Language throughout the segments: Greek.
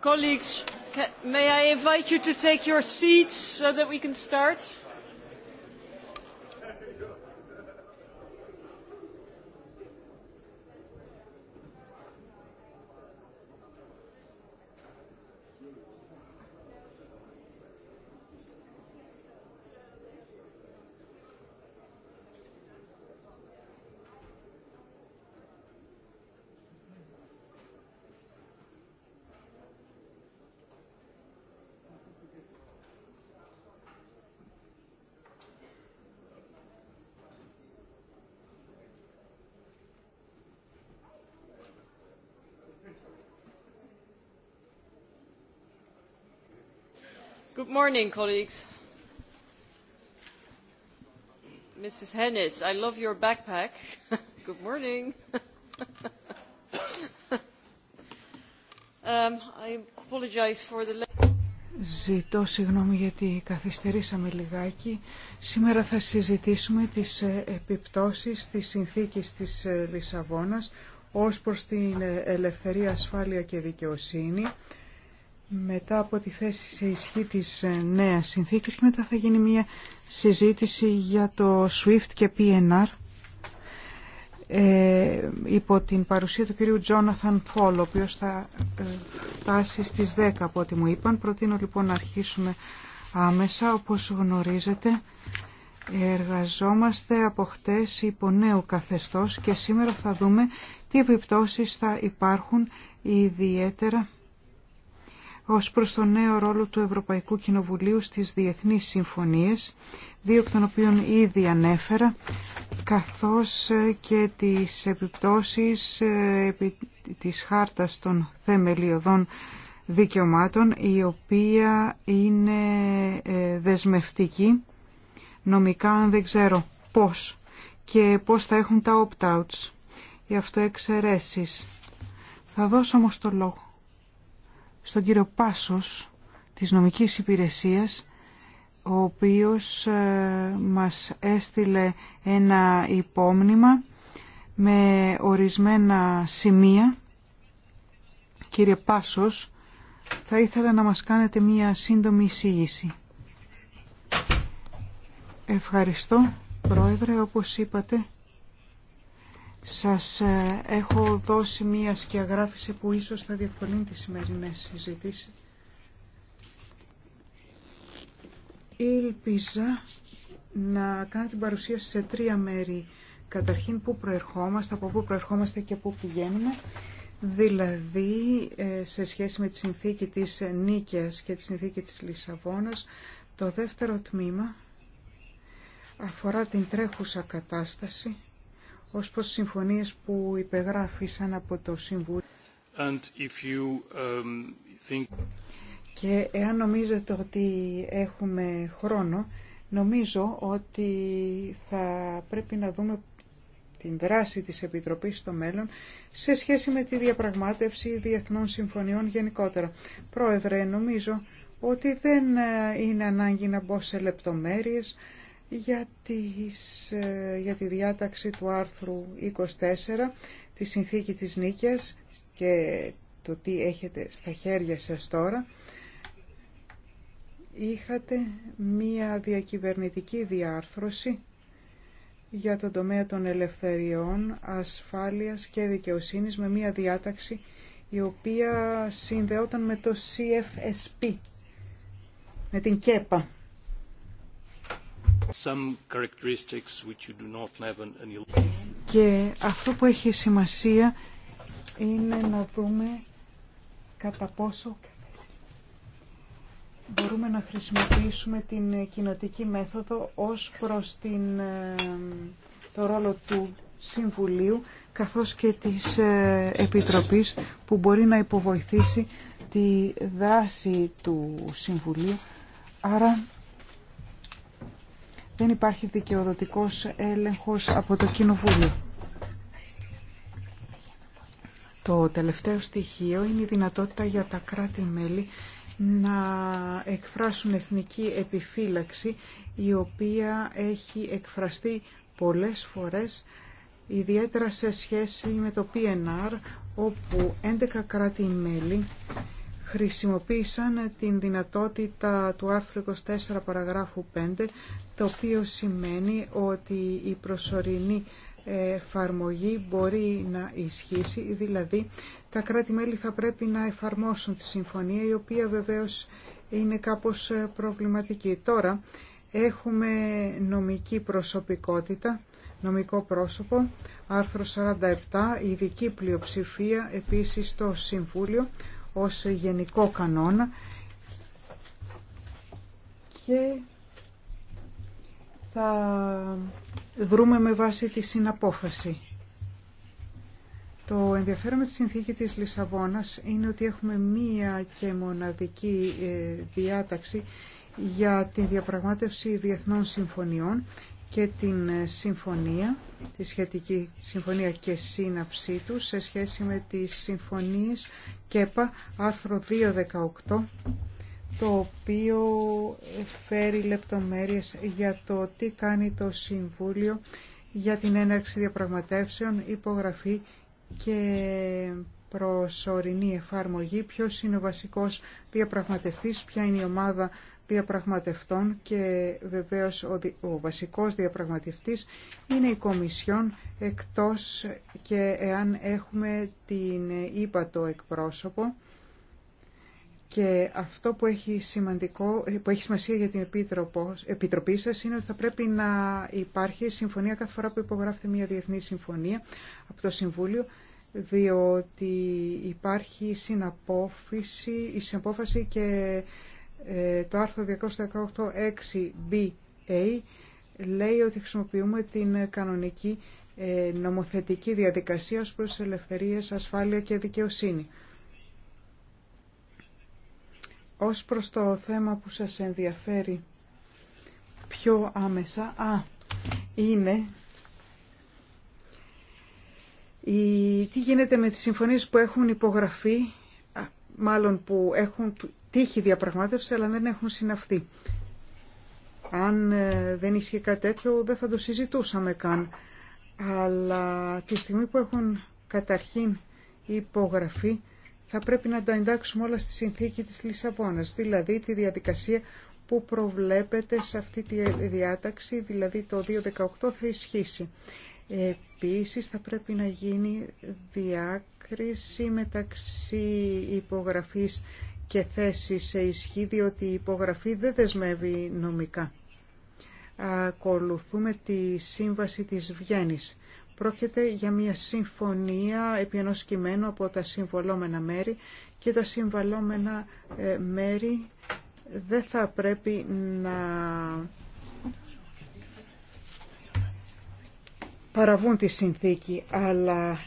colleagues may i invite you to take your seats so that we can start? Good morning, colleagues. Mrs. Hennis, I love your backpack. Good morning. Um, I apologize for the... Ζητώ συγγνώμη γιατί καθυστερήσαμε λιγάκι. Σήμερα θα συζητήσουμε τις ε, επιπτώσεις της συνθήκης της ε, Λισαβόνας ως προς την ε, ελευθερία, ασφάλεια και δικαιοσύνη μετά από τη θέση σε ισχύ της ε, νέας συνθήκης και μετά θα γίνει μια συζήτηση για το SWIFT και PNR ε, υπό την παρουσία του κυρίου Τζόναθαν Φόλ, ο οποίος θα ε, φτάσει στις 10 από ό,τι μου είπαν. Προτείνω λοιπόν να αρχίσουμε άμεσα. Όπως γνωρίζετε, εργαζόμαστε από χτες υπό νέο καθεστώς και σήμερα θα δούμε τι επιπτώσεις θα υπάρχουν ιδιαίτερα ως προς τον νέο ρόλο του Ευρωπαϊκού Κοινοβουλίου στις διεθνείς συμφωνίες, δύο εκ των οποίων ήδη ανέφερα, καθώς ε, και τις επιπτώσεις ε, της χάρτας των θεμελιωδών δικαιωμάτων, η οποία είναι ε, δεσμευτική, νομικά αν δεν ξέρω πώς και πώς θα έχουν τα opt-outs, οι αυτό Θα δώσω όμως το λόγο στον κύριο Πάσος της νομικής υπηρεσίας ο οποίος ε, μας έστειλε ένα υπόμνημα με ορισμένα σημεία. Κύριε Πάσος, θα ήθελα να μας κάνετε μία σύντομη εισήγηση. Ευχαριστώ, Πρόεδρε, όπως είπατε. Σας ε, έχω δώσει μία σκιαγράφηση που ίσως θα διευκολύνει τις σημερινές συζητήσεις. Ήλπιζα να κάνω την παρουσίαση σε τρία μέρη. Καταρχήν που προερχόμαστε, από πού προερχόμαστε και πού πηγαίνουμε. Δηλαδή ε, σε σχέση με τη συνθήκη της Νίκαιας και τη συνθήκη της Λισαβόνας. Το δεύτερο τμήμα αφορά την τρέχουσα κατάσταση ως προς συμφωνίες που υπεγράφησαν από το Συμβούλιο. Um, Και εάν νομίζετε ότι έχουμε χρόνο, νομίζω ότι θα πρέπει να δούμε την δράση της Επιτροπής στο μέλλον σε σχέση με τη διαπραγμάτευση διεθνών συμφωνιών γενικότερα. Πρόεδρε, νομίζω ότι δεν ε, είναι ανάγκη να μπω σε λεπτομέρειες για, τις, ε, για τη διάταξη του άρθρου 24, τη συνθήκη της νίκης και το τι έχετε στα χέρια σας τώρα. Είχατε μία διακυβερνητική διάρθρωση για τον τομέα των ελευθεριών, ασφάλειας και δικαιοσύνης με μία διάταξη η οποία συνδεόταν με το CFSP, με την ΚΕΠΑ. Και αυτό που έχει σημασία είναι να δούμε κατά πόσο μπορούμε να χρησιμοποιήσουμε την κοινοτική μέθοδο ως προς την, ε, το ρόλο του Συμβουλίου καθώς και της ε, Επιτροπής που μπορεί να υποβοηθήσει τη δάση του Συμβουλίου. Άρα δεν υπάρχει δικαιοδοτικός έλεγχος από το Κοινοβούλιο. Το τελευταίο στοιχείο είναι η δυνατότητα για τα κράτη-μέλη να εκφράσουν εθνική επιφύλαξη η οποία έχει εκφραστεί πολλές φορές ιδιαίτερα σε σχέση με το PNR όπου 11 κράτη-μέλη χρησιμοποίησαν την δυνατότητα του άρθρου 24 παραγράφου 5 το οποίο σημαίνει ότι η προσωρινή εφαρμογή μπορεί να ισχύσει, δηλαδή τα κράτη-μέλη θα πρέπει να εφαρμόσουν τη συμφωνία, η οποία βεβαίως είναι κάπως ε, προβληματική. Τώρα έχουμε νομική προσωπικότητα, νομικό πρόσωπο, άρθρο 47, ειδική πλειοψηφία επίσης στο Συμβούλιο ως γενικό κανόνα θα δρούμε με βάση τη συναπόφαση. Το ενδιαφέρον με τη συνθήκη της Λισαβόνας είναι ότι έχουμε μία και μοναδική ε, διάταξη για τη διαπραγμάτευση διεθνών συμφωνιών και την ε, συμφωνία, τη σχετική συμφωνία και σύναψή του σε σχέση με τις συμφωνίες ΚΕΠΑ άρθρο 218 το οποίο φέρει λεπτομέρειες για το τι κάνει το Συμβούλιο για την έναρξη διαπραγματεύσεων, υπογραφή και προσωρινή εφαρμογή, ποιος είναι ο βασικός διαπραγματευτής, ποια είναι η ομάδα διαπραγματευτών και βεβαίως ο, ο βασικός διαπραγματευτής είναι η Κομισιόν εκτός και εάν έχουμε την ύπατο εκπρόσωπο και αυτό που έχει, σημαντικό, που έχει σημασία για την Επιτροπή σα είναι ότι θα πρέπει να υπάρχει συμφωνία κάθε φορά που υπογράφεται μια διεθνή συμφωνία από το Συμβούλιο, διότι υπάρχει η συναπόφαση και ε, το άρθρο 218.6BA λέει ότι χρησιμοποιούμε την κανονική ε, νομοθετική διαδικασία ως προς ελευθερίες, ασφάλεια και δικαιοσύνη. Ως προς το θέμα που σας ενδιαφέρει πιο άμεσα, α, είναι η, τι γίνεται με τις συμφωνίες που έχουν υπογραφεί, μάλλον που έχουν τύχει διαπραγμάτευση αλλά δεν έχουν συναυθεί. Αν ε, δεν είχε κάτι τέτοιο δεν θα το συζητούσαμε καν. Αλλά τη στιγμή που έχουν καταρχήν υπογραφεί θα πρέπει να τα εντάξουμε όλα στη συνθήκη της Λισαβόνας, δηλαδή τη διαδικασία που προβλέπεται σε αυτή τη διάταξη, δηλαδή το 2018 θα ισχύσει. Επίσης θα πρέπει να γίνει διάκριση μεταξύ υπογραφής και θέσης σε ισχύ, διότι η υπογραφή δεν δεσμεύει νομικά. Ακολουθούμε τη σύμβαση της Βιέννης Πρόκειται για μια συμφωνία επί ενός κειμένου από τα συμβολόμενα μέρη και τα συμβαλόμενα ε, μέρη δεν θα πρέπει να παραβούν τη συνθήκη, αλλά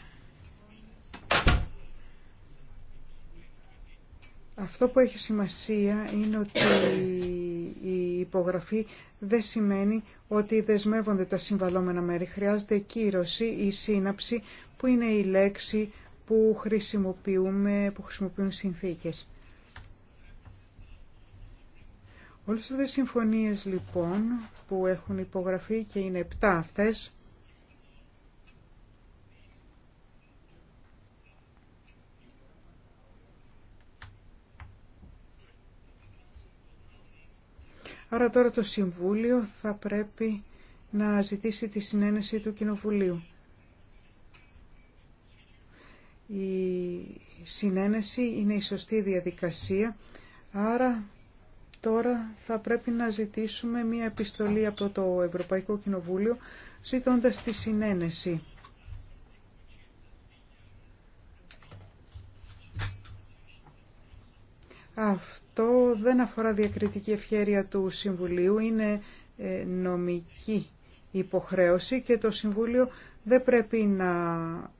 αυτό που έχει σημασία είναι ότι η υπογραφή δεν σημαίνει ότι δεσμεύονται τα συμβαλόμενα μέρη. Χρειάζεται κύρωση ή σύναψη που είναι η λέξη που, χρησιμοποιούμε, που χρησιμοποιούν συνθήκες. Όλες αυτές οι συμφωνίες λοιπόν που έχουν υπογραφεί και είναι επτά αυτές Άρα τώρα το Συμβούλιο θα πρέπει να ζητήσει τη συνένεση του Κοινοβουλίου. Η συνένεση είναι η σωστή διαδικασία, άρα τώρα θα πρέπει να ζητήσουμε μία επιστολή από το Ευρωπαϊκό Κοινοβούλιο ζητώντας τη συνένεση. Αυτό αυτό δεν αφορά διακριτική ευχέρεια του Συμβουλίου, είναι ε, νομική υποχρέωση και το Συμβούλιο δεν πρέπει να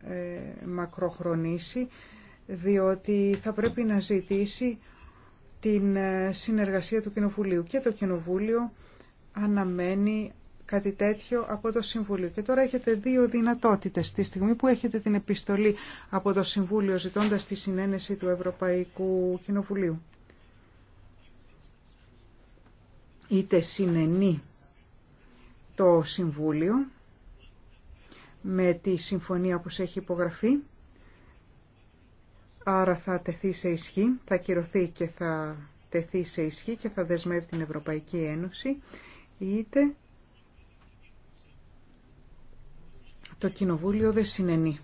ε, μακροχρονίσει, διότι θα πρέπει να ζητήσει την ε, συνεργασία του Κοινοβουλίου και το Κοινοβούλιο αναμένει κάτι τέτοιο από το Συμβούλιο. Και τώρα έχετε δύο δυνατότητες. Τη στιγμή που έχετε την επιστολή από το Συμβούλιο ζητώντας τη συνένεση του Ευρωπαϊκού Κοινοβουλίου. είτε συνενεί το Συμβούλιο με τη συμφωνία που έχει υπογραφεί, άρα θα τεθεί σε ισχύ, θα κυρωθεί και θα τεθεί σε ισχύ και θα δεσμεύει την Ευρωπαϊκή Ένωση, είτε το Κοινοβούλιο δεν συνενεί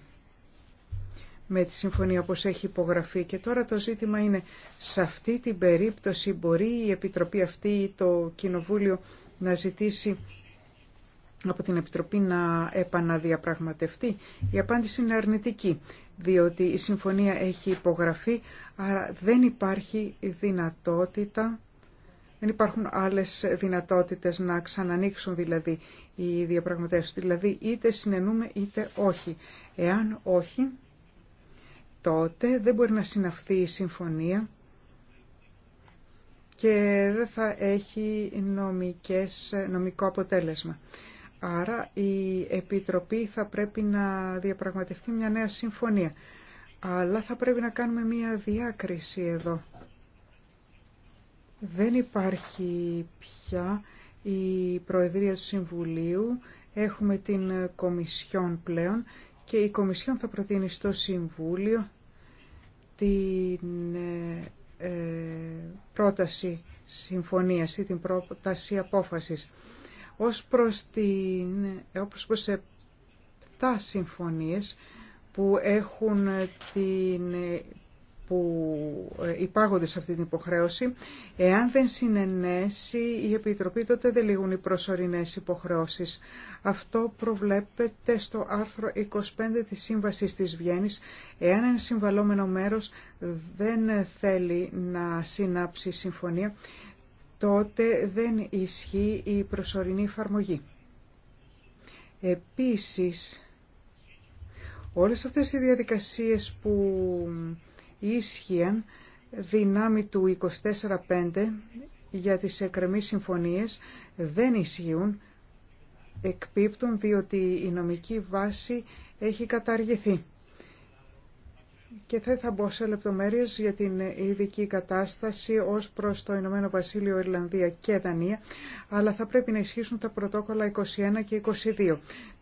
με τη συμφωνία όπως έχει υπογραφεί. Και τώρα το ζήτημα είναι, σε αυτή την περίπτωση μπορεί η Επιτροπή αυτή ή το Κοινοβούλιο να ζητήσει από την Επιτροπή να επαναδιαπραγματευτεί. απάντηση είναι αρνητική, διότι η συμφωνία έχει υπογραφεί, άρα δεν υπάρχει δυνατότητα, δεν υπάρχουν άλλες δυνατότητες να ξανανοίξουν δηλαδή οι διαπραγματεύσεις. Δηλαδή είτε συνενούμε είτε όχι. Εάν όχι, τότε δεν μπορεί να συναυθεί η συμφωνία και δεν θα έχει νομικές, νομικό αποτέλεσμα. Άρα η Επιτροπή θα πρέπει να διαπραγματευτεί μια νέα συμφωνία. Αλλά θα πρέπει να κάνουμε μια διάκριση εδώ. Δεν υπάρχει πια η Προεδρία του Συμβουλίου, έχουμε την Κομισιόν πλέον και η Κομισιόν θα προτείνει στο Συμβούλιο την ε, ε, πρόταση συμφωνίας ή την πρόταση απόφασης. Ως προς, την, ε, όπως προς συμφωνίες που έχουν την που ε, υπάγονται σε αυτή την υποχρέωση, εάν δεν συνενέσει η Επιτροπή, τότε δεν λήγουν οι προσωρινές υποχρεώσεις. Αυτό προβλέπεται στο άρθρο 25 της Σύμβασης της Βιέννης, εάν ένα συμβαλόμενο μέρος δεν θέλει να συνάψει συμφωνία, τότε δεν ισχύει η προσωρινή εφαρμογή. Επίσης, όλες αυτές οι διαδικασίες που ίσχυαν δυνάμει του 24-5 για τις εκκρεμείς συμφωνίες δεν ισχύουν, εκπίπτουν διότι η νομική βάση έχει καταργηθεί. Και δεν θα μπω σε λεπτομέρειες για την ειδική κατάσταση ως προς το Ηνωμένο Βασίλειο, Ιρλανδία και Δανία, αλλά θα πρέπει να ισχύσουν τα πρωτόκολλα 21 και 22.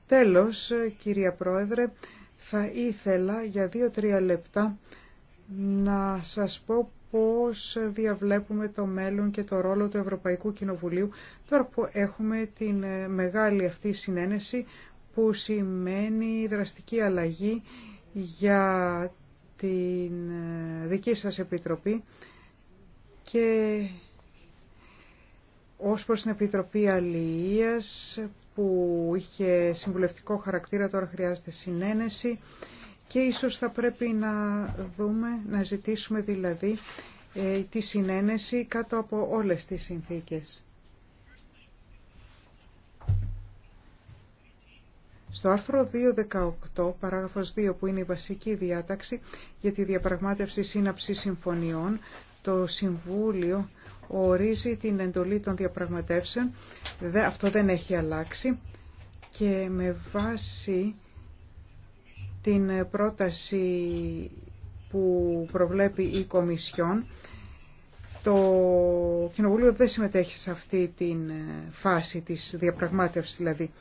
Τέλος, κυρία Πρόεδρε, θα ήθελα για 2-3 λεπτά να σας πω πώς διαβλέπουμε το μέλλον και το ρόλο του Ευρωπαϊκού Κοινοβουλίου τώρα που έχουμε την ε, μεγάλη αυτή συνένεση που σημαίνει δραστική αλλαγή για την ε, δική σας Επιτροπή και ως προς την Επιτροπή Αλληλείας που είχε συμβουλευτικό χαρακτήρα τώρα χρειάζεται συνένεση και ίσως θα πρέπει να δούμε, να ζητήσουμε δηλαδή ε, τη συνένεση κάτω από όλες τις συνθήκες. Στο άρθρο 2.18, παράγραφος 2, που είναι η βασική διάταξη για τη διαπραγμάτευση σύναψη συμφωνιών, το Συμβούλιο ορίζει την εντολή των διαπραγματεύσεων. Αυτό δεν έχει αλλάξει και με βάση την πρόταση που προβλέπει η Κομισιόν. Το Κοινοβούλιο δεν συμμετέχει σε αυτή την ε, φάση της διαπραγμάτευσης, δηλαδή.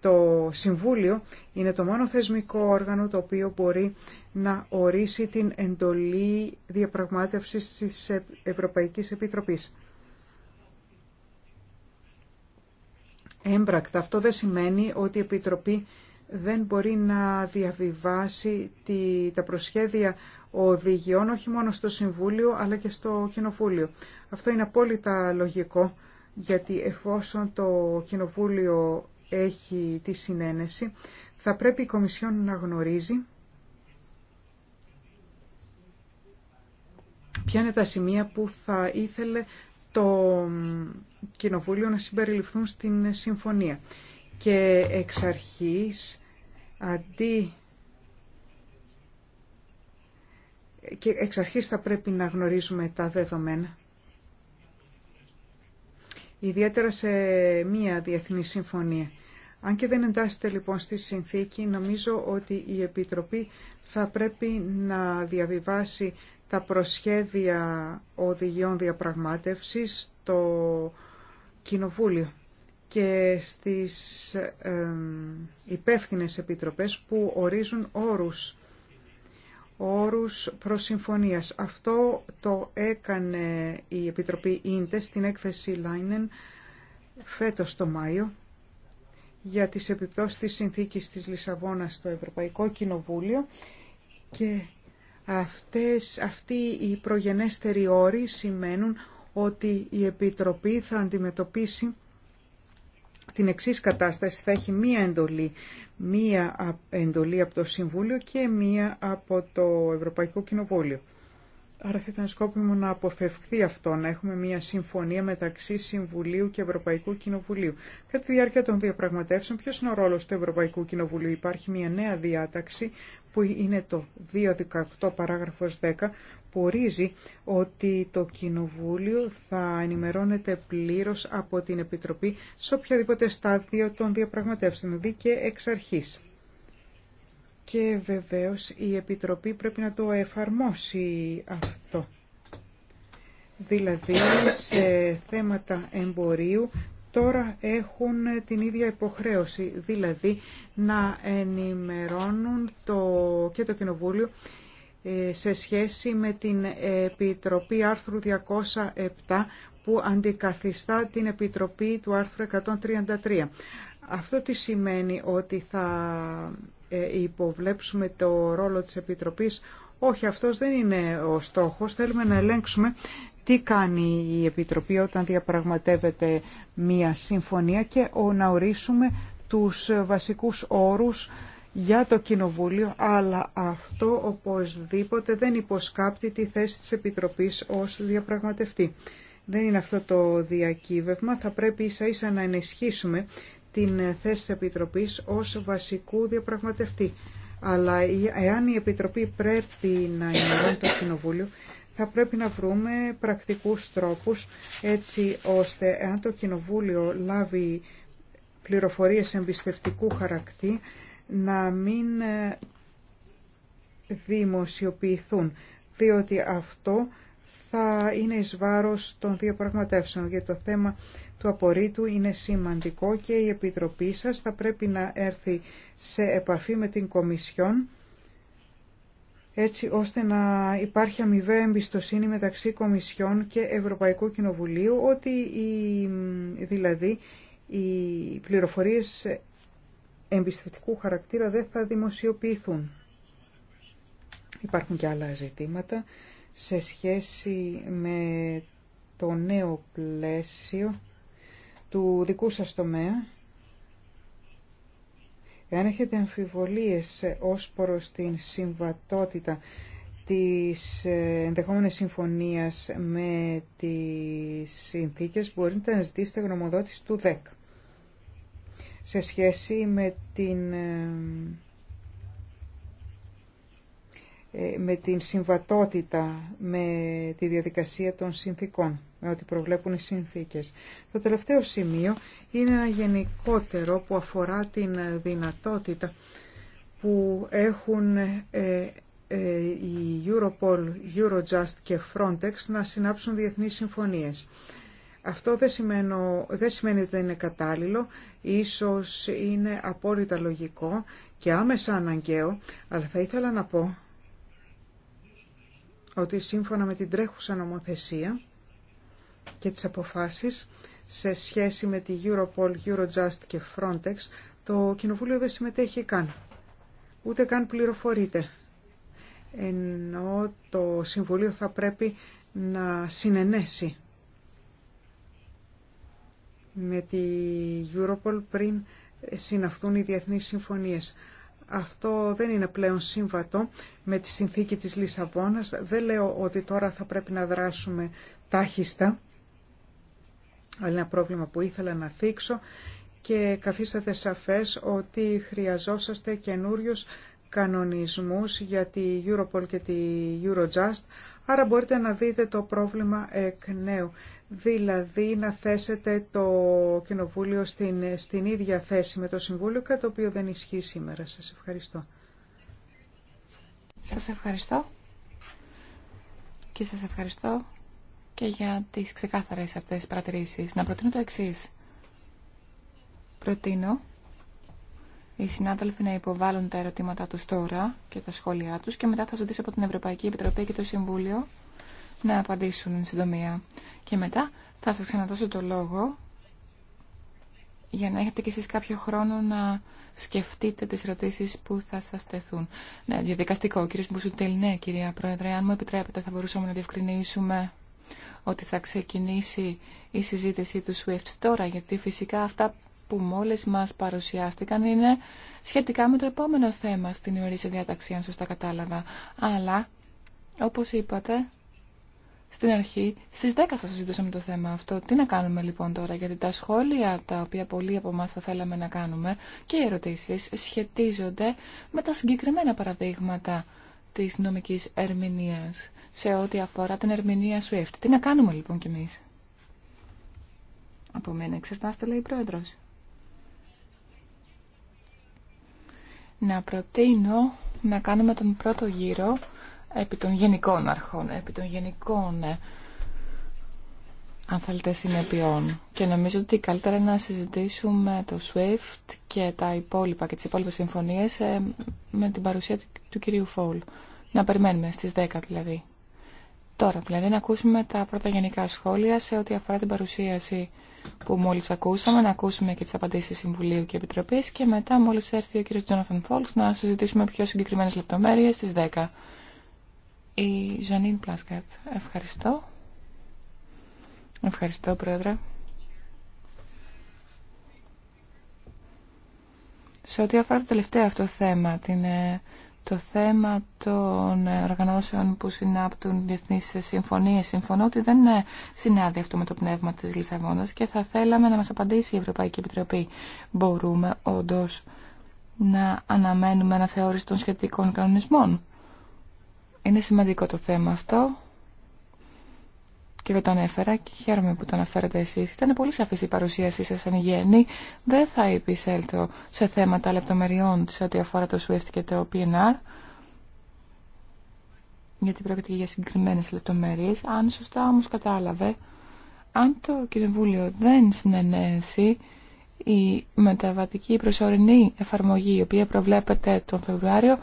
Το Συμβούλιο είναι το μόνο θεσμικό όργανο το οποίο μπορεί να ορίσει την εντολή διαπραγμάτευσης της Ευρωπαϊκής Επιτροπής. Έμπρακτα, αυτό δεν σημαίνει ότι η Επιτροπή δεν μπορεί να διαβιβάσει τη, τα προσχέδια οδηγιών όχι μόνο στο Συμβούλιο αλλά και στο Κοινοβούλιο. Αυτό είναι απόλυτα λογικό γιατί εφόσον το Κοινοβούλιο έχει τη συνένεση θα πρέπει η Κομισιόν να γνωρίζει ποια είναι τα σημεία που θα ήθελε το Κοινοβούλιο να συμπεριληφθούν στην συμφωνία και εξ αρχής αντί και εξ θα πρέπει να γνωρίζουμε τα δεδομένα. Ιδιαίτερα σε μία διεθνή συμφωνία. Αν και δεν εντάσσεται λοιπόν στη συνθήκη, νομίζω ότι η Επιτροπή θα πρέπει να διαβιβάσει τα προσχέδια οδηγιών διαπραγμάτευσης στο Κοινοβούλιο και στις υπεύθυνες επιτροπές που ορίζουν όρους όρους προσυμφωνίας. Αυτό το έκανε η Επιτροπή Ίντε στην έκθεση Λάινεν φέτος το Μάιο για τις επιπτώσεις της συνθήκης της Λισαβόνας στο Ευρωπαϊκό Κοινοβούλιο και αυτές, αυτοί οι προγενέστεροι όροι σημαίνουν ότι η Επιτροπή θα αντιμετωπίσει την εξή κατάσταση. Θα έχει μία εντολή, μία εντολή από το Συμβούλιο και μία από το Ευρωπαϊκό Κοινοβούλιο. Άρα θα ήταν σκόπιμο να αποφευχθεί αυτό, να έχουμε μια συμφωνία μεταξύ Συμβουλίου και Ευρωπαϊκού Κοινοβουλίου. Κατά τη διάρκεια των διαπραγματεύσεων, ποιο είναι ο ρόλο του Ευρωπαϊκού Κοινοβουλίου, υπάρχει μια νέα διάταξη που είναι το 218 παράγραφος 10 ότι το Κοινοβούλιο θα ενημερώνεται πλήρως από την Επιτροπή σε οποιαδήποτε στάδιο των διαπραγματεύσεων, δηλαδή και εξ αρχής. Και βεβαίως η Επιτροπή πρέπει να το εφαρμόσει αυτό. Δηλαδή σε θέματα εμπορίου τώρα έχουν την ίδια υποχρέωση, δηλαδή να ενημερώνουν το, και το Κοινοβούλιο σε σχέση με την Επιτροπή άρθρου 207 που αντικαθιστά την Επιτροπή του άρθρου 133. Αυτό τι σημαίνει ότι θα ε, υποβλέψουμε το ρόλο της Επιτροπής. Όχι, αυτός δεν είναι ο στόχος. Θέλουμε να ελέγξουμε τι κάνει η Επιτροπή όταν διαπραγματεύεται μία συμφωνία και να ορίσουμε τους βασικούς όρους για το Κοινοβούλιο, αλλά αυτό οπωσδήποτε δεν υποσκάπτει τη θέση της Επιτροπής ως διαπραγματευτή. Δεν είναι αυτό το διακύβευμα, θα πρέπει ίσα ίσα να ενισχύσουμε την θέση της Επιτροπής ως βασικού διαπραγματευτή. Αλλά εάν η Επιτροπή πρέπει να ενημερώνει το Κοινοβούλιο, θα πρέπει να βρούμε πρακτικούς τρόπους έτσι ώστε εάν το Κοινοβούλιο λάβει πληροφορίες εμπιστευτικού χαρακτή, να μην ε, δημοσιοποιηθούν, διότι αυτό θα είναι εις βάρος των πραγματεύσεων. Για το θέμα του απορρίτου είναι σημαντικό και η Επιτροπή σας θα πρέπει να έρθει σε επαφή με την Κομισιόν έτσι ώστε να υπάρχει αμοιβαία εμπιστοσύνη μεταξύ Κομισιόν και Ευρωπαϊκού Κοινοβουλίου ότι δηλαδή οι πληροφορίες εμπιστευτικού χαρακτήρα δεν θα δημοσιοποιηθούν. Υπάρχουν και άλλα ζητήματα σε σχέση με το νέο πλαίσιο του δικού σας τομέα. Εάν έχετε αμφιβολίες ως προς την συμβατότητα της ενδεχόμενης συμφωνίας με τις συνθήκες, μπορείτε να ζητήσετε γνωμοδότηση του 10 σε σχέση με την, ε, με την συμβατότητα με τη διαδικασία των συνθήκων, με ό,τι προβλέπουν οι συνθήκες. Το τελευταίο σημείο είναι ένα γενικότερο που αφορά την δυνατότητα που έχουν η ε, ε, Europol, Eurojust και Frontex να συνάψουν διεθνείς συμφωνίες. Αυτό δεν, σημαίνει ότι δεν είναι κατάλληλο, ίσως είναι απόλυτα λογικό και άμεσα αναγκαίο, αλλά θα ήθελα να πω ότι σύμφωνα με την τρέχουσα νομοθεσία και τις αποφάσεις σε σχέση με τη Europol, Eurojust και Frontex, το Κοινοβούλιο δεν συμμετέχει καν, ούτε καν πληροφορείται. Ενώ το Συμβουλίο θα πρέπει να συνενέσει με τη Europol πριν συναυθούν οι διεθνείς συμφωνίες. Αυτό δεν είναι πλέον σύμβατο με τη συνθήκη της Λισαβόνας. Δεν λέω ότι τώρα θα πρέπει να δράσουμε τάχιστα, αλλά είναι ένα πρόβλημα που ήθελα να θίξω και καθίσατε σαφές ότι χρειαζόσαστε καινούριους κανονισμούς για τη Europol και τη Eurojust, άρα μπορείτε να δείτε το πρόβλημα εκ νέου δηλαδή να θέσετε το Κοινοβούλιο στην, στην ίδια θέση με το Συμβούλιο, κάτι το οποίο δεν ισχύει σήμερα. Σας ευχαριστώ. Σας ευχαριστώ και σας ευχαριστώ και για τις ξεκάθαρες αυτές τις παρατηρήσεις. Να προτείνω το εξής. Προτείνω οι συνάδελφοι να υποβάλουν τα ερωτήματά τους τώρα και τα σχόλιά τους και μετά θα ζητήσω από την Ευρωπαϊκή Επιτροπή και το Συμβούλιο να απαντήσουν εν συντομία. Και μετά θα σας ξαναδώσω το λόγο για να έχετε κι εσείς κάποιο χρόνο να σκεφτείτε τις ερωτήσεις που θα σας τεθούν. Ναι, διαδικαστικό, Κύριε Μπουσουτήλ, ναι, κυρία Πρόεδρε, αν μου επιτρέπετε θα μπορούσαμε να διευκρινίσουμε ότι θα ξεκινήσει η συζήτηση του SWIFT τώρα, γιατί φυσικά αυτά που μόλις μας παρουσιάστηκαν είναι σχετικά με το επόμενο θέμα στην ημερήσια διαταξία, αν σωστά κατάλαβα. Αλλά, όπως είπατε, στην αρχή, στις 10 θα συζητούσαμε το θέμα αυτό. Τι να κάνουμε λοιπόν τώρα, γιατί τα σχόλια τα οποία πολλοί από εμά θα θέλαμε να κάνουμε και οι ερωτήσεις σχετίζονται με τα συγκεκριμένα παραδείγματα της νομικής ερμηνεία, σε ό,τι αφορά την ερμηνεία SWIFT. Τι να κάνουμε λοιπόν κι εμεί. Από μένα εξετάστε λέει η πρόεδρο. Να προτείνω να κάνουμε τον πρώτο γύρο επί των γενικών αρχών, επί των γενικών ε, αν θέλετε συνεπειών. Και νομίζω ότι καλύτερα είναι να συζητήσουμε το SWIFT και τα υπόλοιπα και τις υπόλοιπες συμφωνίες ε, με την παρουσία του, κυρίου Φόλ. Να περιμένουμε στις 10 δηλαδή. Τώρα δηλαδή να ακούσουμε τα πρώτα γενικά σχόλια σε ό,τι αφορά την παρουσίαση που μόλις ακούσαμε, να ακούσουμε και τις απαντήσεις Συμβουλίου και Επιτροπής και μετά μόλις έρθει ο κ. Τζόναθαν Φόλς να συζητήσουμε πιο συγκεκριμένες λεπτομέρειες στις 10. Η Ζανίν Πλάσκατ. Ευχαριστώ. Ευχαριστώ, Πρόεδρε. Σε ό,τι αφορά το τελευταίο αυτό θέμα, την, ε, το θέμα των ε, οργανώσεων που συνάπτουν διεθνεί συμφωνίε, συμφωνώ ότι δεν ε, συνάδει αυτό με το πνεύμα τη Λισαβόνα και θα θέλαμε να μα απαντήσει η Ευρωπαϊκή Επιτροπή. Μπορούμε όντω να αναμένουμε αναθεώρηση των σχετικών κανονισμών. Είναι σημαντικό το θέμα αυτό και το ανέφερα και χαίρομαι που το αναφέρατε εσείς. Ήταν πολύ σαφής η παρουσίασή σας σαν γέννη. Δεν θα επισέλθω σε θέματα λεπτομεριών σε ό,τι αφορά το SWIFT και το PNR γιατί πρόκειται για συγκεκριμένες λεπτομέρειες. Αν σωστά όμως κατάλαβε, αν το Κοινοβούλιο δεν συνενέσει η μεταβατική προσωρινή εφαρμογή η οποία προβλέπεται τον Φεβρουάριο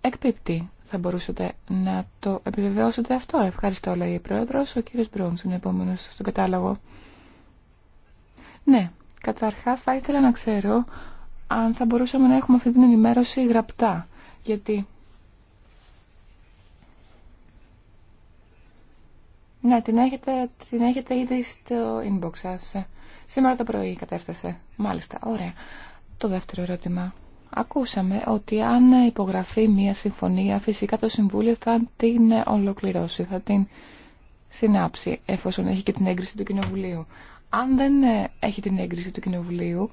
εκπίπτει. Θα μπορούσατε να το επιβεβαιώσετε αυτό. Ευχαριστώ, λέει η Πρόεδρος. Ο κύριος Μπρόγκς είναι επόμενος στον κατάλογο. Ναι, καταρχάς θα ήθελα να ξέρω αν θα μπορούσαμε να έχουμε αυτή την ενημέρωση γραπτά. Γιατί... Ναι, την έχετε, την έχετε ήδη στο inbox σας. Σήμερα το πρωί κατέφτασε. Μάλιστα, ωραία. Το δεύτερο ερώτημα. Ακούσαμε ότι αν υπογραφεί μια συμφωνία, φυσικά το Συμβούλιο θα την ολοκληρώσει, θα την συνάψει, εφόσον έχει και την έγκριση του Κοινοβουλίου. Αν δεν έχει την έγκριση του Κοινοβουλίου,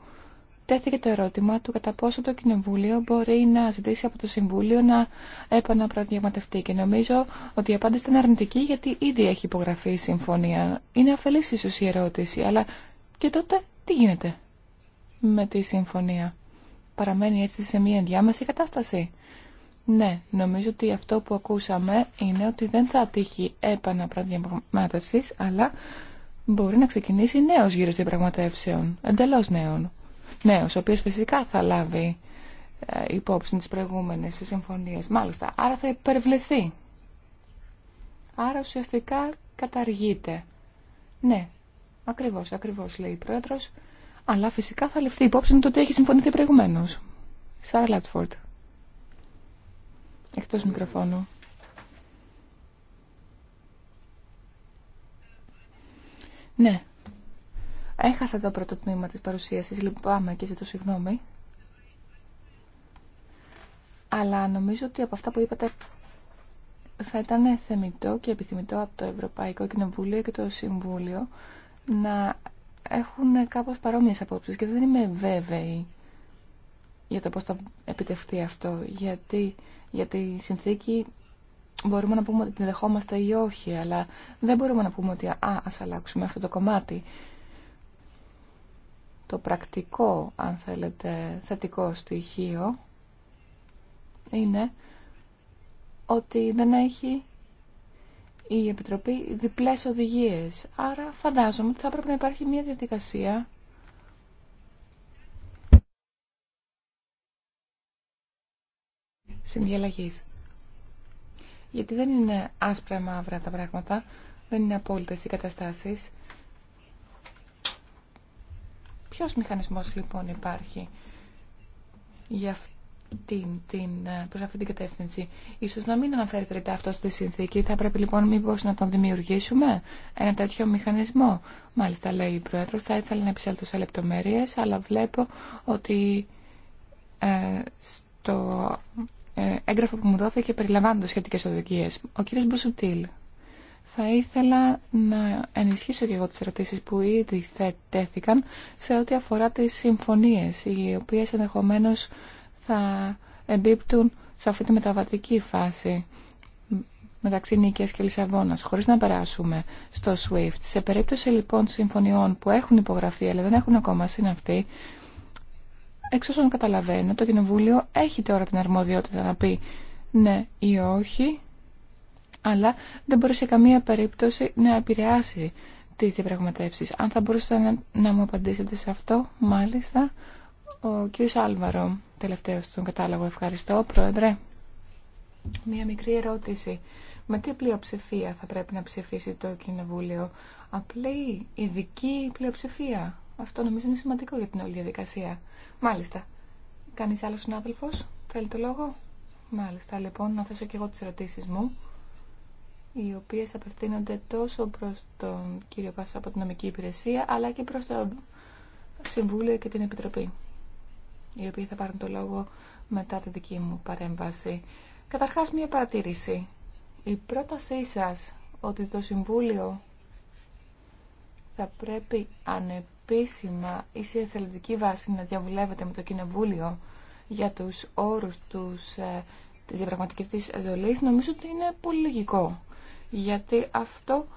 τέθηκε το ερώτημα του κατά πόσο το Κοινοβούλιο μπορεί να ζητήσει από το Συμβούλιο να επαναπραδιαγματευτεί. Και νομίζω ότι η απάντηση ήταν αρνητική, γιατί ήδη έχει υπογραφεί η συμφωνία. Είναι αφελής ίσως η ερώτηση, αλλά και τότε τι γίνεται με τη συμφωνία παραμένει έτσι σε μια ενδιάμεση κατάσταση. Ναι, νομίζω ότι αυτό που ακούσαμε είναι ότι δεν θα τύχει επαναπραδιαπραγματεύσει, αλλά μπορεί να ξεκινήσει νέος γύρος διαπραγματεύσεων, εντελώς νέων. Νέος, ο οποίος φυσικά θα λάβει ε, υπόψη τις προηγούμενες συμφωνίες, μάλιστα. Άρα θα υπερβληθεί. Άρα ουσιαστικά καταργείται. Ναι, ακριβώς, ακριβώς λέει η Πρόεδρος. Αλλά φυσικά θα ληφθεί υπόψη το ότι έχει συμφωνηθεί προηγουμένω. Σάρα Λάτφορντ. Εκτός μικροφώνου. Ναι. Έχασα το πρώτο τμήμα της παρουσίασης, λυπάμαι και ζητώ συγγνώμη. Αλλά νομίζω ότι από αυτά που είπατε θα ήταν θεμητό και επιθυμητό από το Ευρωπαϊκό Κοινοβούλιο και το Συμβούλιο να έχουν κάπως παρόμοιες απόψεις και δεν είμαι βέβαιη για το πώς θα επιτευχθεί αυτό. Γιατί για συνθήκη μπορούμε να πούμε ότι την δεχόμαστε ή όχι, αλλά δεν μπορούμε να πούμε ότι α, ας αλλάξουμε αυτό το κομμάτι. Το πρακτικό, αν θέλετε, θετικό στοιχείο είναι ότι δεν έχει η Επιτροπή διπλές οδηγίες. Άρα φαντάζομαι ότι θα πρέπει να υπάρχει μια διαδικασία συνδιαλλαγής. Γιατί δεν είναι άσπρα μαύρα τα πράγματα, δεν είναι απόλυτες οι καταστάσεις. Ποιος μηχανισμός λοιπόν υπάρχει για αυτό την, την, ε, προς αυτή την κατεύθυνση. Ίσως να μην αναφέρεται ρητά αυτό στη συνθήκη. Θα πρέπει λοιπόν μήπως να τον δημιουργήσουμε ένα τέτοιο μηχανισμό. Μάλιστα λέει η Πρόεδρος, θα ήθελα να επισέλθω σε λεπτομέρειες, αλλά βλέπω ότι ε, στο ε, έγγραφο που μου δόθηκε περιλαμβάνονται σχετικές οδηγίες. Ο κύριος Μπουσουτήλ. Θα ήθελα να ενισχύσω και εγώ τις ερωτήσεις που ήδη θέτηκαν σε ό,τι αφορά τις συμφωνίες, οι οποίες ενδεχομένως θα εμπίπτουν σε αυτή τη μεταβατική φάση μεταξύ Νίκαιας και Λισαβόνας, χωρίς να περάσουμε στο SWIFT. Σε περίπτωση λοιπόν συμφωνιών που έχουν υπογραφεί αλλά δεν έχουν ακόμα συναυθεί, εξ όσων καταλαβαίνω, το Κοινοβούλιο έχει τώρα την αρμοδιότητα να πει ναι ή όχι, αλλά δεν μπορεί σε καμία περίπτωση να επηρεάσει τις διαπραγματεύσεις. Αν θα μπορούσατε να, να μου απαντήσετε σε αυτό, μάλιστα, ο κ. Άλβαρο τελευταίο στον κατάλογο. Ευχαριστώ, Πρόεδρε. Μία μικρή ερώτηση. Με τι πλειοψηφία θα πρέπει να ψηφίσει το Κοινοβούλιο. Απλή, ειδική πλειοψηφία. Αυτό νομίζω είναι σημαντικό για την όλη διαδικασία. Μάλιστα. Κάνει άλλο συνάδελφο, θέλει το λόγο. Μάλιστα, λοιπόν, να θέσω και εγώ τι ερωτήσει μου οι οποίε απευθύνονται τόσο προ τον κύριο Πάσα από την νομική υπηρεσία αλλά και προ το Συμβούλιο και την Επιτροπή οι οποίοι θα πάρουν το λόγο μετά τη δική μου παρέμβαση. Καταρχάς, μία παρατήρηση. Η πρότασή σας ότι το Συμβούλιο θα πρέπει ανεπίσημα ή σε εθελοντική βάση να διαβουλεύεται με το Κοινοβούλιο για τους όρους τους, ε, της διαπραγματικής νομίζω ότι είναι πολύ λογικό. Γιατί αυτό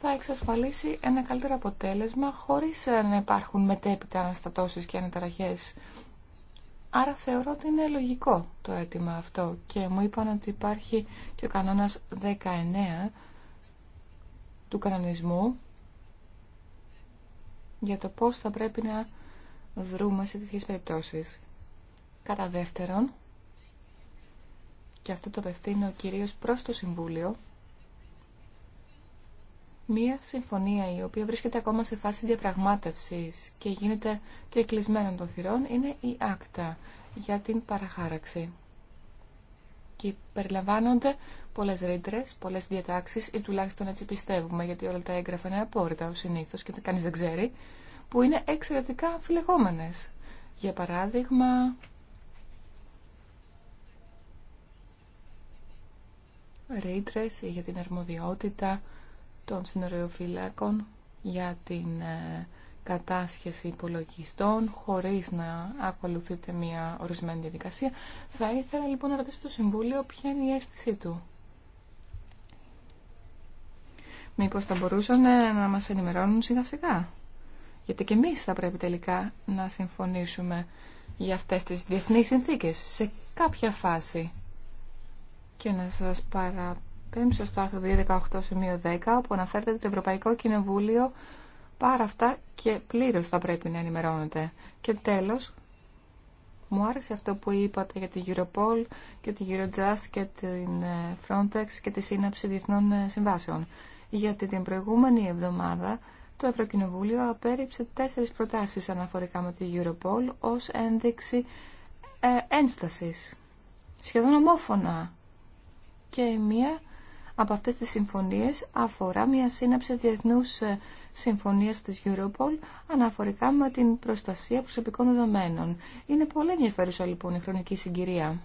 θα εξασφαλίσει ένα καλύτερο αποτέλεσμα χωρίς ε, να υπάρχουν μετέπειτα αναστατώσεις και αναταραχές Άρα θεωρώ ότι είναι λογικό το αίτημα αυτό και μου είπαν ότι υπάρχει και ο κανόνας 19 του κανονισμού για το πώς θα πρέπει να βρούμε σε τέτοιες περιπτώσεις. Κατά δεύτερον, και αυτό το απευθύνω κυρίως προς το Συμβούλιο, Μία συμφωνία η οποία βρίσκεται ακόμα σε φάση διαπραγμάτευσης και γίνεται και κλεισμένων των θυρών είναι η άκτα για την παραχάραξη. Και περιλαμβάνονται πολλέ ρήτρε, πολλέ διατάξει, ή τουλάχιστον έτσι πιστεύουμε, γιατί όλα τα έγγραφα είναι απόρριτα ω συνήθω και κανεί δεν ξέρει, που είναι εξαιρετικά αμφιλεγόμενε. Για παράδειγμα, ρήτρε για την αρμοδιότητα των συνοριοφυλάκων για την ε, κατάσχεση υπολογιστών χωρίς να ακολουθείτε μια ορισμένη διαδικασία. Θα ήθελα λοιπόν να ρωτήσω το Συμβούλιο ποια είναι η αίσθησή του. Μήπως θα μπορούσαν ε, να μας ενημερώνουν σιγά σιγά. Γιατί και εμείς θα πρέπει τελικά να συμφωνήσουμε για αυτές τις διεθνείς συνθήκες σε κάποια φάση. Και να σας παρα πέμψω στο άρθρο 218 σημείο 10 όπου αναφέρεται ότι το Ευρωπαϊκό Κοινοβούλιο πάρα αυτά και πλήρως θα πρέπει να ενημερώνεται. Και τέλος, μου άρεσε αυτό που είπατε για τη Europol και τη Eurojust και την ε, Frontex και τη σύναψη διεθνών ε, συμβάσεων. Γιατί την προηγούμενη εβδομάδα το Ευρωκοινοβούλιο απέριψε τέσσερις προτάσεις αναφορικά με τη Europol ως ένδειξη ε, ένστασης. Σχεδόν ομόφωνα. Και μία από αυτές τις συμφωνίες αφορά μια σύναψη διεθνούς ε, συμφωνίας της Europol αναφορικά με την προστασία προσωπικών δεδομένων. Είναι πολύ ενδιαφέρουσα λοιπόν η χρονική συγκυρία.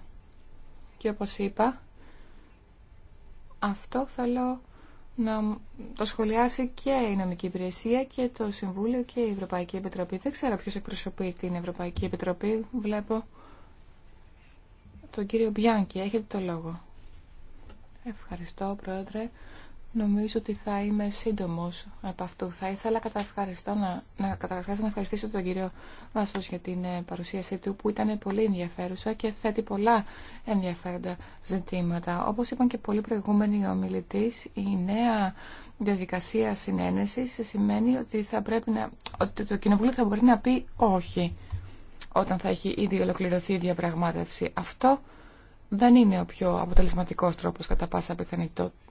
Και όπως είπα, αυτό θέλω να το σχολιάσει και η νομική υπηρεσία και το Συμβούλιο και η Ευρωπαϊκή Επιτροπή. Δεν ξέρω ποιος εκπροσωπεί την Ευρωπαϊκή Επιτροπή. Βλέπω τον κύριο Μπιάνκι. Έχετε το λόγο. Ευχαριστώ, Πρόεδρε. Νομίζω ότι θα είμαι σύντομο από αυτού. Θα ήθελα καταρχά να, να, να ευχαριστήσω τον κύριο Βάσο για την ε, παρουσίασή του, που ήταν πολύ ενδιαφέρουσα και θέτει πολλά ενδιαφέροντα ζητήματα. Όπω είπαν και πολλοί προηγούμενοι ομιλητέ, η νέα διαδικασία συνένεση σημαίνει ότι, θα να, ότι το Κοινοβούλιο θα μπορεί να πει όχι όταν θα έχει ήδη ολοκληρωθεί η διαπραγμάτευση. Αυτό δεν είναι ο πιο αποτελεσματικό τρόπο κατά πάσα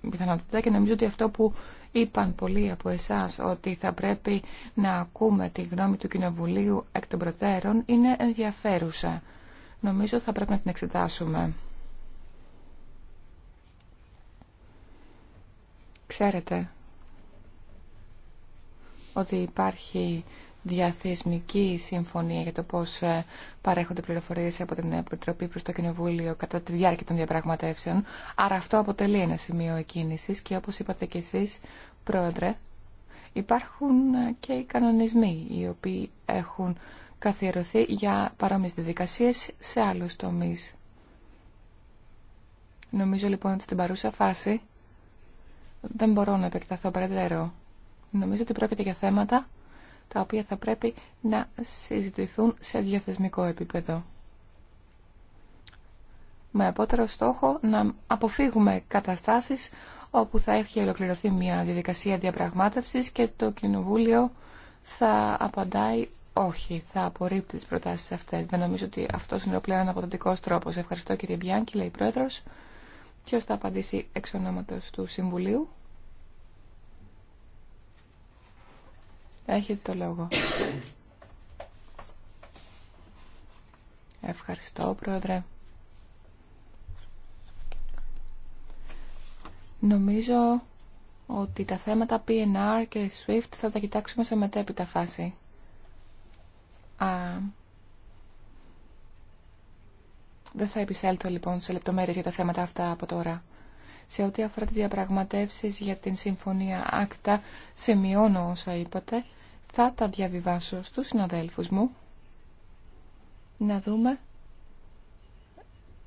πιθανότητα και νομίζω ότι αυτό που είπαν πολλοί από εσά ότι θα πρέπει να ακούμε τη γνώμη του Κοινοβουλίου εκ των προτέρων είναι ενδιαφέρουσα. Νομίζω θα πρέπει να την εξετάσουμε. Ξέρετε ότι υπάρχει διαθεσμική συμφωνία για το πώς ε, παρέχονται πληροφορίες από την Επιτροπή προς το Κοινοβούλιο κατά τη διάρκεια των διαπραγματεύσεων. Άρα αυτό αποτελεί ένα σημείο εκκίνησης και όπως είπατε και εσείς, Πρόεδρε, υπάρχουν ε, και οι κανονισμοί οι οποίοι έχουν καθιερωθεί για παρόμοιες διαδικασίες σε άλλους τομείς. Νομίζω λοιπόν ότι στην παρούσα φάση δεν μπορώ να επεκταθώ περαιτέρω. Νομίζω ότι πρόκειται για θέματα τα οποία θα πρέπει να συζητηθούν σε διαθεσμικό επίπεδο. Με απότερο στόχο να αποφύγουμε καταστάσεις όπου θα έχει ολοκληρωθεί μια διαδικασία διαπραγμάτευσης και το Κοινοβούλιο θα απαντάει όχι, θα απορρίπτει τις προτάσεις αυτές. Δεν νομίζω ότι αυτό είναι ο πλέον αποδοτικός τρόπος. Ευχαριστώ κύριε Μπιάνκη, λέει η Πρόεδρος. Ποιος θα απαντήσει εξ ονόματος του Συμβουλίου. Έχετε το λόγο. Ευχαριστώ, Πρόεδρε. Νομίζω ότι τα θέματα PNR και SWIFT θα τα κοιτάξουμε σε μετέπειτα φάση. Α, δεν θα επισέλθω λοιπόν σε λεπτομέρειες για τα θέματα αυτά από τώρα. Σε ό,τι αφορά τις διαπραγματεύσεις για την Συμφωνία Άκτα, σημειώνω όσα είπατε. Θα τα διαβιβάσω στους συναδέλφους μου. Να δούμε.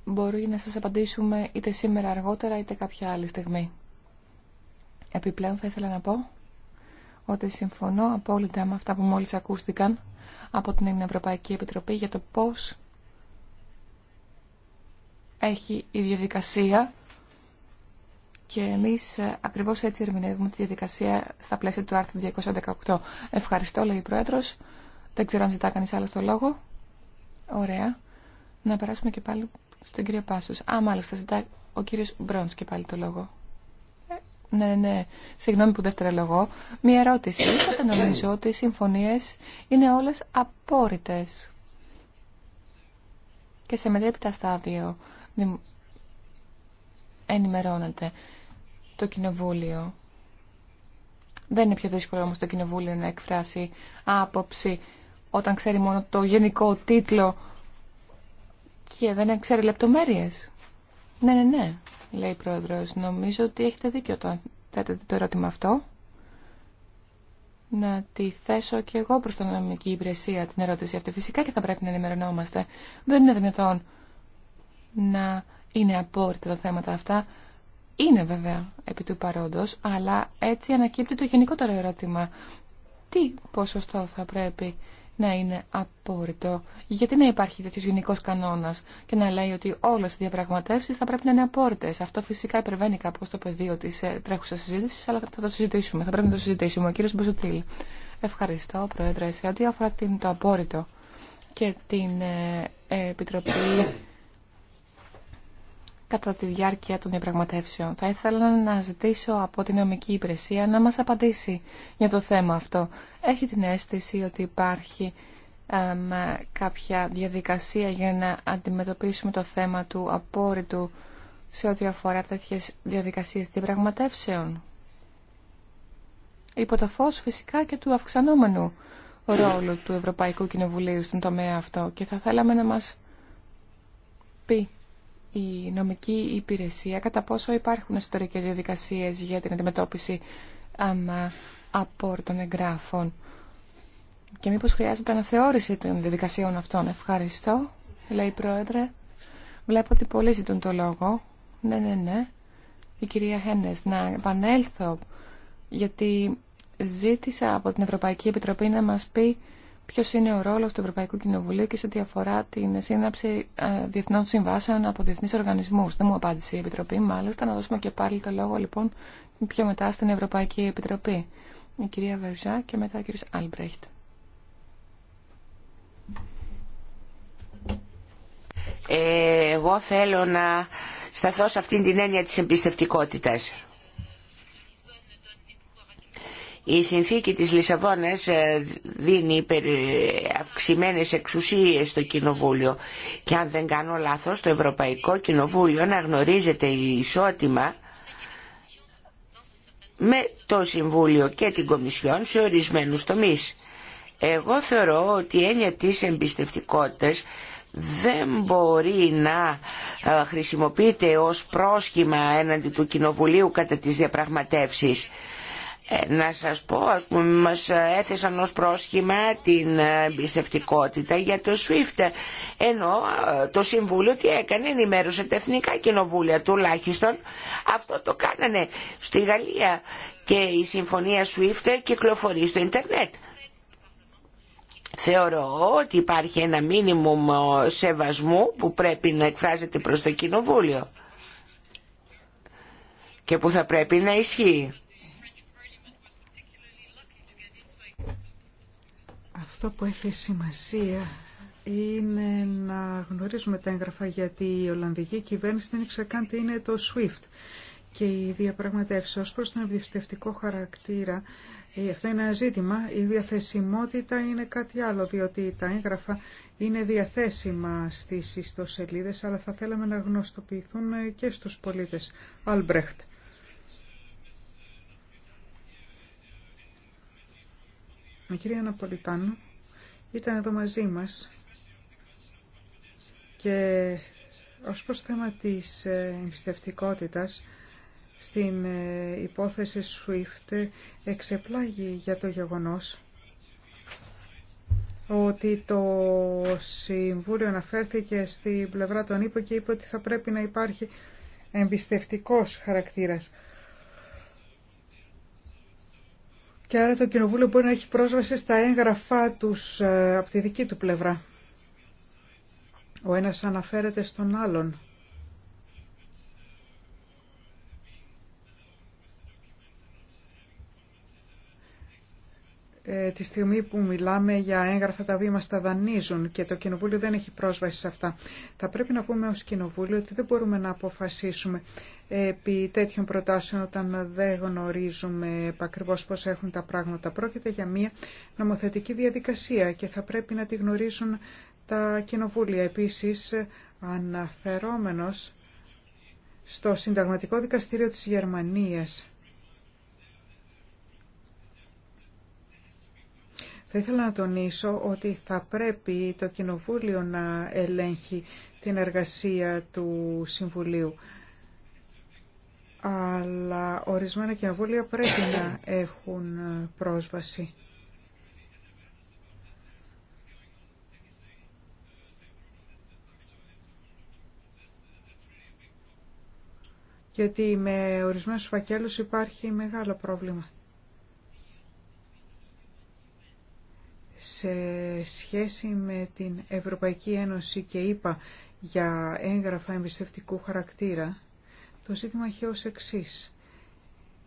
Μπορεί να σας απαντήσουμε είτε σήμερα αργότερα είτε κάποια άλλη στιγμή. Επιπλέον θα ήθελα να πω ότι συμφωνώ απόλυτα με αυτά που μόλις ακούστηκαν από την Ευρωπαϊκή Επιτροπή για το πώς έχει η διαδικασία και εμείς ε, ακριβώ έτσι ερμηνεύουμε τη διαδικασία στα πλαίσια του άρθρου 218. Ευχαριστώ, λέει ο πρόεδρο. Δεν ξέρω αν ζητά κανεί άλλο το λόγο. Ωραία. Να περάσουμε και πάλι στον κύριο Πάσο. Α, μάλιστα, ζητά ο κύριο Μπρόντ και πάλι το λόγο. Ε, ναι, ναι. Συγγνώμη που λόγο. Μία ερώτηση. νομίζω ότι οι συμφωνίε είναι όλε απόρριτε. Και σε μετέπειτα στάδιο ενημερώνεται το Κοινοβούλιο. Δεν είναι πιο δύσκολο όμως το Κοινοβούλιο να εκφράσει άποψη όταν ξέρει μόνο το γενικό τίτλο και δεν ξέρει λεπτομέρειες. Ναι, ναι, ναι, λέει η Πρόεδρος. Νομίζω ότι έχετε δίκιο όταν θέτετε το ερώτημα αυτό. Να τη θέσω και εγώ προς την νομική υπηρεσία την ερώτηση αυτή. Φυσικά και θα πρέπει να ενημερωνόμαστε. Δεν είναι δυνατόν να είναι απόρριτα τα θέματα αυτά. Είναι βέβαια επί του παρόντος, αλλά έτσι ανακύπτει το γενικότερο ερώτημα. Τι ποσοστό θα πρέπει να είναι απόρριτο. Γιατί να υπάρχει τέτοιο γενικό κανόνα και να λέει ότι όλε οι διαπραγματεύσει θα πρέπει να είναι απόρριτε. Αυτό φυσικά υπερβαίνει κάπω το πεδίο τη ε, τρέχουσα συζήτηση, αλλά θα το συζητήσουμε. Θα πρέπει να το συζητήσουμε. Ο κύριο Μποζοτήλ. Ευχαριστώ, Πρόεδρε. Σε ό,τι αφορά το απόρριτο και την ε, Επιτροπή κατά τη διάρκεια των διαπραγματεύσεων. Θα ήθελα να ζητήσω από την νομική υπηρεσία να μας απαντήσει για το θέμα αυτό. Έχει την αίσθηση ότι υπάρχει κάποια διαδικασία για να αντιμετωπίσουμε το θέμα του απόρριτου σε ό,τι αφορά τέτοιες διαδικασίες διαπραγματεύσεων. Υπό το φως φυσικά και του αυξανόμενου ρόλου του Ευρωπαϊκού Κοινοβουλίου στον τομέα αυτό και θα θέλαμε να μας πει η νομική υπηρεσία κατά πόσο υπάρχουν ιστορικές διαδικασίες για την αντιμετώπιση αμα, των εγγράφων και μήπως χρειάζεται αναθεώρηση των διαδικασιών αυτών. Ευχαριστώ, λέει η Πρόεδρε. Βλέπω ότι πολλοί ζητούν το λόγο. Ναι, ναι, ναι. Η κυρία Χένες, να επανέλθω, γιατί ζήτησα από την Ευρωπαϊκή Επιτροπή να μας πει Ποιο είναι ο ρόλος του Ευρωπαϊκού Κοινοβουλίου και σε ό,τι αφορά την σύναψη ε, διεθνών συμβάσεων από διεθνείς οργανισμούς. Δεν μου απάντησε η Επιτροπή, μάλιστα. Να δώσουμε και πάλι το λόγο, λοιπόν, πιο μετά στην Ευρωπαϊκή Επιτροπή. Η κυρία Βερζά και μετά ο κύριο Άλμπρεχτ. Ε, εγώ θέλω να σταθώ σε αυτήν την έννοια της εμπιστευτικότητας. Η συνθήκη της Λισαβόνας ε, δίνει αυξημένες εξουσίες στο Κοινοβούλιο και αν δεν κάνω λάθος το Ευρωπαϊκό Κοινοβούλιο να γνωρίζεται ισότιμα με το Συμβούλιο και την Κομισιόν σε ορισμένους τομείς. Εγώ θεωρώ ότι η έννοια της εμπιστευτικότητας δεν μπορεί να ε, χρησιμοποιείται ως πρόσχημα έναντι του Κοινοβουλίου κατά τις διαπραγματεύσεις. Ε, να σας πω, ας πούμε, μας έθεσαν ως πρόσχημα την εμπιστευτικότητα για το SWIFT, ενώ ε, το Συμβούλιο τι έκανε, ενημέρωσε τα εθνικά κοινοβούλια τουλάχιστον, αυτό το κάνανε στη Γαλλία και η συμφωνία SWIFT κυκλοφορεί στο ίντερνετ. Θεωρώ ότι υπάρχει ένα μίνιμουμ ε, σεβασμού που πρέπει να εκφράζεται προς το Κοινοβούλιο και που θα πρέπει να ισχύει. Αυτό που έχει σημασία είναι να γνωρίζουμε τα έγγραφα γιατί η Ολλανδική κυβέρνηση δεν ήξερε καν τι είναι το SWIFT και η διαπραγματεύσει ως προς τον εμπιστευτικό χαρακτήρα ε, αυτό είναι ένα ζήτημα. Η διαθεσιμότητα είναι κάτι άλλο, διότι τα έγγραφα είναι διαθέσιμα στις ιστοσελίδες, αλλά θα θέλαμε να γνωστοποιηθούν και στους πολίτες. Η κυρία Ναπολιτάνου ήταν εδώ μαζί μας και ως προς θέμα της ε, εμπιστευτικότητας στην ε, υπόθεση SWIFT εξεπλάγει για το γεγονός ότι το Συμβούλιο αναφέρθηκε στην πλευρά των ΥΠΟ και είπε ότι θα πρέπει να υπάρχει εμπιστευτικός χαρακτήρας. και άρα το Κοινοβούλιο μπορεί να έχει πρόσβαση στα έγγραφά τους ε, από τη δική του πλευρά. Ο ένας αναφέρεται στον άλλον. ε, τη στιγμή που μιλάμε για έγγραφα τα οποία στα δανείζουν και το Κοινοβούλιο δεν έχει πρόσβαση σε αυτά. Θα πρέπει να πούμε ως Κοινοβούλιο ότι δεν μπορούμε να αποφασίσουμε επί τέτοιων προτάσεων όταν δεν γνωρίζουμε ακριβώς πώς έχουν τα πράγματα. Πρόκειται για μια νομοθετική διαδικασία και θα πρέπει να τη γνωρίζουν τα Κοινοβούλια. Επίσης, αναφερόμενος στο Συνταγματικό Δικαστήριο της Γερμανίας Δεν ήθελα να τονίσω ότι θα πρέπει το Κοινοβούλιο να ελέγχει την εργασία του Συμβουλίου. Αλλά ορισμένα κοινοβούλια πρέπει να έχουν πρόσβαση. Γιατί με ορισμένους φακέλους υπάρχει μεγάλο πρόβλημα. σε σχέση με την Ευρωπαϊκή Ένωση και είπα για έγγραφα εμπιστευτικού χαρακτήρα, το ζήτημα έχει ως εξής.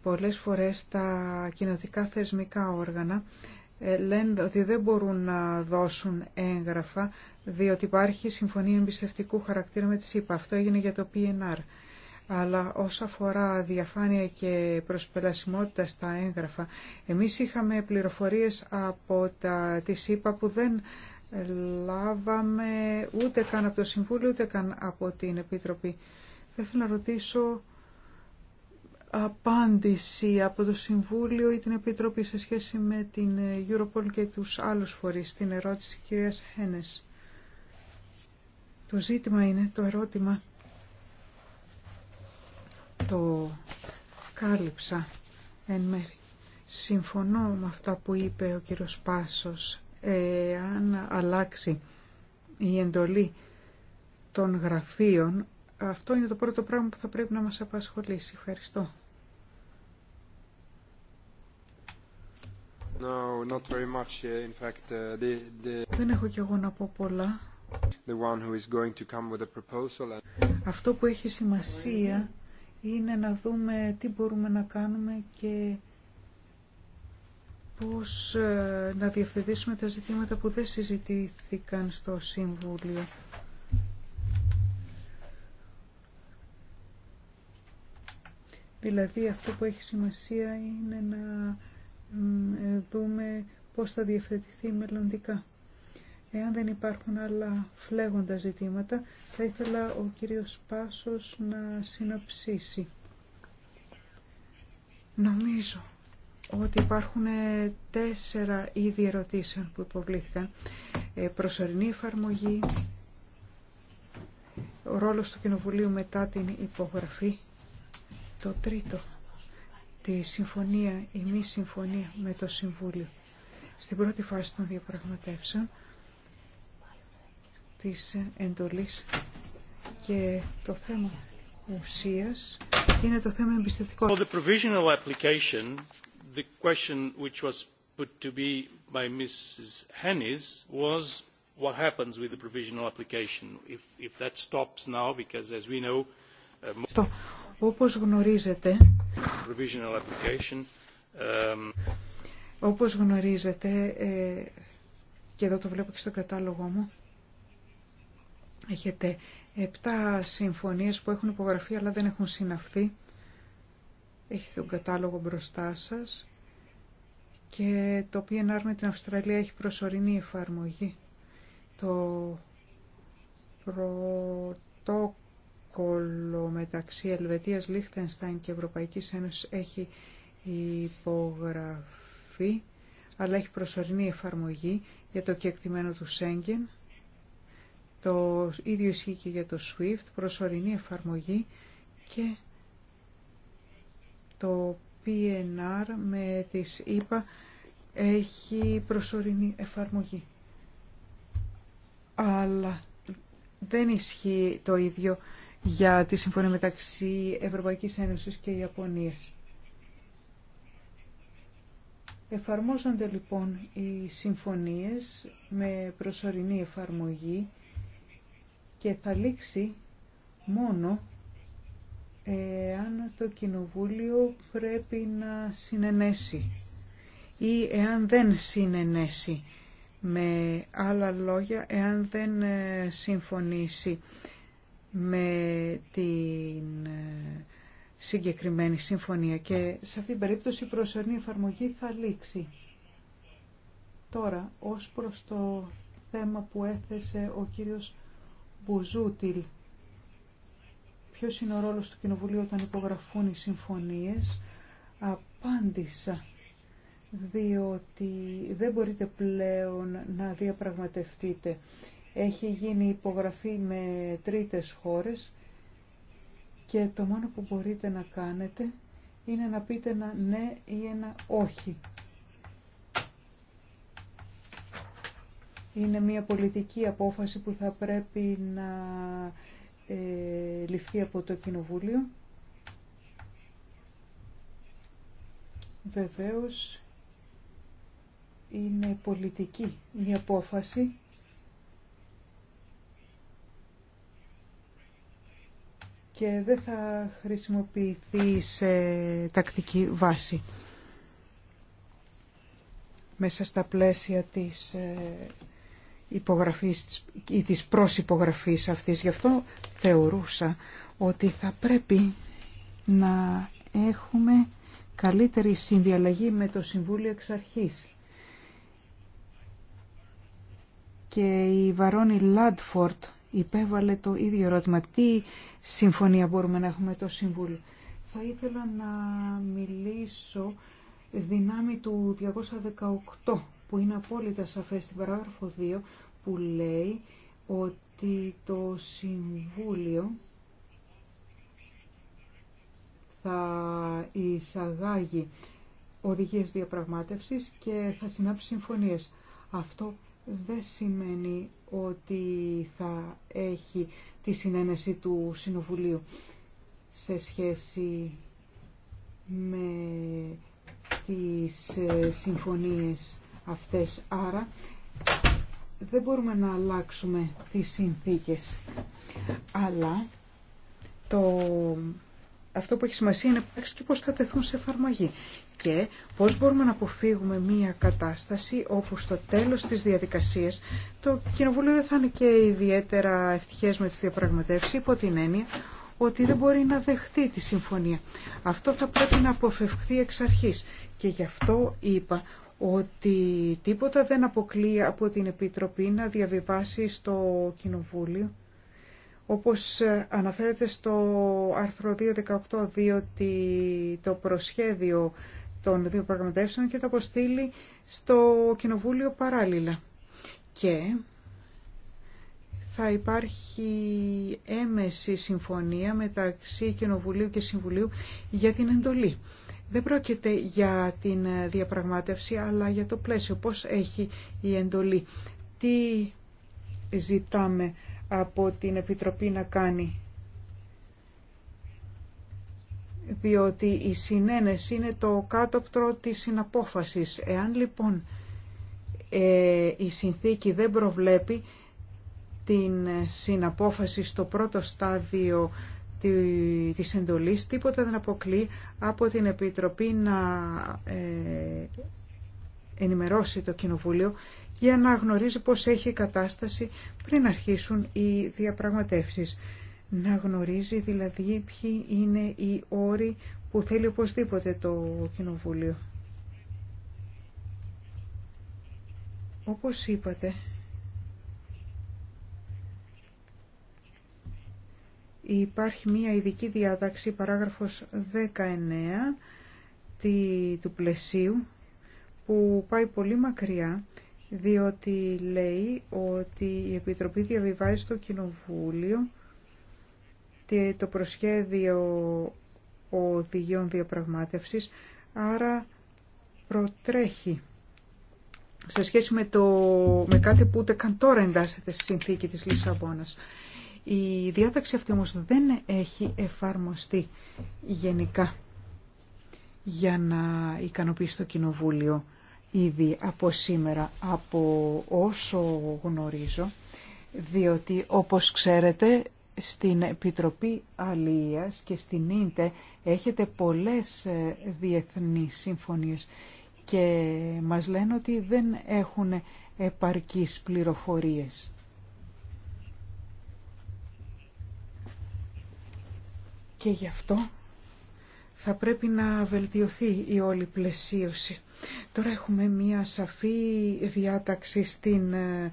Πολλές φορές τα κοινοτικά θεσμικά όργανα ε, λένε ότι δεν μπορούν να δώσουν έγγραφα διότι υπάρχει συμφωνία εμπιστευτικού χαρακτήρα με τη ΣΥΠΑ. Αυτό έγινε για το PNR αλλά όσα αφορά διαφάνεια και προσπελασιμότητα στα έγγραφα, εμείς είχαμε πληροφορίες από τα, τη ΣΥΠΑ που δεν λάβαμε ούτε καν από το Συμβούλιο, ούτε καν από την Επίτροπη. Θα ήθελα να ρωτήσω απάντηση από το Συμβούλιο ή την Επίτροπη σε σχέση με την Europol και τους άλλους φορείς, την ερώτηση κυρίας Χένες. Το ζήτημα είναι, το ερώτημα το κάλυψα εν μέρη. Συμφωνώ με αυτά που είπε ο κύριος Πάσος. Αν αλλάξει η εντολή των γραφείων, αυτό είναι το πρώτο πράγμα που θα πρέπει να μας απασχολήσει. Ευχαριστώ. No, not very much. In fact, uh, the, the... Δεν έχω κι εγώ να πω πολλά. Αυτό που έχει σημασία είναι να δούμε τι μπορούμε να κάνουμε και πώς ε, να διευθετήσουμε τα ζητήματα που δεν συζητήθηκαν στο Συμβούλιο. Δηλαδή αυτό που έχει σημασία είναι να ε, δούμε πώς θα διευθετηθεί μελλοντικά. Εάν δεν υπάρχουν άλλα φλέγοντα ζητήματα, θα ήθελα ο κύριος Πάσος να συνοψίσει. Νομίζω ότι υπάρχουν ε, τέσσερα είδη ερωτήσεων που υποβλήθηκαν. Ε, προσωρινή εφαρμογή, ο ρόλος του Κοινοβουλίου μετά την υπογραφή, το τρίτο, τη συμφωνία ή μη συμφωνία με το Συμβούλιο. Στην πρώτη φάση των διαπραγματεύσεων, της εντολής και το θέμα ουσίας είναι το θέμα εμπιστευτικό. For the provisional application, the question which was put to be by Mrs. Hennis was what happens with the provisional application if, if that stops now because as we know uh, όπως γνωρίζετε provisional application um... όπως γνωρίζετε ε, και εδώ το βλέπω και στο κατάλογο μου Έχετε 7 συμφωνίες που έχουν υπογραφεί αλλά δεν έχουν συναυθεί. Έχει τον κατάλογο μπροστά σας και το PNR με την Αυστραλία έχει προσωρινή εφαρμογή. Το πρωτόκολλο μεταξύ Ελβετίας, Λίχτενστάιν και Ευρωπαϊκής Ένωσης έχει υπογραφεί αλλά έχει προσωρινή εφαρμογή για το κεκτημένο του Σέγγεν το ίδιο ισχύει και για το SWIFT, προσωρινή εφαρμογή και το PNR με τις ΕΠΑ έχει προσωρινή εφαρμογή. Αλλά δεν ισχύει το ίδιο για τη συμφωνία μεταξύ Ευρωπαϊκής Ένωσης και Ιαπωνίας. Εφαρμόζονται λοιπόν οι συμφωνίες με προσωρινή εφαρμογή και θα λήξει μόνο εάν το Κοινοβούλιο πρέπει να συνενέσει ή εάν δεν συνενέσει. Με άλλα λόγια, εάν δεν ε, συμφωνήσει με την ε, συγκεκριμένη συμφωνία και σε αυτήν την περίπτωση η προσωρινή εφαρμογή θα λήξει. Τώρα, ως προς το θέμα που έθεσε ο κύριος Μπουζούτιλ. Ποιος είναι ο ρόλος του Κοινοβουλίου όταν υπογραφούν οι συμφωνίες. Απάντησα διότι δεν μπορείτε πλέον να διαπραγματευτείτε. Έχει γίνει υπογραφή με τρίτες χώρες και το μόνο που μπορείτε να κάνετε είναι να πείτε ένα ναι ή ένα όχι. είναι μια πολιτική απόφαση που θα πρέπει να ε, ληφθεί από το Κοινοβούλιο. Βεβαίως είναι πολιτική η απόφαση και δεν θα χρησιμοποιηθεί σε τακτική βάση μέσα στα πλαίσια της ε, υπογραφής ή της προσυπογραφής αυτής. Γι' αυτό θεωρούσα ότι θα πρέπει να έχουμε καλύτερη συνδιαλλαγή με το Συμβούλιο εξ αρχής. Και η βαρόνη Λάντφορτ υπέβαλε το ίδιο ερώτημα. Τι συμφωνία μπορούμε να έχουμε το Συμβούλιο. Θα ήθελα να μιλήσω δυνάμει του 218 που είναι απόλυτα σαφές στην παράγραφο 2 που λέει ότι το Συμβούλιο θα εισαγάγει οδηγίες διαπραγμάτευσης και θα συνάψει συμφωνίες. Αυτό δεν σημαίνει ότι θα έχει τη συνένεση του Συνοβουλίου σε σχέση με τις ε, συμφωνίες αυτές. Άρα δεν μπορούμε να αλλάξουμε τις συνθήκες. Αλλά το... αυτό που έχει σημασία είναι και πώς θα τεθούν σε εφαρμογή και πώς μπορούμε να αποφύγουμε μία κατάσταση όπου στο τέλος της διαδικασίας το Κοινοβούλιο δεν θα είναι και ιδιαίτερα ευτυχές με τις διαπραγματεύσεις υπό την έννοια ότι δεν μπορεί να δεχτεί τη συμφωνία. Αυτό θα πρέπει να αποφευχθεί εξ αρχής και γι' αυτό είπα ότι τίποτα δεν αποκλεί από την Επιτροπή να διαβιβάσει στο Κοινοβούλιο, όπως ε, αναφέρεται στο άρθρο 2.18, διότι το προσχέδιο των δύο πραγματεύσεων και το αποστείλει στο Κοινοβούλιο παράλληλα. Και θα υπάρχει έμεση συμφωνία μεταξύ Κοινοβουλίου και Συμβουλίου για την εντολή. Δεν πρόκειται για την διαπραγμάτευση, αλλά για το πλαίσιο. Πώς έχει η εντολή. Τι ζητάμε από την Επιτροπή να κάνει. Διότι η συνένεση είναι το κάτωπτρο της συναπόφασης. Εάν λοιπόν ε, η συνθήκη δεν προβλέπει την συναπόφαση στο πρώτο στάδιο τη εντολής τίποτα δεν αποκλεί από την Επιτροπή να ε, ενημερώσει το Κοινοβούλιο για να γνωρίζει πώς έχει η κατάσταση πριν αρχίσουν οι διαπραγματεύσεις. Να γνωρίζει δηλαδή ποιοι είναι οι όροι που θέλει οπωσδήποτε το Κοινοβούλιο. Όπως είπατε, υπάρχει μία ειδική διάταξη, παράγραφος 19 του πλαισίου, που πάει πολύ μακριά, διότι λέει ότι η Επιτροπή διαβιβάζει στο Κοινοβούλιο το προσχέδιο οδηγιών διαπραγμάτευσης, άρα προτρέχει σε σχέση με, το, με κάτι που ούτε καν τώρα εντάσσεται στη συνθήκη της Λισαβόνας. Η διάταξη αυτή όμως δεν έχει εφαρμοστεί γενικά για να ικανοποιήσει το Κοινοβούλιο ήδη από σήμερα, από όσο γνωρίζω, διότι όπως ξέρετε στην Επιτροπή Αλίας και στην Ίντε έχετε πολλές ε, διεθνείς συμφωνίες και μας λένε ότι δεν έχουν επαρκείς πληροφορίες. και γι' αυτό θα πρέπει να βελτιωθεί η όλη πλαισίωση. Τώρα έχουμε μία σαφή διάταξη στην ε,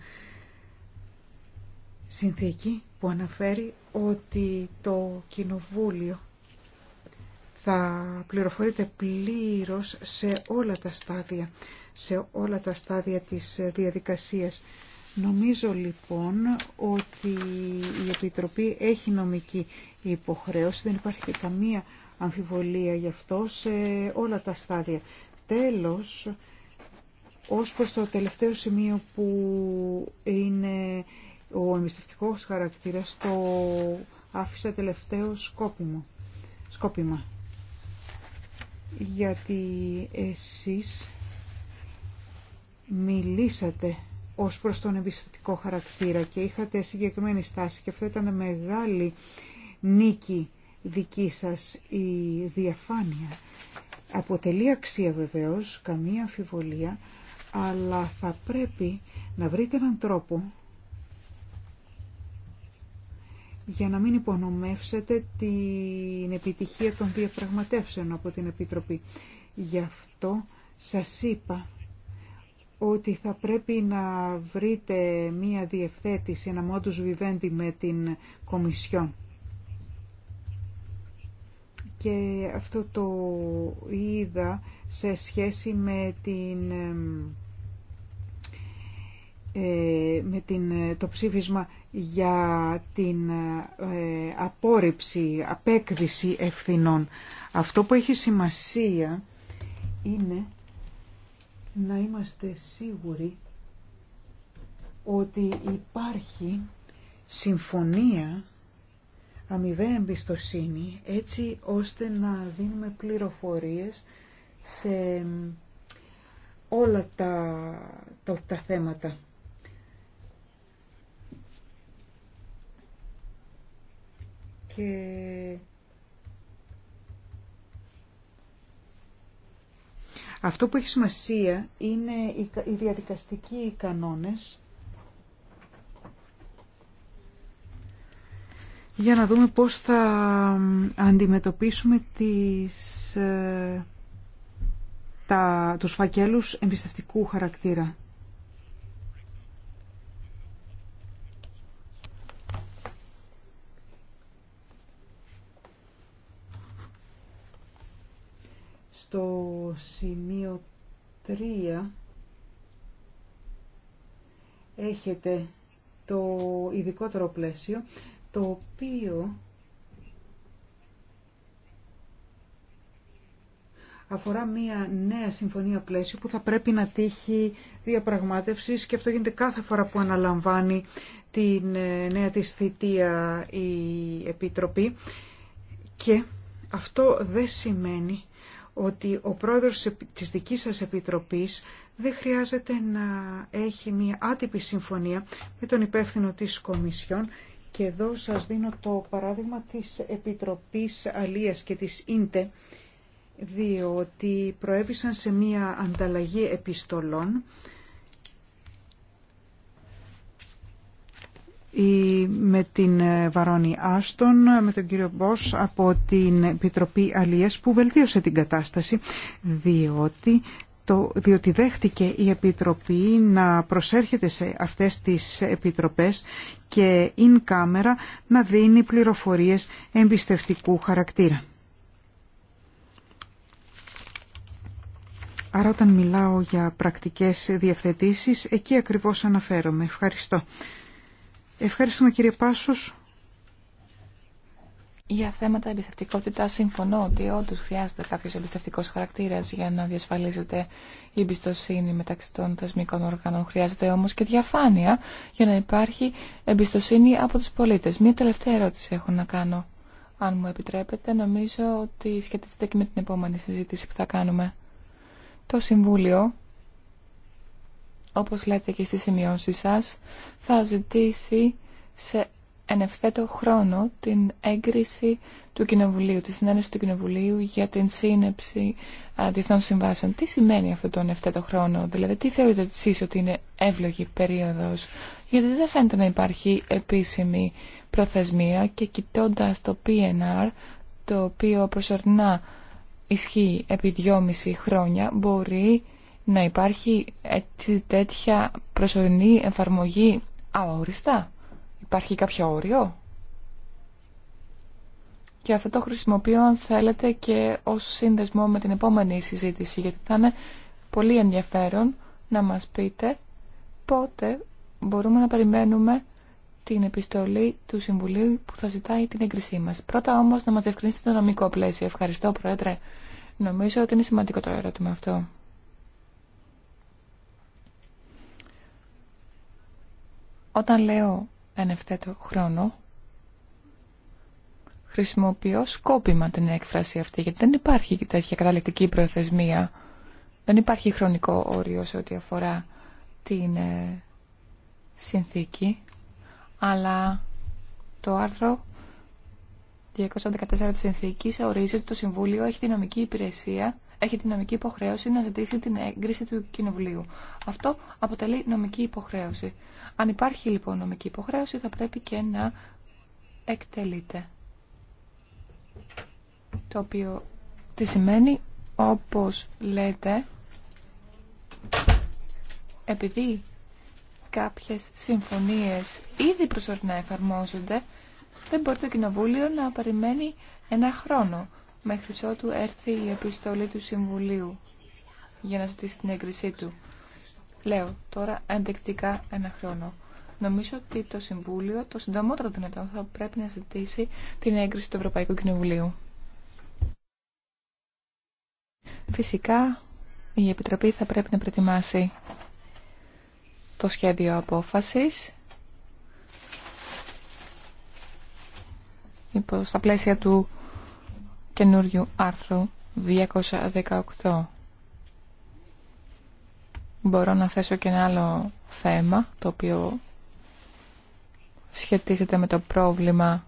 συνθήκη που αναφέρει ότι το Κοινοβούλιο θα πληροφορείται πλήρως σε όλα τα στάδια, σε όλα τα στάδια της διαδικασίας Νομίζω λοιπόν ότι η Επιτροπή έχει νομική υποχρέωση, δεν υπάρχει καμία αμφιβολία γι' αυτό σε όλα τα στάδια. Τέλος, ως προς το τελευταίο σημείο που είναι ο εμπιστευτικός χαρακτήρας, το άφησα τελευταίο σκόπιμο, σκόπιμα. Γιατί εσείς μιλήσατε ως προς τον εμπιστευτικό χαρακτήρα και είχατε συγκεκριμένη στάση και αυτό ήταν μεγάλη νίκη δική σας η διαφάνεια. Αποτελεί αξία βεβαίως, καμία αμφιβολία, αλλά θα πρέπει να βρείτε έναν τρόπο για να μην υπονομεύσετε την επιτυχία των διαπραγματεύσεων από την Επιτροπή. Γι' αυτό σας είπα ότι θα πρέπει να βρείτε μία διευθέτηση, ένα μόντους βιβέντη με την Κομισιόν. Και αυτό το είδα σε σχέση με την ε, με την, το ψήφισμα για την ε, απόρριψη, απέκδηση ευθυνών. Αυτό που έχει σημασία είναι να είμαστε σίγουροι ότι υπάρχει συμφωνία αμοιβαία εμπιστοσύνη έτσι ώστε να δίνουμε πληροφορίες σε όλα τα, τα, θέματα. Και Αυτό που έχει σημασία είναι οι διαδικαστικοί κανόνες για να δούμε πώς θα αντιμετωπίσουμε τις, ε, τα, τους φακέλους εμπιστευτικού χαρακτήρα. στο σημείο 3 έχετε το ειδικότερο πλαίσιο το οποίο αφορά μία νέα συμφωνία πλαίσιο που θα πρέπει να τύχει διαπραγμάτευσης και αυτό γίνεται κάθε φορά που αναλαμβάνει την ε, νέα της θητεία η Επιτροπή και αυτό δεν σημαίνει ότι ο πρόεδρος της δικής σας επιτροπής δεν χρειάζεται να έχει μία άτυπη συμφωνία με τον υπεύθυνο της Κομισιόν και εδώ σας δίνω το παράδειγμα της Επιτροπής Αλίας και της ΙΝΤΕ διότι προέβησαν σε μία ανταλλαγή επιστολών ή με την ε, Βαρόνη Άστον, με τον κύριο Μπός από την Επιτροπή αλλιές που βελτίωσε την κατάσταση διότι το, διότι δέχτηκε η Επιτροπή να προσέρχεται σε αυτές τις επιτροπές και in camera να δίνει πληροφορίες εμπιστευτικού χαρακτήρα. Άρα όταν μιλάω για πρακτικές διευθετήσεις, εκεί ακριβώς αναφέρομαι. Ευχαριστώ. Ευχαριστούμε κύριε Πάσος. Για θέματα εμπιστευτικότητα συμφωνώ ότι όντω χρειάζεται κάποιο εμπιστευτικό χαρακτήρα για να διασφαλίζεται η εμπιστοσύνη μεταξύ των θεσμικών οργάνων. Χρειάζεται όμω και διαφάνεια για να υπάρχει εμπιστοσύνη από του πολίτε. Μία τελευταία ερώτηση έχω να κάνω. Αν μου επιτρέπετε, νομίζω ότι σχετίζεται και με την επόμενη συζήτηση που θα κάνουμε. Το Συμβούλιο όπως λέτε και στις σημειώσεις σας, θα ζητήσει σε εν χρόνο την έγκριση του Κοινοβουλίου, τη συνένεση του Κοινοβουλίου για την σύνεψη διεθνών συμβάσεων. Τι σημαίνει αυτό το εν χρόνο, δηλαδή τι θεωρείτε ότι είναι εύλογη περίοδος, γιατί δεν φαίνεται να υπάρχει επίσημη προθεσμία και κοιτώντα το PNR, το οποίο προσωρινά ισχύει επί δυόμιση χρόνια, μπορεί να υπάρχει έτσι τέτοια προσωρινή εφαρμογή αόριστα. Υπάρχει κάποιο όριο. Και αυτό το χρησιμοποιώ αν θέλετε και ως σύνδεσμο με την επόμενη συζήτηση γιατί θα είναι πολύ ενδιαφέρον να μας πείτε πότε μπορούμε να περιμένουμε την επιστολή του Συμβουλίου που θα ζητάει την έγκρισή μας. Πρώτα όμως να μας διευκρινίσετε το νομικό πλαίσιο. Ευχαριστώ Πρόεδρε. Νομίζω ότι είναι σημαντικό το ερώτημα αυτό. Όταν λέω εν ευθέτω χρόνο, χρησιμοποιώ σκόπιμα την έκφραση αυτή, γιατί δεν υπάρχει τέτοια καταληκτική προθεσμία. Δεν υπάρχει χρονικό όριο σε ό,τι αφορά την ε, συνθήκη, αλλά το άρθρο 214 της συνθήκης ορίζει ότι το Συμβούλιο έχει την νομική υπηρεσία, έχει τη νομική υποχρέωση να ζητήσει την έγκριση του Κοινοβουλίου. Αυτό αποτελεί νομική υποχρέωση. Αν υπάρχει λοιπόν νομική υποχρέωση θα πρέπει και να εκτελείται. Το οποίο τι σημαίνει όπως λέτε επειδή κάποιες συμφωνίες ήδη προσωρινά εφαρμόζονται δεν μπορεί το Κοινοβούλιο να περιμένει ένα χρόνο μέχρι ότου έρθει η επιστολή του Συμβουλίου για να ζητήσει την έγκρισή του λέω τώρα ενδεικτικά ένα χρόνο. Νομίζω ότι το Συμβούλιο το συντομότερο δυνατόν θα πρέπει να ζητήσει την έγκριση του Ευρωπαϊκού Κοινοβουλίου. Φυσικά η Επιτροπή θα πρέπει να προετοιμάσει το σχέδιο απόφασης υπό στα πλαίσια του καινούριου άρθρου 218 μπορώ να θέσω και ένα άλλο θέμα το οποίο σχετίζεται με το πρόβλημα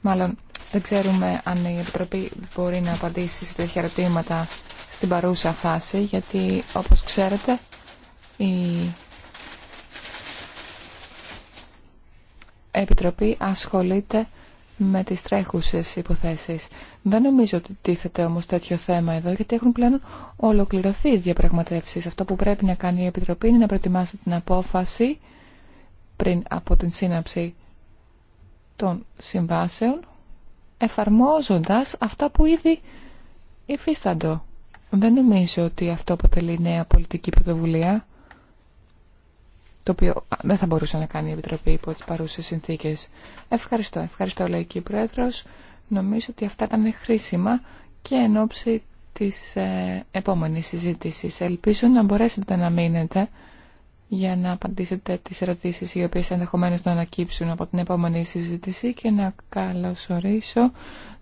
μάλλον δεν ξέρουμε αν η Επιτροπή μπορεί να απαντήσει σε τέτοια ερωτήματα στην παρούσα φάση γιατί όπως ξέρετε η Επιτροπή ασχολείται με τις τρέχουσες υποθέσεις. Δεν νομίζω ότι τίθεται όμως τέτοιο θέμα εδώ, γιατί έχουν πλέον ολοκληρωθεί οι διαπραγματεύσεις. Αυτό που πρέπει να κάνει η Επιτροπή είναι να προετοιμάσει την απόφαση πριν από την σύναψη των συμβάσεων, εφαρμόζοντας αυτά που ήδη υφίσταντο. Δεν νομίζω ότι αυτό αποτελεί νέα πολιτική πρωτοβουλία το οποίο δεν θα μπορούσε να κάνει η Επιτροπή υπό τις παρούσες συνθήκες. Ευχαριστώ, ευχαριστώ λέει και η Πρόεδρος. Νομίζω ότι αυτά ήταν χρήσιμα και εν ώψη της ε, επόμενης συζήτησης. Ελπίζω να μπορέσετε να μείνετε για να απαντήσετε τις ερωτήσεις οι οποίες ενδεχομένως να ανακύψουν από την επόμενη συζήτηση και να καλωσορίσω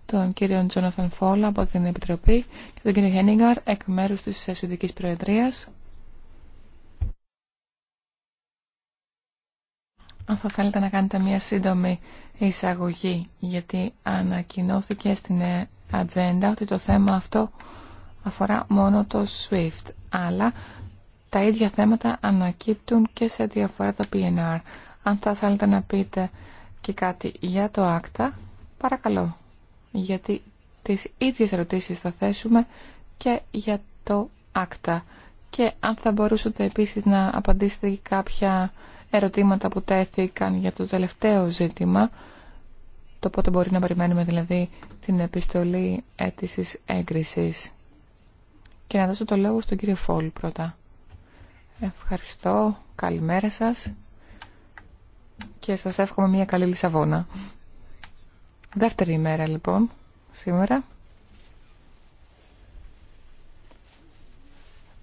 τον κύριο Τζόναθαν Φόλα από την Επιτροπή και τον κύριο Χένιγκαρ εκ μέρους της Σουηδικής Προεδρίας. Αν θα θέλετε να κάνετε μια σύντομη εισαγωγή, γιατί ανακοινώθηκε στην ατζέντα ότι το θέμα αυτό αφορά μόνο το SWIFT, αλλά τα ίδια θέματα ανακύπτουν και σε διαφορά αφορά το PNR. Αν θα θέλετε να πείτε και κάτι για το άκτα, παρακαλώ, γιατί τις ίδιες ερωτήσεις θα θέσουμε και για το άκτα. Και αν θα μπορούσατε επίσης να απαντήσετε κάποια ερωτήματα που τέθηκαν για το τελευταίο ζήτημα, το πότε μπορεί να περιμένουμε δηλαδή την επιστολή αίτησης έγκρισης. Και να δώσω το λόγο στον κύριο Φόλ πρώτα. Ευχαριστώ, καλημέρα σας και σας εύχομαι μια καλή Λισαβόνα. Δεύτερη ημέρα λοιπόν, σήμερα.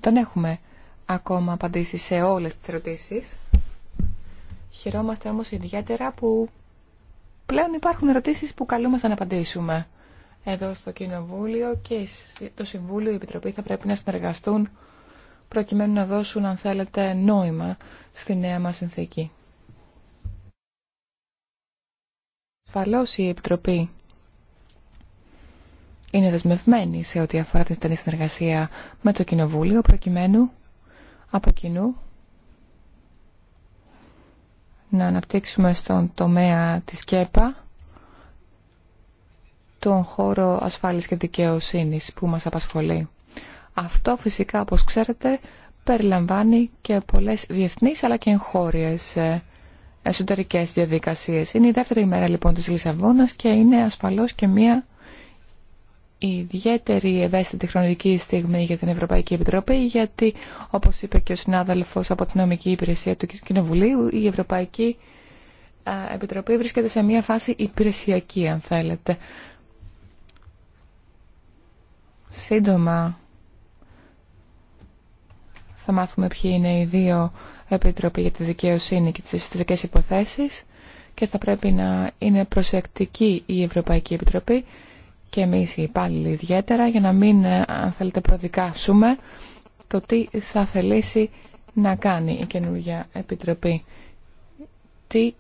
Δεν έχουμε ακόμα απαντήσει σε όλες τις ερωτήσεις. Χαιρόμαστε όμως ιδιαίτερα που πλέον υπάρχουν ερωτήσεις που καλούμαστε να απαντήσουμε. Εδώ στο Κοινοβούλιο και το Συμβούλιο, οι Επιτροπή θα πρέπει να συνεργαστούν προκειμένου να δώσουν, αν θέλετε, νόημα στη νέα μας συνθήκη. Ασφαλώς η Επιτροπή είναι δεσμευμένη σε ό,τι αφορά την στενή συνεργασία με το Κοινοβούλιο, προκειμένου από κοινού να αναπτύξουμε στον τομέα της ΚΕΠΑ τον χώρο ασφάλισης και δικαιοσύνης που μας απασχολεί. Αυτό φυσικά, όπως ξέρετε, περιλαμβάνει και πολλές διεθνείς αλλά και εγχώριες ε, εσωτερικές διαδικασίες. Είναι η δεύτερη ημέρα λοιπόν της Λισαβόνας και είναι ασφαλώς και μία ιδιαίτερη ευαίσθητη χρονική στιγμή για την Ευρωπαϊκή Επιτροπή γιατί όπω είπε και ο συνάδελφο από την νομική υπηρεσία του Κοινοβουλίου η Ευρωπαϊκή Επιτροπή βρίσκεται σε μια φάση υπηρεσιακή αν θέλετε. Σύντομα θα μάθουμε ποιοι είναι οι δύο επίτροποι για τη Δικαιοσύνη και τις ιστορικέ Υποθέσεις και θα πρέπει να είναι προσεκτική η Ευρωπαϊκή Επιτροπή και εμείς οι υπάλληλοι ιδιαίτερα για να μην, ε, αν θέλετε, προδικάσουμε το τι θα θελήσει να κάνει η καινούργια επιτροπή. Τι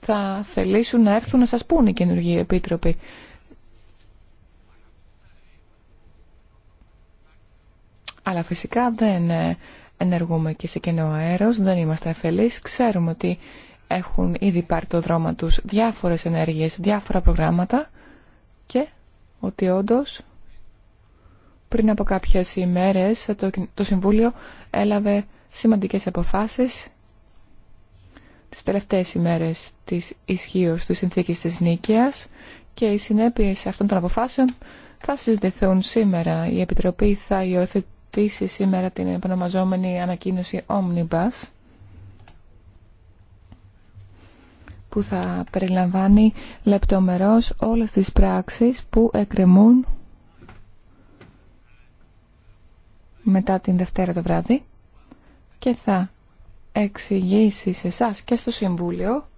θα θελήσουν να έρθουν να σας πούν οι καινούργιοι επίτροποι. Αλλά φυσικά δεν ε, ενεργούμε και σε κενό αέρος, δεν είμαστε αφελείς. Ξέρουμε ότι έχουν ήδη πάρει το δρόμα τους διάφορες ενέργειες, διάφορα προγράμματα και ότι όντως πριν από κάποιες ημέρες το Συμβούλιο έλαβε σημαντικές αποφάσεις τις τελευταίες ημέρες της ισχύω της συνθήκης της Νίκαιας και οι συνέπειες αυτών των αποφάσεων θα συζητηθούν σήμερα. Η Επιτροπή θα υιοθετήσει σήμερα την επανομαζόμενη ανακοίνωση Omnibus που θα περιλαμβάνει λεπτομερώς όλες τις πράξεις που εκκρεμούν μετά την Δευτέρα το βράδυ και θα εξηγήσει σε εσά και στο Συμβούλιο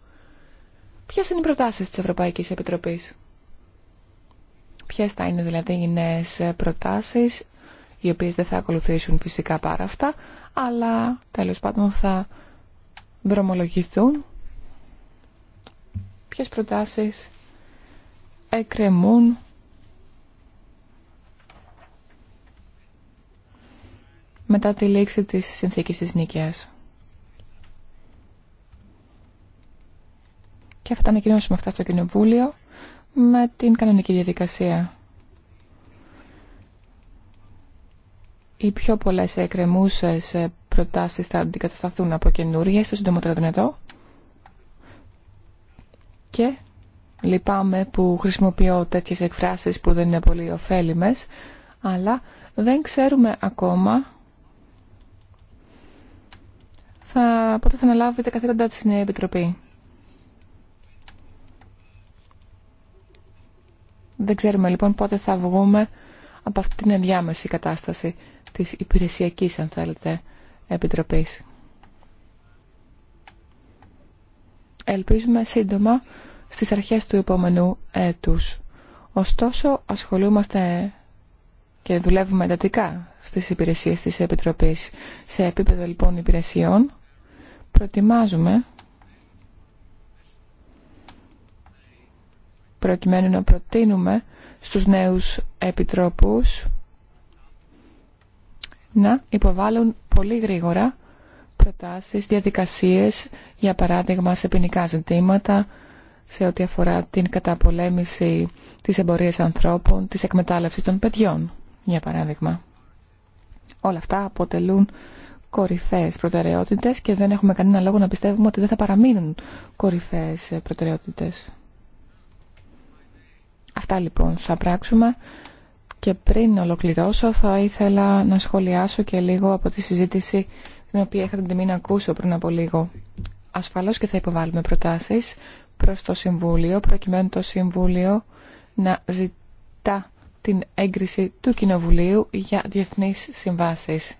ποιες είναι οι προτάσεις της Ευρωπαϊκής Επιτροπής. Ποιες θα είναι δηλαδή οι νέες προτάσεις, οι οποίες δεν θα ακολουθήσουν φυσικά πάρα αυτά, αλλά τέλος πάντων θα δρομολογηθούν ποιες προτάσεις εκκρεμούν μετά τη λήξη της συνθήκης της νίκαιας. Και θα τα ανακοινώσουμε αυτά στο Κοινοβούλιο με την κανονική διαδικασία. Οι πιο πολλές εκκρεμούσες προτάσεις θα αντικατασταθούν από καινούργιες, στο σύντομο δυνατό. Και λυπάμαι που χρησιμοποιώ τέτοιες εκφράσεις που δεν είναι πολύ ωφέλιμες, αλλά δεν ξέρουμε ακόμα θα, πότε θα αναλάβει καθήκοντά της Νέα Επιτροπή. Δεν ξέρουμε λοιπόν πότε θα βγούμε από αυτή την ενδιάμεση κατάσταση της υπηρεσιακής, αν θέλετε, Επιτροπής. Ελπίζουμε σύντομα στις αρχές του επόμενου έτους. Ωστόσο, ασχολούμαστε και δουλεύουμε εντατικά στις υπηρεσίες της Επιτροπής. Σε επίπεδο λοιπόν υπηρεσιών, προτιμάζουμε, προκειμένου να προτείνουμε στους νέους επιτρόπους να υποβάλουν πολύ γρήγορα προτάσεις, διαδικασίες, για παράδειγμα σε ποινικά ζητήματα, σε ό,τι αφορά την καταπολέμηση της εμπορίας ανθρώπων, της εκμετάλλευσης των παιδιών, για παράδειγμα. Όλα αυτά αποτελούν κορυφαίες προτεραιότητες και δεν έχουμε κανένα λόγο να πιστεύουμε ότι δεν θα παραμείνουν κορυφαίες προτεραιότητες. Αυτά λοιπόν θα πράξουμε και πριν ολοκληρώσω θα ήθελα να σχολιάσω και λίγο από τη συζήτηση την οποία είχα την τιμή να ακούσω πριν από λίγο. Ασφαλώς και θα υποβάλουμε προτάσεις προς το Συμβούλιο, προκειμένου το Συμβούλιο να ζητά την έγκριση του Κοινοβουλίου για διεθνείς συμβάσεις.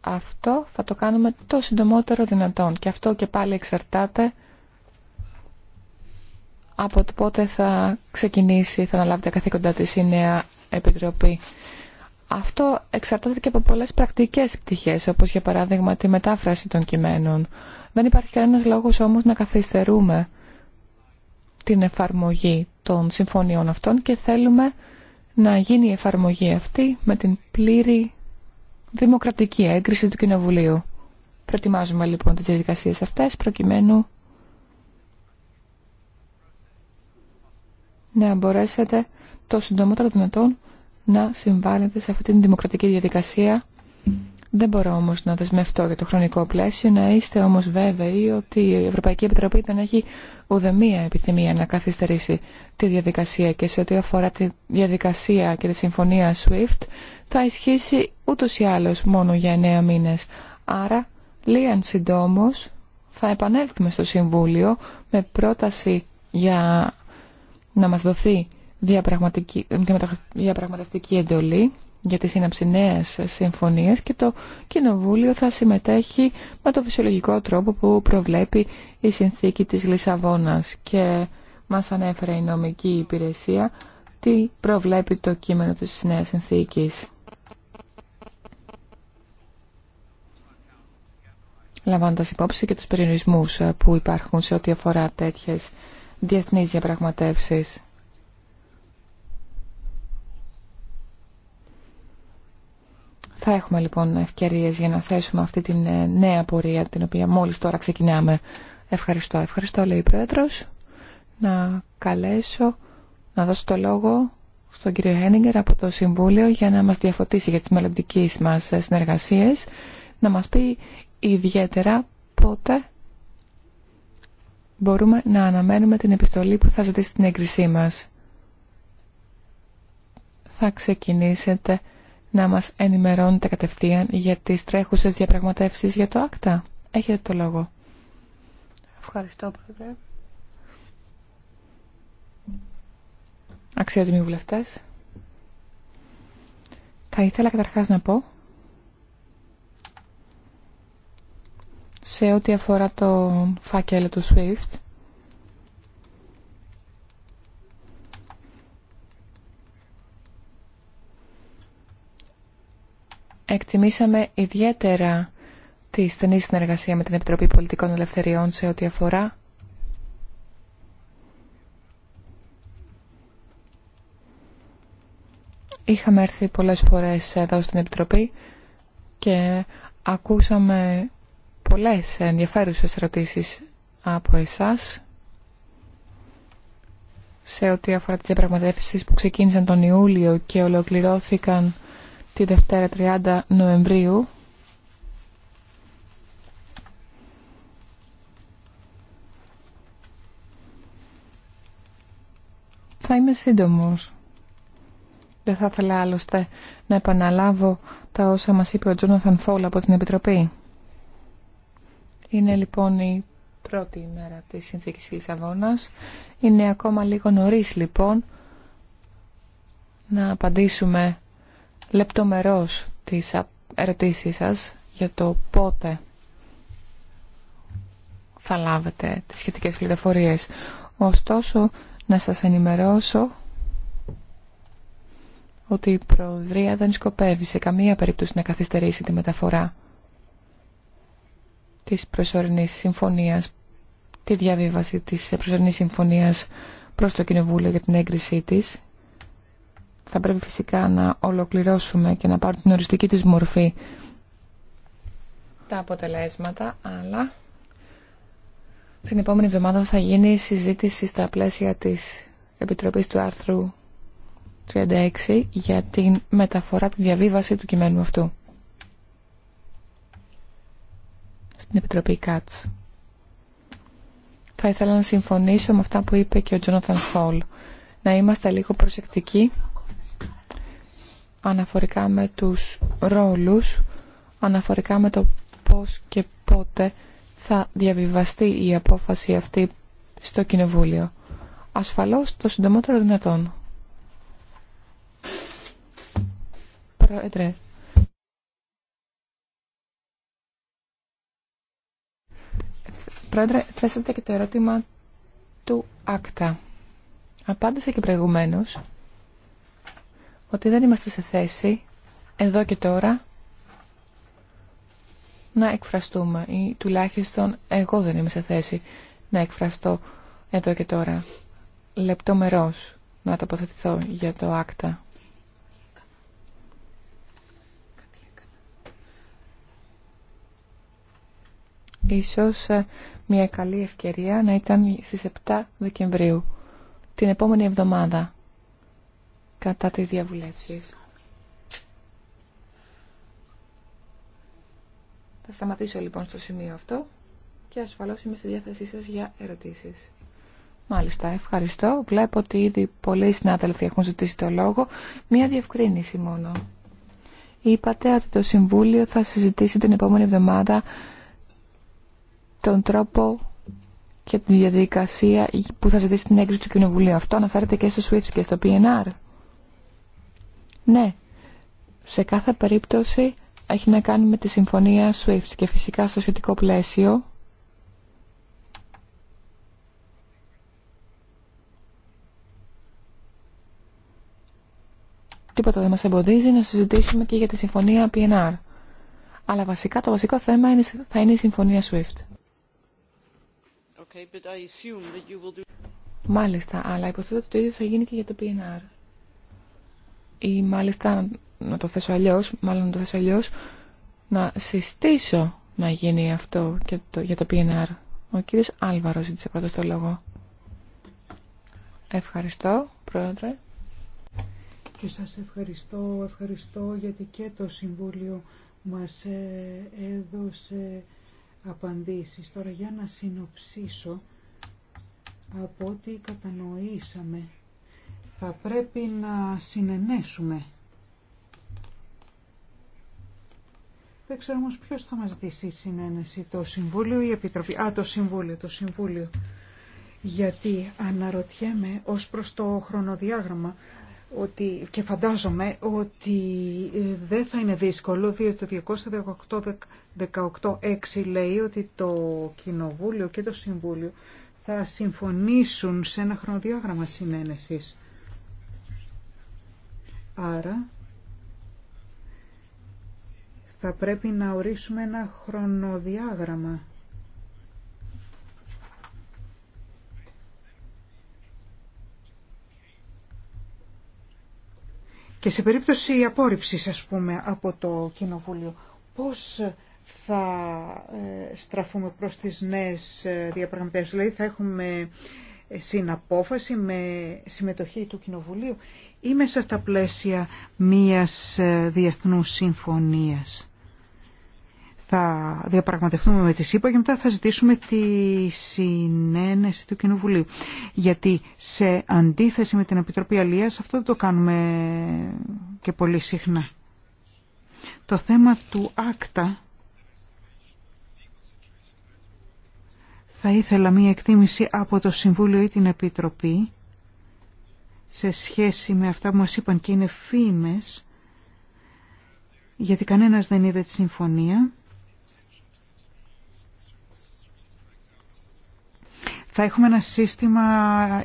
Αυτό θα το κάνουμε το συντομότερο δυνατόν και αυτό και πάλι εξαρτάται από το πότε θα ξεκινήσει, θα αναλάβει τα καθήκοντα της η νέα Επιτροπή αυτό εξαρτάται και από πολλές πρακτικές πτυχές, όπως για παράδειγμα τη μετάφραση των κειμένων. Δεν υπάρχει κανένας λόγος όμως να καθυστερούμε την εφαρμογή των συμφωνιών αυτών και θέλουμε να γίνει η εφαρμογή αυτή με την πλήρη δημοκρατική έγκριση του Κοινοβουλίου. Προετοιμάζουμε λοιπόν τις διαδικασίες αυτές προκειμένου να μπορέσετε το συντομότερο δυνατόν να συμβάλλετε σε αυτή την δημοκρατική διαδικασία. Δεν μπορώ όμως να δεσμευτώ για το χρονικό πλαίσιο, να είστε όμως βέβαιοι ότι η Ευρωπαϊκή Επιτροπή δεν έχει ουδεμία επιθυμία να καθυστερήσει τη διαδικασία και σε ό,τι αφορά τη διαδικασία και τη συμφωνία SWIFT θα ισχύσει ούτως ή άλλως μόνο για εννέα μήνες. Άρα, λίγαν συντόμως θα επανέλθουμε στο Συμβούλιο με πρόταση για να μας δοθεί διαπραγματευτική εντολή για τη σύναψη νέα συμφωνίας και το Κοινοβούλιο θα συμμετέχει με το φυσιολογικό τρόπο που προβλέπει η συνθήκη της Λισαβόνας και μας ανέφερε η νομική υπηρεσία τι προβλέπει το κείμενο της νέας συνθήκης. Λαμβάνοντας υπόψη και τους περιορισμούς που υπάρχουν σε ό,τι αφορά τέτοιες διεθνείς διαπραγματεύσεις. Θα έχουμε λοιπόν ευκαιρίες για να θέσουμε αυτή την ε, νέα πορεία την οποία μόλις τώρα ξεκινάμε. Ευχαριστώ. Ευχαριστώ λέει η Πρόεδρος. Να καλέσω, να δώσω το λόγο στον κύριο Χένιγκερ από το Συμβούλιο για να μας διαφωτίσει για τις μελλοντικέ μας συνεργασίες, να μας πει ιδιαίτερα πότε μπορούμε να αναμένουμε την επιστολή που θα ζητήσει την έγκρισή μας. Θα ξεκινήσετε να μας ενημερώνετε κατευθείαν για τις τρέχουσες διαπραγματεύσεις για το ΑΚΤΑ. Έχετε το λόγο. Ευχαριστώ, Πρόεδρε. Αξιότιμοι βουλευτές. Θα ήθελα καταρχάς να πω σε ό,τι αφορά το φάκελο του SWIFT εκτιμήσαμε ιδιαίτερα τη στενή συνεργασία με την Επιτροπή Πολιτικών Ελευθεριών σε ό,τι αφορά Είχαμε έρθει πολλές φορές εδώ στην Επιτροπή και ακούσαμε πολλές ενδιαφέρουσες ερωτήσεις από εσάς σε ό,τι αφορά τις διαπραγματεύσεις που ξεκίνησαν τον Ιούλιο και ολοκληρώθηκαν τη Δευτέρα 30 Νοεμβρίου θα είμαι σύντομος. Δεν θα ήθελα άλλωστε να επαναλάβω τα όσα μας είπε ο Τζόναθαν Φόλ από την Επιτροπή. Είναι λοιπόν η πρώτη ημέρα της Συνθήκης Λισαβόνας. Είναι ακόμα λίγο νωρίς λοιπόν να απαντήσουμε λεπτομερώς τις ερωτήσεις σας για το πότε θα λάβετε τις σχετικές πληροφορίες. Ωστόσο, να σας ενημερώσω ότι η Προεδρία δεν σκοπεύει σε καμία περίπτωση να καθυστερήσει τη μεταφορά της προσωρινής συμφωνίας, τη διαβίβαση της προσωρινής συμφωνίας προς το Κοινοβούλιο για την έγκρισή της θα πρέπει φυσικά να ολοκληρώσουμε και να πάρουν την οριστική της μορφή τα αποτελέσματα, αλλά την επόμενη εβδομάδα θα γίνει η συζήτηση στα πλαίσια της Επιτροπής του άρθρου 36 για την μεταφορά, τη διαβίβαση του κειμένου αυτού. Στην Επιτροπή ΚΑΤΣ. Θα ήθελα να συμφωνήσω με αυτά που είπε και ο Τζόναθαν Φόλ. Να είμαστε λίγο προσεκτικοί αναφορικά με τους ρόλους, αναφορικά με το πώς και πότε θα διαβιβαστεί η απόφαση αυτή στο Κοινοβούλιο. Ασφαλώς το συντομότερο δυνατόν. Πρόεδρε. Πρόεδρε, θέσατε και το ερώτημα του ΑΚΤΑ. Απάντησα και προηγουμένως ότι δεν είμαστε σε θέση εδώ και τώρα να εκφραστούμε ή τουλάχιστον εγώ δεν είμαι σε θέση να εκφραστώ εδώ και τώρα λεπτομερώς να τοποθετηθώ για το άκτα. Ίσως ε, μια καλή ευκαιρία να ήταν στις 7 Δεκεμβρίου, την επόμενη εβδομάδα κατά τις διαβουλεύσεις. Θα σταματήσω λοιπόν στο σημείο αυτό και ασφαλώς είμαι στη διάθεσή σας για ερωτήσεις. Μάλιστα, ευχαριστώ. Βλέπω ότι ήδη πολλοί συνάδελφοι έχουν ζητήσει το λόγο. Μία διευκρίνηση μόνο. Είπατε ότι το Συμβούλιο θα συζητήσει την επόμενη εβδομάδα τον τρόπο και τη διαδικασία που θα ζητήσει την έγκριση του Κοινοβουλίου. Αυτό αναφέρεται και στο SWIFT και στο PNR. Ναι, σε κάθε περίπτωση έχει να κάνει με τη συμφωνία SWIFT και φυσικά στο σχετικό πλαίσιο τίποτα δεν μας εμποδίζει να συζητήσουμε και για τη συμφωνία PNR. Αλλά βασικά το βασικό θέμα είναι, θα είναι η συμφωνία SWIFT. Okay, do... Μάλιστα, αλλά υποθέτω ότι το ίδιο θα γίνει και για το PNR ή μάλιστα να το θέσω αλλιώς, μάλλον να το θέσω αλλιώς, να συστήσω να γίνει αυτό και το, για το PNR. Ο κύριος Άλβαρος ζήτησε πρώτα στο λόγο. Ευχαριστώ, Πρόεδρε. Και σας ευχαριστώ, ευχαριστώ γιατί και το Συμβούλιο μας ε, έδωσε απαντήσεις. Τώρα για να συνοψίσω από ό,τι κατανοήσαμε θα πρέπει να συνενέσουμε. Δεν ξέρω όμως ποιος θα μας δείσει η συνένεση, το Συμβούλιο ή η Επιτροπή. Α, το Συμβούλιο, το Συμβούλιο. Γιατί αναρωτιέμαι ως προς το χρονοδιάγραμμα ότι, και φαντάζομαι ότι ε, δεν θα είναι δύσκολο, διότι το 218 λεει ότι το Κοινοβούλιο και το Συμβούλιο θα συμφωνήσουν σε ένα χρονοδιάγραμμα συνένεσης. Άρα θα πρέπει να ορίσουμε ένα χρονοδιάγραμμα. Και σε περίπτωση απόρριψης, ας πούμε, από το Κοινοβούλιο, πώς θα ε, στραφούμε προς τις νέες ε, διαπραγματεύσεις. Δηλαδή θα έχουμε ε, συναπόφαση με συμμετοχή του Κοινοβουλίου ή μέσα στα πλαίσια μίας ε, διεθνούς συμφωνίας. Θα διαπραγματευτούμε με τις ΣΥΠΑ και μετά θα ζητήσουμε τη συνένεση του Κοινοβουλίου. Γιατί σε αντίθεση με την Επιτροπή Αλίας αυτό δεν το κάνουμε και πολύ συχνά. Το θέμα του άκτα θα ήθελα μία εκτίμηση από το Συμβούλιο ή την Επιτροπή σε σχέση με αυτά που μας είπαν και είναι φήμες, γιατί κανένας δεν είδε τη συμφωνία. Θα έχουμε ένα σύστημα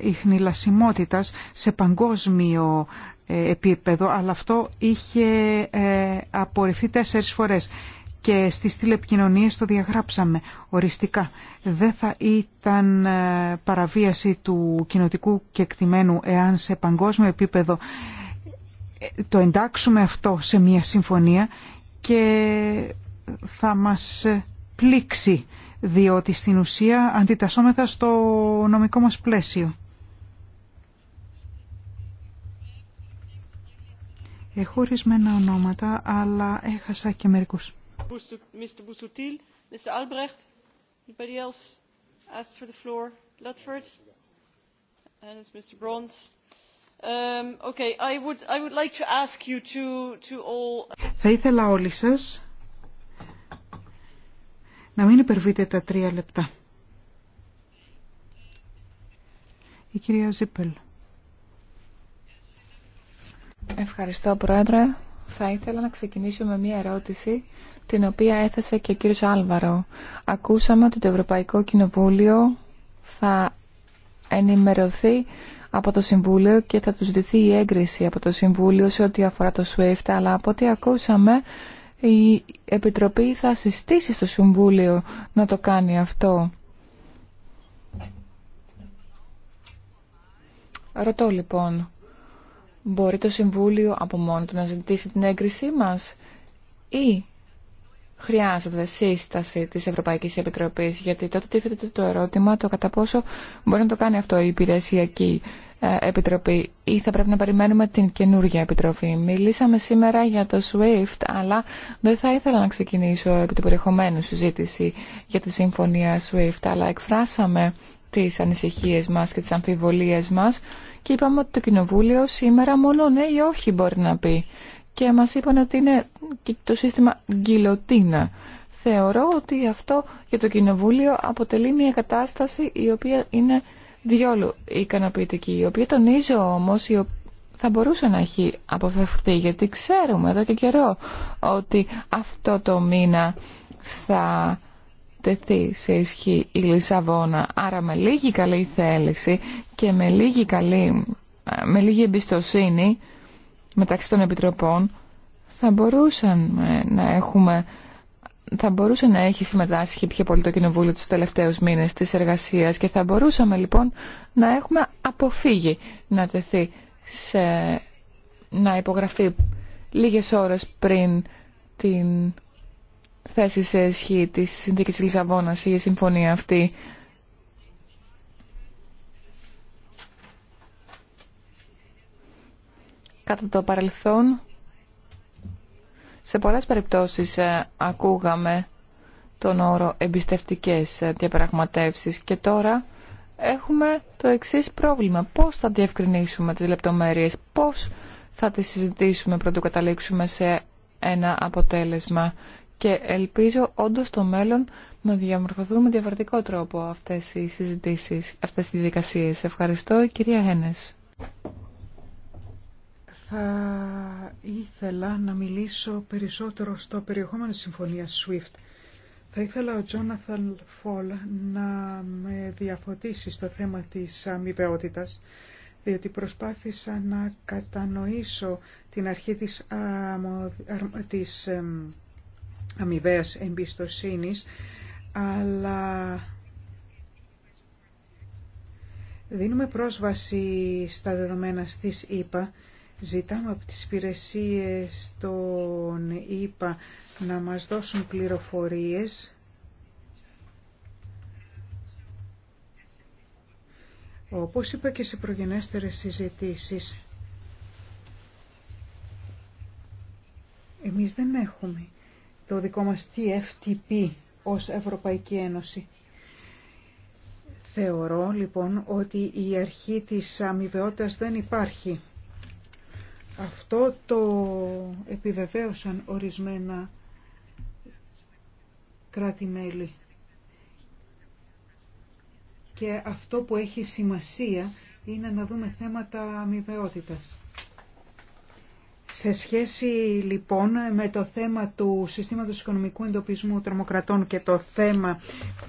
ηχνηλασιμότητας σε παγκόσμιο ε, επίπεδο, αλλά αυτό είχε ε, απορριφθεί τέσσερις φορές και στις τηλεπικοινωνίες το διαγράψαμε οριστικά. Δεν θα ήταν ε, παραβίαση του κοινοτικού κεκτημένου εάν σε παγκόσμιο επίπεδο ε, το εντάξουμε αυτό σε μια συμφωνία και θα μας ε, πλήξει διότι στην ουσία αντιτασσόμεθα στο νομικό μας πλαίσιο. Έχω ορισμένα ονόματα, αλλά έχασα και μερικούς. Mr. Busuttil, Mr. Albrecht, anybody else asked for the floor? Ludford? And it's Mr. Um, Okay, I would, I would like to ask you to, to all... Θα ήθελα όλοι σας να μην υπερβείτε τα τρία λεπτά. Η κυρία Ζίπελ. Ευχαριστώ, Πρόεδρε. Θα ήθελα να ξεκινήσω με μία ερώτηση την οποία έθεσε και ο κύριος Άλβαρο. Ακούσαμε ότι το Ευρωπαϊκό Κοινοβούλιο θα ενημερωθεί από το Συμβούλιο και θα τους ζητηθεί η έγκριση από το Συμβούλιο σε ό,τι αφορά το SWIFT, αλλά από ό,τι ακούσαμε η Επιτροπή θα συστήσει στο Συμβούλιο να το κάνει αυτό. Ρωτώ λοιπόν, μπορεί το Συμβούλιο από μόνο του να ζητήσει την έγκρισή μας ή χρειάζεται σύσταση της Ευρωπαϊκής Επιτροπής γιατί τότε τίθεται το ερώτημα το κατά πόσο μπορεί να το κάνει αυτό η υπηρεσιακή ε, επιτροπή ή θα πρέπει να περιμένουμε την καινούργια επιτροπή. Μιλήσαμε σήμερα για το SWIFT αλλά δεν θα ήθελα να ξεκινήσω επί του περιεχομένου συζήτηση για τη συμφωνία SWIFT αλλά εκφράσαμε τις ανησυχίες μας και τις αμφιβολίες μας και είπαμε ότι το Κοινοβούλιο σήμερα μόνο ναι ή όχι μπορεί να πει και μας είπαν ότι είναι το σύστημα γκυλοτίνα. Θεωρώ ότι αυτό για το Κοινοβούλιο αποτελεί μια κατάσταση η οποία είναι διόλου ικανοποιητική, η οποία τονίζω όμως θα μπορούσε να έχει αποφευχθεί, γιατί ξέρουμε εδώ και καιρό ότι αυτό το μήνα θα τεθεί σε ισχύ η Λισαβόνα. Άρα με λίγη καλή θέληση και με καλή, με λίγη εμπιστοσύνη μεταξύ των επιτροπών θα μπορούσαν ε, να έχουμε θα μπορούσε να έχει συμμετάσχει πιο πολύ το Κοινοβούλιο τους τελευταίους μήνες της εργασίας και θα μπορούσαμε λοιπόν να έχουμε αποφύγει να τεθεί σε, να υπογραφεί λίγες ώρες πριν την θέση σε ισχύ της Συνθήκης Λισαβόνας ή η συμφωνία αυτή Κατά το παρελθόν, σε πολλές περιπτώσεις ε, ακούγαμε τον όρο εμπιστευτικές ε, διαπραγματεύσεις και τώρα έχουμε το εξής πρόβλημα. Πώς θα διευκρινίσουμε τις λεπτομέρειες, πώς θα τις συζητήσουμε του καταλήξουμε σε ένα αποτέλεσμα και ελπίζω όντως στο μέλλον να διαμορφωθούμε με διαφορετικό τρόπο αυτές οι συζητήσεις, αυτές οι διαδικασίες. Ευχαριστώ, κυρία Χένες. Θα ήθελα να μιλήσω περισσότερο στο περιεχόμενο της συμφωνίας SWIFT. Θα ήθελα ο Τζόναθαν Φόλ να με διαφωτίσει στο θέμα της αμοιβαιότητας, διότι προσπάθησα να κατανοήσω την αρχή της, αμμο... της εμπιστοσύνης, αλλά δίνουμε πρόσβαση στα δεδομένα στις ΕΠΑ Ζητάμε από τις υπηρεσίες των ΙΠΑ να μας δώσουν πληροφορίες Όπως είπα και σε προγενέστερες συζητήσεις, εμείς δεν έχουμε το δικό μας TFTP ως Ευρωπαϊκή Ένωση. Θεωρώ λοιπόν ότι η αρχή της αμοιβαιότητας δεν υπάρχει. Αυτό το επιβεβαίωσαν ορισμένα κράτη-μέλη. Και αυτό που έχει σημασία είναι να δούμε θέματα αμοιβαιότητας. Σε σχέση λοιπόν με το θέμα του συστήματος οικονομικού εντοπισμού τρομοκρατών και το θέμα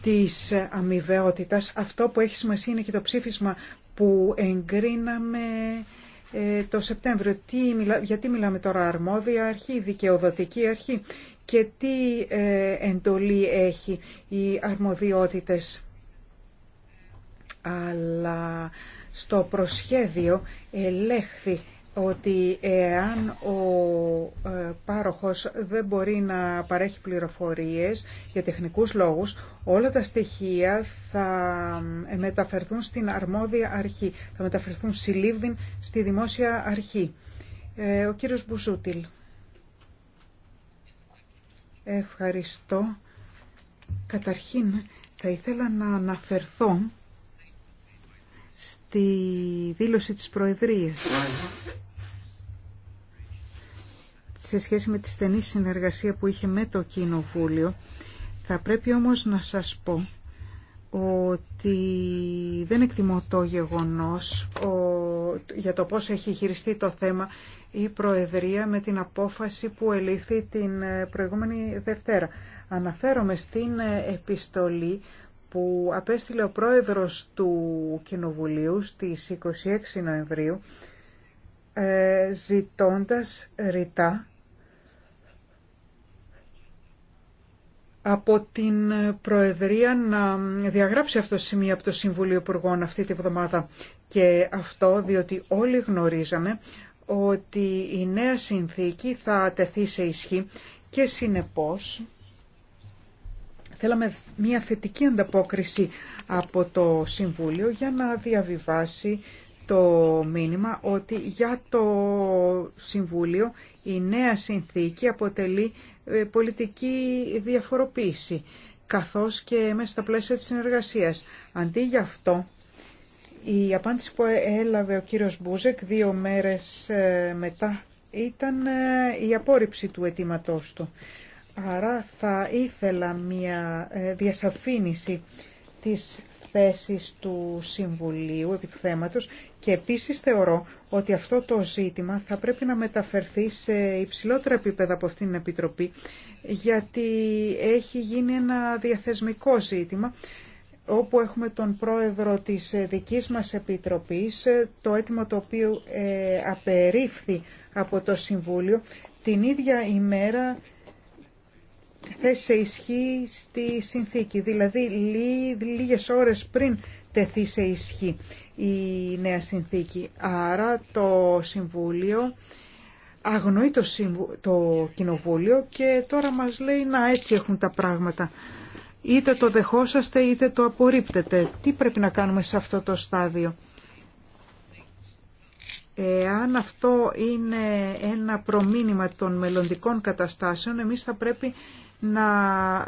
της αμοιβαιότητας, αυτό που έχει σημασία είναι και το ψήφισμα που εγκρίναμε ε, το Σεπτέμβριο. Τι, γιατί μιλάμε τώρα αρμόδια αρχή, δικαιοδοτική αρχή και τι ε, εντολή έχει οι αρμοδιότητες. Αλλά στο προσχέδιο ελέγχθη ότι εάν ο ε, πάροχος δεν μπορεί να παρέχει πληροφορίες για τεχνικούς λόγους, όλα τα στοιχεία θα ε, μεταφερθούν στην αρμόδια αρχή, θα μεταφερθούν συλλήβδιν στη δημόσια αρχή. Ε, ο κύριος Μπουζούτιλ. Ευχαριστώ. Καταρχήν θα ήθελα να αναφερθώ στη δήλωση της Προεδρίας σε σχέση με τη στενή συνεργασία που είχε με το Κοινοβούλιο. Θα πρέπει όμως να σας πω ότι δεν εκτιμώ το γεγονός ο, για το πώς έχει χειριστεί το θέμα η Προεδρία με την απόφαση που ελήφθη την προηγούμενη Δευτέρα. Αναφέρομαι στην επιστολή που απέστειλε ο πρόεδρος του Κοινοβουλίου στις 26 Νοεμβρίου ε, ζητώντας ρητά από την Προεδρία να διαγράψει αυτό το σημείο από το Συμβούλιο Υπουργών αυτή τη βδομάδα. Και αυτό διότι όλοι γνωρίζαμε ότι η νέα συνθήκη θα τεθεί σε ισχύ και συνεπώς Θέλαμε μια θετική ανταπόκριση από το Συμβούλιο για να διαβιβάσει το μήνυμα ότι για το Συμβούλιο η νέα συνθήκη αποτελεί ε, πολιτική διαφοροποίηση καθώς και μέσα στα πλαίσια της συνεργασίας. Αντί για αυτό, η απάντηση που έλαβε ο κύριος Μπούζεκ δύο μέρες ε, μετά ήταν ε, η απόρριψη του αιτήματό του. Άρα θα ήθελα μια ε, διασαφήνιση της θέσης του Συμβουλίου επί του θέματος και επίσης θεωρώ ότι αυτό το ζήτημα θα πρέπει να μεταφερθεί σε υψηλότερα επίπεδα από αυτήν την Επιτροπή γιατί έχει γίνει ένα διαθεσμικό ζήτημα όπου έχουμε τον πρόεδρο της δικής μας Επιτροπής, ε, το αίτημα το οποίο ε, απερίφθη από το Συμβούλιο την ίδια ημέρα θέσει σε ισχύ στη συνθήκη, δηλαδή λίγες ώρες πριν τεθεί σε ισχύ η νέα συνθήκη. Άρα το Συμβούλιο αγνοεί το, το Κοινοβούλιο και τώρα μας λέει να έτσι έχουν τα πράγματα. Είτε το δεχόσαστε είτε το απορρίπτετε. Τι πρέπει να κάνουμε σε αυτό το στάδιο. Εάν αυτό είναι ένα προμήνυμα των μελλοντικών καταστάσεων, εμείς θα πρέπει να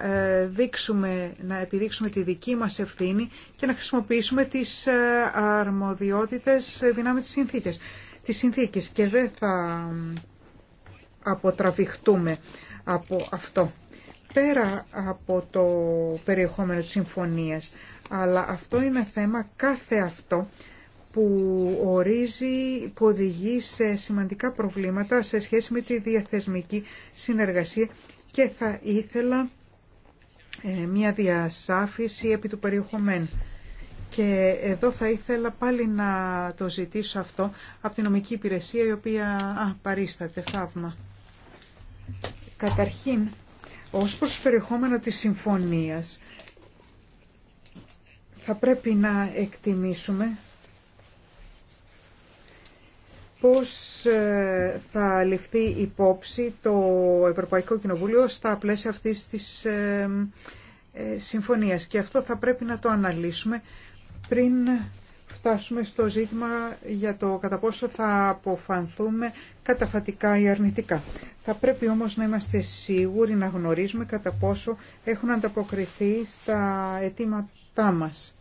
ε, δείξουμε, να επιδείξουμε τη δική μας ευθύνη και να χρησιμοποιήσουμε τις ε, αρμοδιότητες ε, δυνάμεις της συνθήκης, της συνθήκης και δεν θα αποτραβηχτούμε από αυτό. Πέρα από το περιεχόμενο της συμφωνίας, αλλά αυτό είναι θέμα κάθε αυτό που ορίζει, που οδηγεί σε σημαντικά προβλήματα σε σχέση με τη διαθεσμική συνεργασία και θα ήθελα ε, μια διασάφηση επί του περιεχομένου. Και εδώ θα ήθελα πάλι να το ζητήσω αυτό από την νομική υπηρεσία η οποία α, παρίσταται. Θαύμα. Καταρχήν, ως προς το περιεχόμενο της συμφωνίας, θα πρέπει να εκτιμήσουμε πώς ε, θα ληφθεί υπόψη το Ευρωπαϊκό Κοινοβούλιο στα πλαίσια αυτής της ε, ε, συμφωνίας. Και αυτό θα πρέπει να το αναλύσουμε πριν φτάσουμε στο ζήτημα για το κατά πόσο θα αποφανθούμε καταφατικά ή αρνητικά. Θα πρέπει όμως να είμαστε σίγουροι να γνωρίζουμε κατά πόσο έχουν ανταποκριθεί στα αιτήματά μας.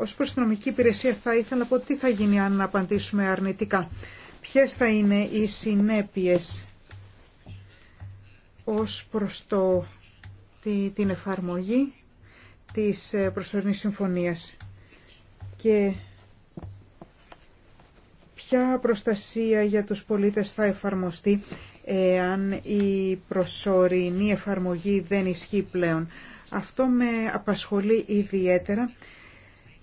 Ως νομική υπηρεσία θα ήθελα να πω τι θα γίνει αν απαντήσουμε αρνητικά. Ποιες θα είναι οι συνέπειες ως προς τη, την εφαρμογή της ε, προσωρινής συμφωνίας και ποια προστασία για τους πολίτες θα εφαρμοστεί εάν η προσωρινή εφαρμογή δεν ισχύει πλέον. Αυτό με απασχολεί ιδιαίτερα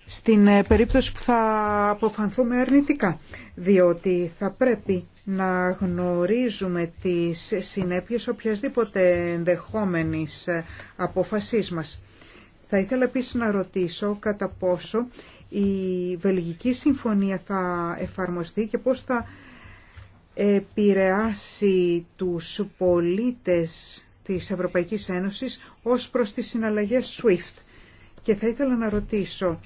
στην ε, περίπτωση που θα αποφανθούμε αρνητικά, διότι θα πρέπει να γνωρίζουμε τις συνέπειες οποιασδήποτε ενδεχόμενης ε, αποφασής μας. Θα ήθελα επίσης να ρωτήσω κατά πόσο η Βελγική Συμφωνία θα εφαρμοστεί και πώς θα επηρεάσει τους πολίτες της Ευρωπαϊκής Ένωσης ως προς τις συναλλαγές SWIFT. Και θα ήθελα να ρωτήσω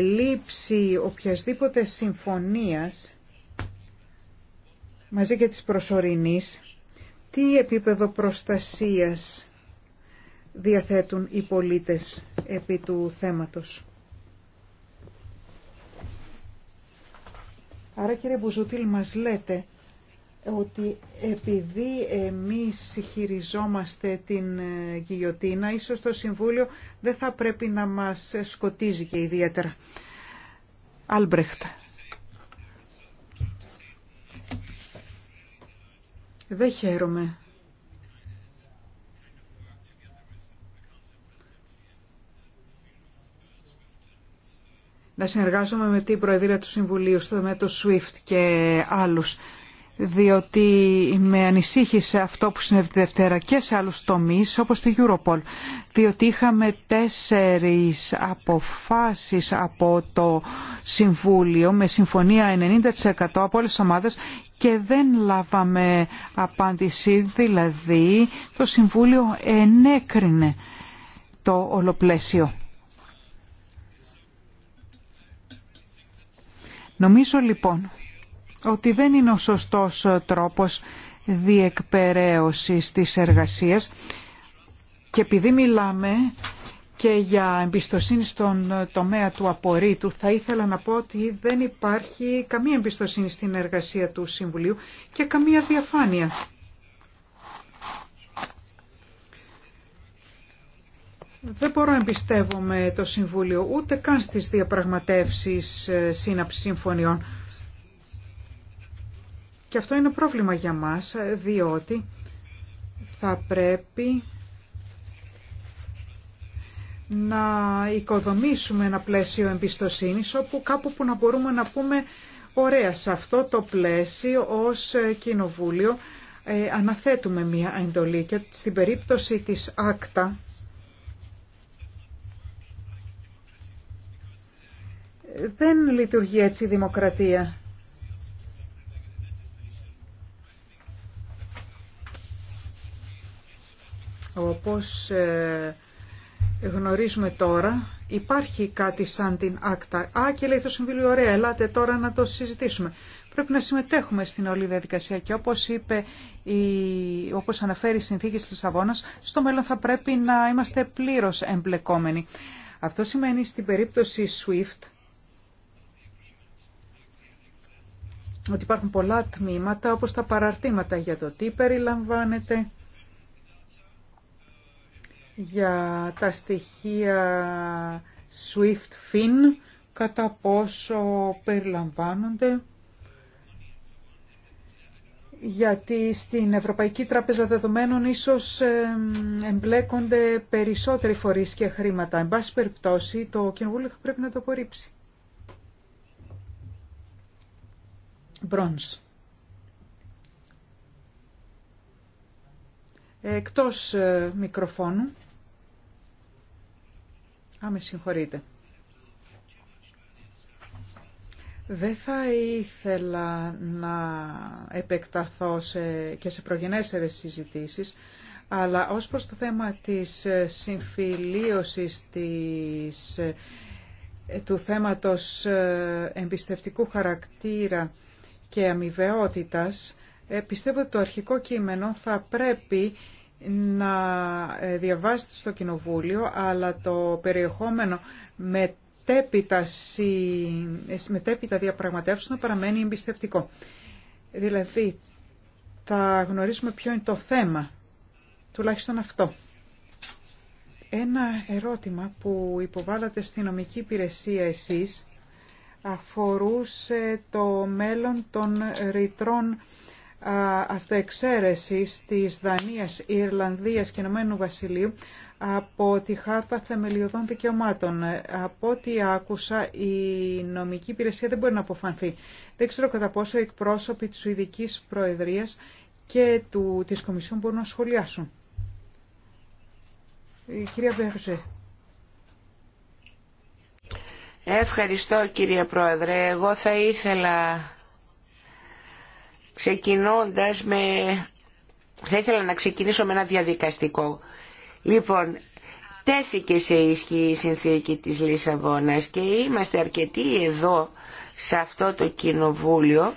λήψη οποιασδήποτε συμφωνίας μαζί και της προσωρινής, τι επίπεδο προστασίας διαθέτουν οι πολίτες επί του θέματος. Άρα κύριε Μπουζουτήλ μας λέτε ότι επειδή εμείς χειριζόμαστε την ε, γιλιοτίνα, ίσως το Συμβούλιο δεν θα πρέπει να μας σκοτίζει και ιδιαίτερα. Άλμπρεχτ. Δεν χαίρομαι. Να συνεργάζομαι με την Προεδρία του Συμβουλίου στο με το SWIFT και άλλους διότι με ανησύχησε αυτό που συνέβη τη Δευτέρα και σε άλλους τομείς όπως το Europol διότι είχαμε τέσσερις αποφάσεις από το Συμβούλιο με συμφωνία 90% από όλες τις ομάδες και δεν λάβαμε απάντηση δηλαδή το Συμβούλιο ενέκρινε το ολοπλαίσιο. Νομίζω λοιπόν ότι δεν είναι ο σωστός ε, τρόπος διεκπεραίωσης της εργασίας και επειδή μιλάμε και για εμπιστοσύνη στον ε, τομέα του απορρίτου, θα ήθελα να πω ότι δεν υπάρχει καμία εμπιστοσύνη στην εργασία του Συμβουλίου και καμία διαφάνεια. Δεν μπορώ να εμπιστεύομαι το Συμβούλιο ούτε καν στις διαπραγματεύσεις ε, σύναψης συμφωνιών. Και αυτό είναι πρόβλημα για μας, διότι θα πρέπει να οικοδομήσουμε ένα πλαίσιο εμπιστοσύνης όπου κάπου που να μπορούμε να πούμε ωραία σε αυτό το πλαίσιο ως κοινοβούλιο ε, αναθέτουμε μία εντολή και στην περίπτωση της άκτα δεν λειτουργεί έτσι η δημοκρατία Όπως ε, γνωρίζουμε τώρα, υπάρχει κάτι σαν την άκτα. Α, και λέει το Συμβούλιο, ωραία, ελάτε τώρα να το συζητήσουμε. Πρέπει να συμμετέχουμε στην όλη διαδικασία και όπως, είπε, η, όπως αναφέρει η συνθήκη της Λισαβόνας, στο μέλλον θα πρέπει να είμαστε πλήρως εμπλεκόμενοι. Αυτό σημαίνει στην περίπτωση SWIFT ότι υπάρχουν πολλά τμήματα όπως τα παραρτήματα για το τι περιλαμβάνεται για τα στοιχεία SWIFT-FIN, κατά πόσο περιλαμβάνονται γιατί στην Ευρωπαϊκή Τράπεζα Δεδομένων ίσως εμπλέκονται περισσότεροι φορείς και χρήματα. Εν πάση περιπτώσει, το Κοινοβούλιο θα πρέπει να το απορρίψει. Bronze. Εκτός ε, μικροφώνου. Άμε συγχωρείτε. Δεν θα ήθελα να επεκταθώ και σε προγενέστερες συζητήσεις, αλλά ως προς το θέμα της συμφιλίωσης του θέματος ε, εμπιστευτικού χαρακτήρα και αμοιβαιότητας, ε, πιστεύω ότι το αρχικό κείμενο θα πρέπει να ε, διαβάσετε στο Κοινοβούλιο, αλλά το περιεχόμενο μετέπειτα, συ, ε, μετέπειτα διαπραγματεύσεων παραμένει εμπιστευτικό. Δηλαδή, θα γνωρίσουμε ποιο είναι το θέμα, τουλάχιστον αυτό. Ένα ερώτημα που υποβάλλατε στη νομική υπηρεσία εσείς αφορούσε το μέλλον των ρητρών αυτοεξαίρεσης της Δανίας, Ιρλανδίας και Ηνωμένου Βασιλείου από τη Χάρτα Θεμελιωδών Δικαιωμάτων. Από ό,τι άκουσα, η νομική υπηρεσία δεν μπορεί να αποφανθεί. Δεν ξέρω κατά πόσο οι εκπρόσωποι της Σουηδικής Προεδρίας και του, της Κομισιόν μπορούν να σχολιάσουν. Η κυρία Βέρζε. Ευχαριστώ κυρία Πρόεδρε. Εγώ θα ήθελα ξεκινώντας με... Θα ήθελα να ξεκινήσω με ένα διαδικαστικό. Λοιπόν, τέθηκε σε ισχύ η συνθήκη της Λισαβόνας και είμαστε αρκετοί εδώ σε αυτό το κοινοβούλιο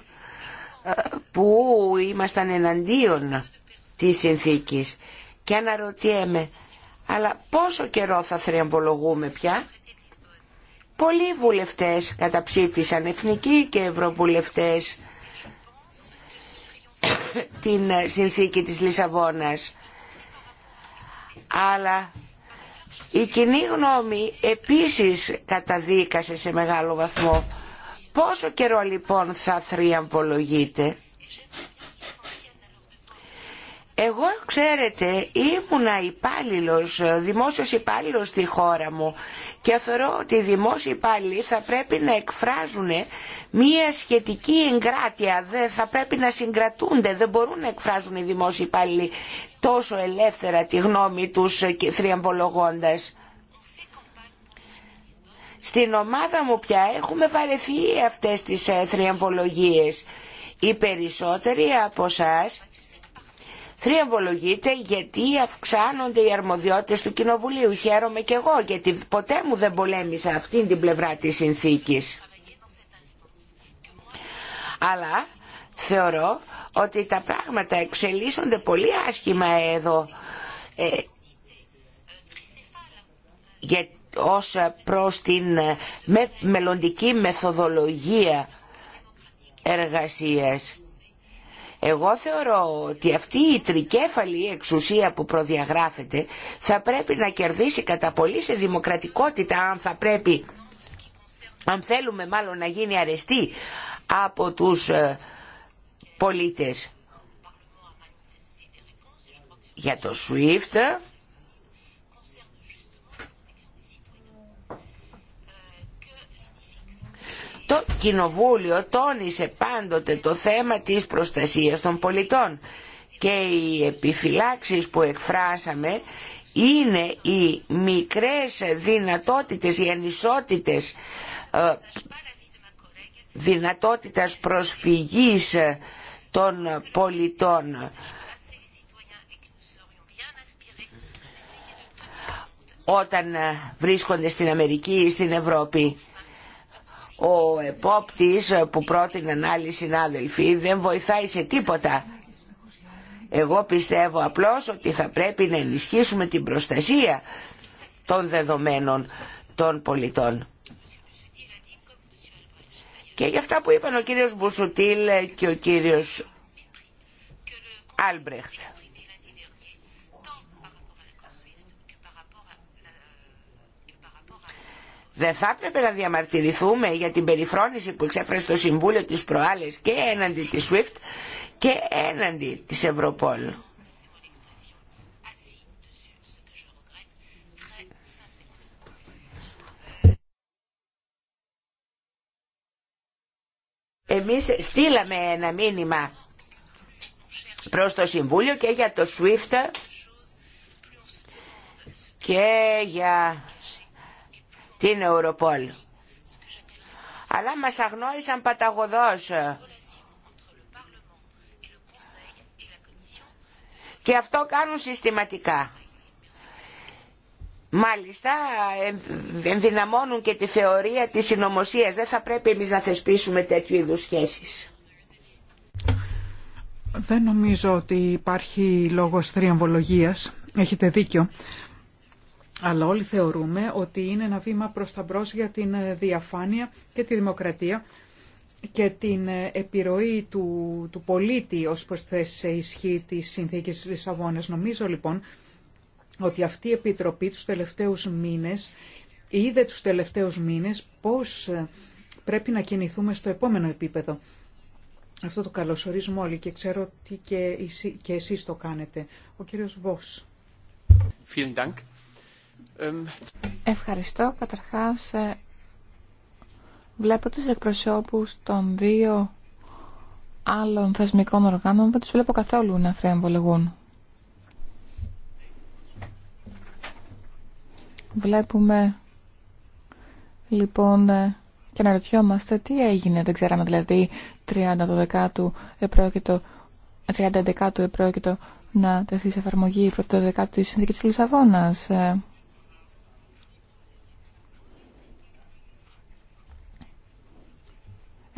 που ήμασταν εναντίον της συνθήκης και αναρωτιέμαι αλλά πόσο καιρό θα θριαμβολογούμε πια πολλοί βουλευτές καταψήφισαν εθνικοί και ευρωβουλευτές την ε, συνθήκη της Λισαβόνας. Αλλά η κοινή γνώμη επίσης καταδίκασε σε μεγάλο βαθμό. Πόσο καιρό λοιπόν θα θριαμβολογείται. Εγώ, ξέρετε, ήμουνα υπάλληλο, δημόσιο υπάλληλο στη χώρα μου και θεωρώ ότι οι δημόσιοι υπάλληλοι θα πρέπει να εκφράζουν μία σχετική εγκράτεια, δεν θα πρέπει να συγκρατούνται, δεν μπορούν να εκφράζουν οι δημόσιοι υπάλληλοι τόσο ελεύθερα τη γνώμη τους θριαμβολογώντα. Στην ομάδα μου πια έχουμε βαρεθεί αυτές τις ε, θριαμβολογίες. Οι περισσότεροι από εσάς θριαμβολογείται γιατί αυξάνονται οι αρμοδιότητες του Κοινοβουλίου. Χαίρομαι και εγώ γιατί ποτέ μου δεν πολέμησα αυτήν την πλευρά της συνθήκης. Αλλά θεωρώ ότι τα πράγματα εξελίσσονται πολύ άσχημα εδώ. Ε, για, ως προς την ε, με, μελλοντική μεθοδολογία εργασίας εγώ θεωρώ ότι αυτή η τρικέφαλη εξουσία που προδιαγράφεται θα πρέπει να κερδίσει κατά πολύ σε δημοκρατικότητα αν θα πρέπει, αν θέλουμε μάλλον να γίνει αρεστή από τους ε, πολίτες. Για το SWIFT Το Κοινοβούλιο τόνισε πάντοτε το θέμα της προστασίας των πολιτών και οι επιφυλάξεις που εκφράσαμε είναι οι μικρές δυνατότητες, οι ανισότητες ε, δυνατότητας προσφυγής ε, των πολιτών. όταν ε, βρίσκονται στην Αμερική ή στην Ευρώπη. Ο επόπτης που πρότειναν άλλοι συνάδελφοι δεν βοηθάει σε τίποτα. Εγώ πιστεύω απλώς ότι θα πρέπει να ενισχύσουμε την προστασία των δεδομένων των πολιτών. Και για αυτά που είπαν ο κύριος Μπουσουτήλ και ο κύριος Άλμπρεχτ. Δεν θα έπρεπε να διαμαρτυρηθούμε για την περιφρόνηση που εξέφρασε το Συμβούλιο της προάλλες και έναντι της SWIFT και έναντι της Ευρωπόλ. Εμείς στείλαμε ένα μήνυμα προς το Συμβούλιο και για το SWIFT και για την Ευρωπόλ. Αλλά μας αγνώρισαν παταγωδός. Και αυτό κάνουν συστηματικά. Μάλιστα ενδυναμώνουν και τη θεωρία της συνωμοσία. Δεν θα πρέπει εμείς να θεσπίσουμε τέτοιου είδους σχέσεις. Δεν νομίζω ότι υπάρχει λόγος θριαμβολογίας. Έχετε δίκιο. Αλλά όλοι θεωρούμε ότι είναι ένα βήμα προς τα μπρος για την ε, διαφάνεια και τη δημοκρατία και την ε, επιρροή του, του πολίτη ως προς θέση σε ισχύ της Συνθήκης Λισαβόνας. Νομίζω λοιπόν ότι αυτή η Επιτροπή τους τελευταίους μήνες είδε τους τελευταίους μήνες πώς ε, πρέπει να κινηθούμε στο επόμενο επίπεδο. Αυτό το καλωσορίζουμε όλοι και ξέρω ότι και, εσείς το κάνετε. Ο κύριος Βος. Ευχαριστώ. Καταρχάς, ε, βλέπω τους εκπροσώπους των δύο άλλων θεσμικών οργάνων, δεν τους βλέπω καθόλου να θρέμβολογούν. Βλέπουμε, λοιπόν, ε, και αναρωτιόμαστε τι έγινε, δεν ξέραμε δηλαδή 30 30-12 επρόκειτο, επρόκειτο να τεθεί σε εφαρμογή η πρώτη δεκάτου της Σύνδικης της Λισαβόνας. Ε,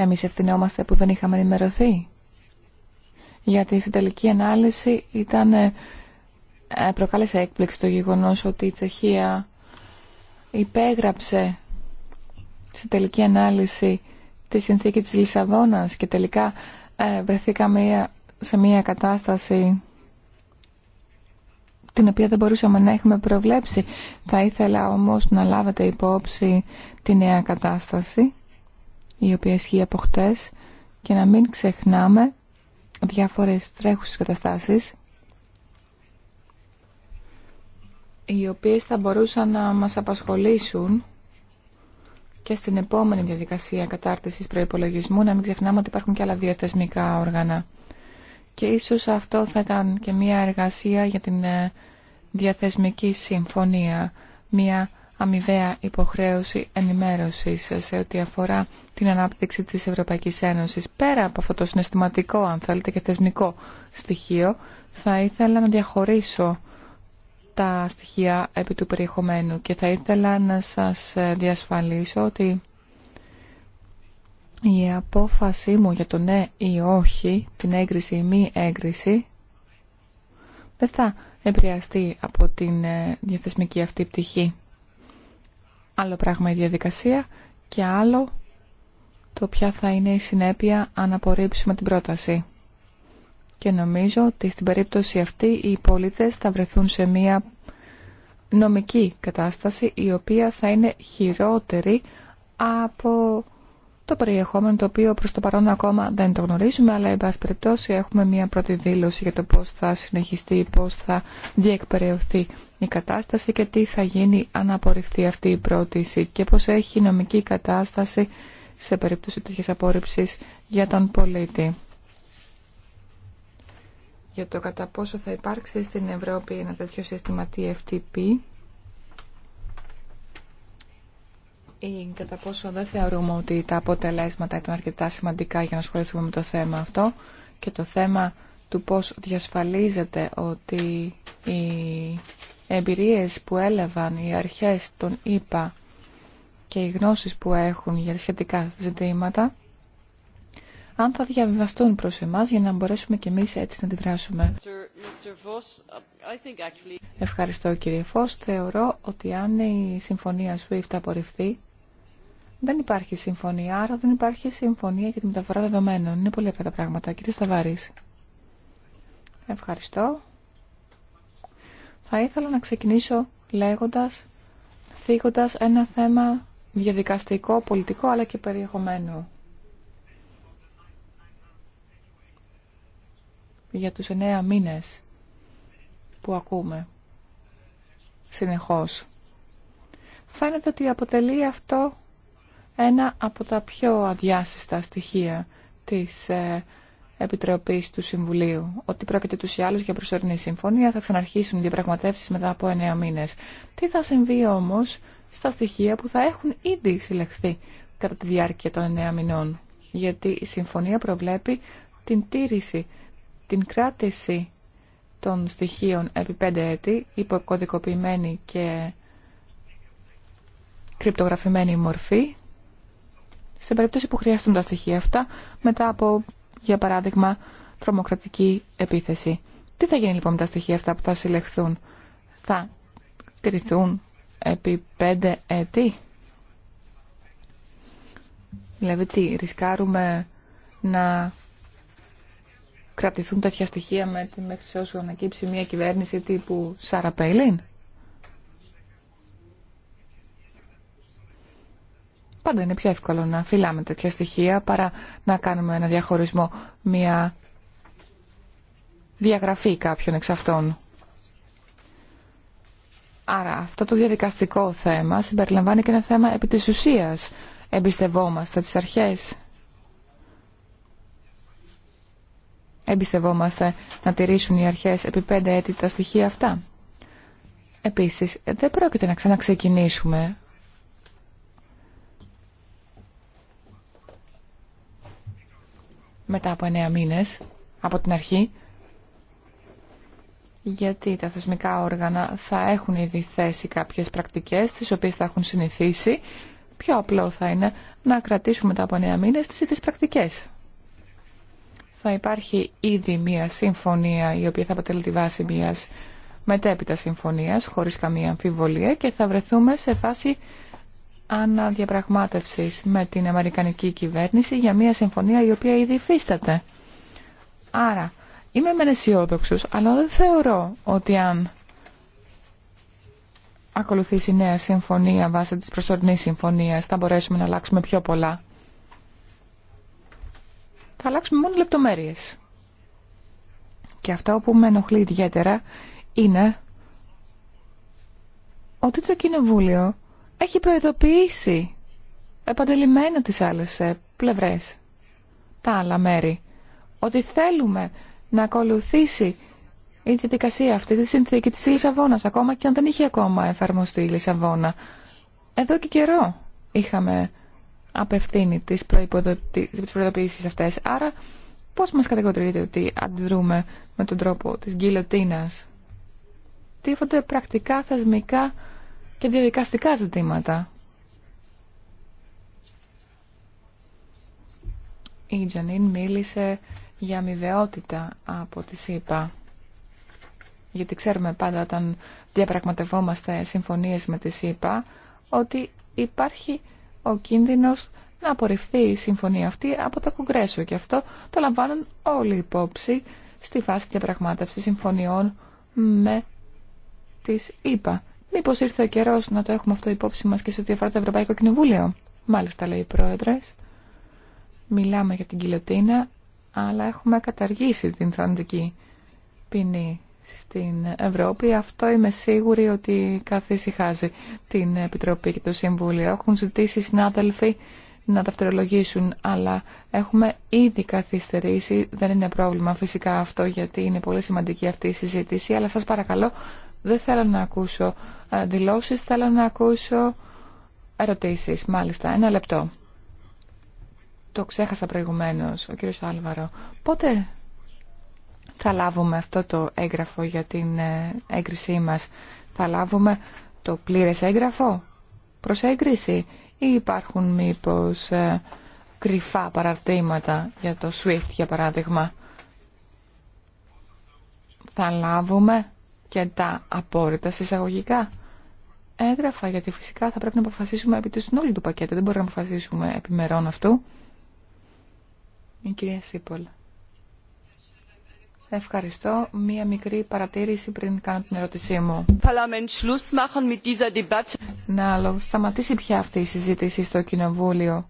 Εμείς ευθυνόμαστε που δεν είχαμε ενημερωθεί. Γιατί στην τελική ανάλυση ήταν, ε, προκάλεσε έκπληξη το γεγονός ότι η Τσεχία υπέγραψε στην τελική ανάλυση τη συνθήκη της Λισαβόνας και τελικά ε, βρεθήκαμε σε μια κατάσταση την οποία δεν μπορούσαμε να έχουμε προβλέψει. Θα ήθελα όμως να λάβετε υπόψη τη νέα κατάσταση η οποία ισχύει από χτες και να μην ξεχνάμε διάφορες τρέχουσες καταστάσεις οι οποίες θα μπορούσαν να μας απασχολήσουν και στην επόμενη διαδικασία κατάρτισης προϋπολογισμού να μην ξεχνάμε ότι υπάρχουν και άλλα διαθεσμικά όργανα. Και ίσως αυτό θα ήταν και μια εργασία για την ε, διαθεσμική συμφωνία, μια αμοιβαία υποχρέωση ενημέρωσης σε ό,τι αφορά την ανάπτυξη της Ευρωπαϊκής Ένωσης. Πέρα από αυτό το συναισθηματικό, αν θέλετε, και θεσμικό στοιχείο, θα ήθελα να διαχωρίσω τα στοιχεία επί του περιεχομένου και θα ήθελα να σας διασφαλίσω ότι η απόφασή μου για το ναι ή όχι, την έγκριση ή μη έγκριση, δεν θα επηρεαστεί από την ε, διαθεσμική αυτή πτυχή. Άλλο πράγμα η διαδικασία και άλλο το ποια θα είναι η συνέπεια αν απορρίψουμε την πρόταση. Και νομίζω ότι στην περίπτωση αυτή οι πολίτες θα βρεθούν σε μια νομική κατάσταση η οποία θα είναι χειρότερη από το περιεχόμενο το οποίο προς το παρόν ακόμα δεν το γνωρίζουμε αλλά εν πάση περιπτώσει έχουμε μια πρώτη δήλωση για το πώς θα συνεχιστεί, πώς θα διεκπαιρεωθεί η κατάσταση και τι θα γίνει αν απορριφθεί αυτή η πρόταση και πώς έχει η νομική κατάσταση σε περίπτωση τέτοιες απόρριψης για τον πολίτη. Για το κατά πόσο θα υπάρξει στην Ευρώπη ένα τέτοιο σύστημα TFTP ή ε, κατά πόσο δεν θεωρούμε ότι τα αποτελέσματα ήταν αρκετά σημαντικά για να ασχοληθούμε με το θέμα αυτό και το θέμα του πώς διασφαλίζεται ότι οι εμπειρίες που έλαβαν οι αρχές των ΙΠΑ και οι γνώσεις που έχουν για σχετικά ζητήματα αν θα διαβιβαστούν προς εμάς για να μπορέσουμε και εμείς έτσι να αντιδράσουμε. Uh, Ευχαριστώ κύριε Φως. Θεωρώ ότι αν η συμφωνία SWIFT απορριφθεί δεν υπάρχει συμφωνία, άρα δεν υπάρχει συμφωνία για τη μεταφορά δεδομένων. Είναι πολύ απλά τα πράγματα. Κύριε Σταβάρη. Ευχαριστώ. Θα ήθελα να ξεκινήσω λέγοντας, θίγοντας ένα θέμα διαδικαστικό, πολιτικό, αλλά και περιεχομένο. Για τους εννέα μήνες που ακούμε συνεχώς. Φαίνεται ότι αποτελεί αυτό ένα από τα πιο αδιάσυστα στοιχεία της ε, Επιτροπής του Συμβουλίου, ότι πρόκειται τους ή άλλους για προσωρινή συμφωνία, θα ξαναρχίσουν οι διαπραγματεύσεις μετά από εννέα μήνες. Τι θα συμβεί όμως στα στοιχεία που θα έχουν ήδη συλλεχθεί κατά τη διάρκεια των εννέα μηνών, γιατί η συμφωνία προβλέπει την τήρηση, την κράτηση των στοιχείων επί πέντε έτη, υποκωδικοποιημένη και κρυπτογραφημένη μορφή σε περίπτωση που χρειαστούν τα στοιχεία αυτά μετά από, για παράδειγμα, τρομοκρατική επίθεση. Τι θα γίνει λοιπόν με τα στοιχεία αυτά που θα συλλεχθούν. Θα κρυθούν επί πέντε έτη. Δηλαδή τι, ρισκάρουμε να κρατηθούν τέτοια στοιχεία με τη μέχρι όσο ανακύψει μια κυβέρνηση τύπου Σαρα Πέιλιν. Πάντα είναι πιο εύκολο να φυλάμε τέτοια στοιχεία παρά να κάνουμε ένα διαχωρισμό, μια διαγραφή κάποιων εξ αυτών. Άρα αυτό το διαδικαστικό θέμα συμπεριλαμβάνει και ένα θέμα επί της ουσίας. Εμπιστευόμαστε τις αρχές. Εμπιστευόμαστε να τηρήσουν οι αρχές επί πέντε έτη τα στοιχεία αυτά. Επίσης, δεν πρόκειται να ξαναξεκινήσουμε μετά από εννέα μήνες από την αρχή γιατί τα θεσμικά όργανα θα έχουν ήδη θέσει κάποιες πρακτικές τις οποίες θα έχουν συνηθίσει πιο απλό θα είναι να κρατήσουμε μετά από εννέα μήνες τις ίδιες πρακτικές θα υπάρχει ήδη μία συμφωνία η οποία θα αποτελεί τη βάση μίας μετέπειτα συμφωνίας χωρίς καμία αμφιβολία και θα βρεθούμε σε φάση αναδιαπραγμάτευσης με την Αμερικανική κυβέρνηση για μια συμφωνία η οποία ήδη υφίσταται. Άρα, είμαι μεν αισιόδοξο, αλλά δεν θεωρώ ότι αν ακολουθήσει νέα συμφωνία βάσει της προσωρινής συμφωνίας θα μπορέσουμε να αλλάξουμε πιο πολλά. Θα αλλάξουμε μόνο λεπτομέρειες. Και αυτό που με ενοχλεί ιδιαίτερα είναι ότι το Κοινοβούλιο έχει προειδοποιήσει επαντελημένα τις άλλες ε, πλευρές, τα άλλα μέρη, ότι θέλουμε να ακολουθήσει η διαδικασία αυτή τη συνθήκη της Λισαβόνας, ακόμα και αν δεν είχε ακόμα εφαρμοστεί η Λισαβόνα. Εδώ και καιρό είχαμε απευθύνει τις, τις προειδοποιήσεις αυτές, άρα πώς μας κατηγορείτε ότι αντιδρούμε με τον τρόπο της γκυλοτίνας. Τίφονται πρακτικά θεσμικά και διαδικαστικά ζητήματα. Η Τζανίν μίλησε για αμοιβαιότητα από τη ΣΥΠΑ. Γιατί ξέρουμε πάντα όταν διαπραγματευόμαστε συμφωνίες με τη ΣΥΠΑ ότι υπάρχει ο κίνδυνος να απορριφθεί η συμφωνία αυτή από το Κογκρέσο και αυτό το λαμβάνουν όλοι υπόψη στη φάση διαπραγμάτευση συμφωνιών με τις ΗΠΑ. Μήπω ήρθε ο καιρό να το έχουμε αυτό υπόψη μα και σε ό,τι αφορά το Ευρωπαϊκό Κοινοβούλιο. Μάλιστα, λέει η Πρόεδρε, Μιλάμε για την κοιλωτίνα, αλλά έχουμε καταργήσει την θανατική ποινή στην Ευρώπη. Αυτό είμαι σίγουρη ότι καθησυχάζει την Επιτροπή και το Συμβούλιο. Έχουν ζητήσει οι συνάδελφοι να ταυτερολογήσουν, αλλά έχουμε ήδη καθυστερήσει. Δεν είναι πρόβλημα φυσικά αυτό, γιατί είναι πολύ σημαντική αυτή η συζήτηση, αλλά σας παρακαλώ δεν θέλω να ακούσω ε, δηλώσεις, θέλω να ακούσω ερωτήσεις. Μάλιστα, ένα λεπτό. Το ξέχασα προηγουμένω, ο κύριος Άλβαρο. Πότε θα λάβουμε αυτό το έγγραφο για την ε, έγκρισή μας. Θα λάβουμε το πλήρες έγγραφο προς έγκριση ή υπάρχουν μήπως ε, κρυφά παραρτήματα για το SWIFT για παράδειγμα. Θα λάβουμε και τα απόρριτα συσσαγωγικά έγγραφα, γιατί φυσικά θα πρέπει να αποφασίσουμε επί του συνόλου του πακέτου. Δεν μπορούμε να αποφασίσουμε επιμερών αυτού. Η κυρία Σίπολ. Ευχαριστώ. Μία μικρή παρατήρηση πριν κάνω την ερώτησή μου. Να σταματήσει πια αυτή η συζήτηση στο Κοινοβούλιο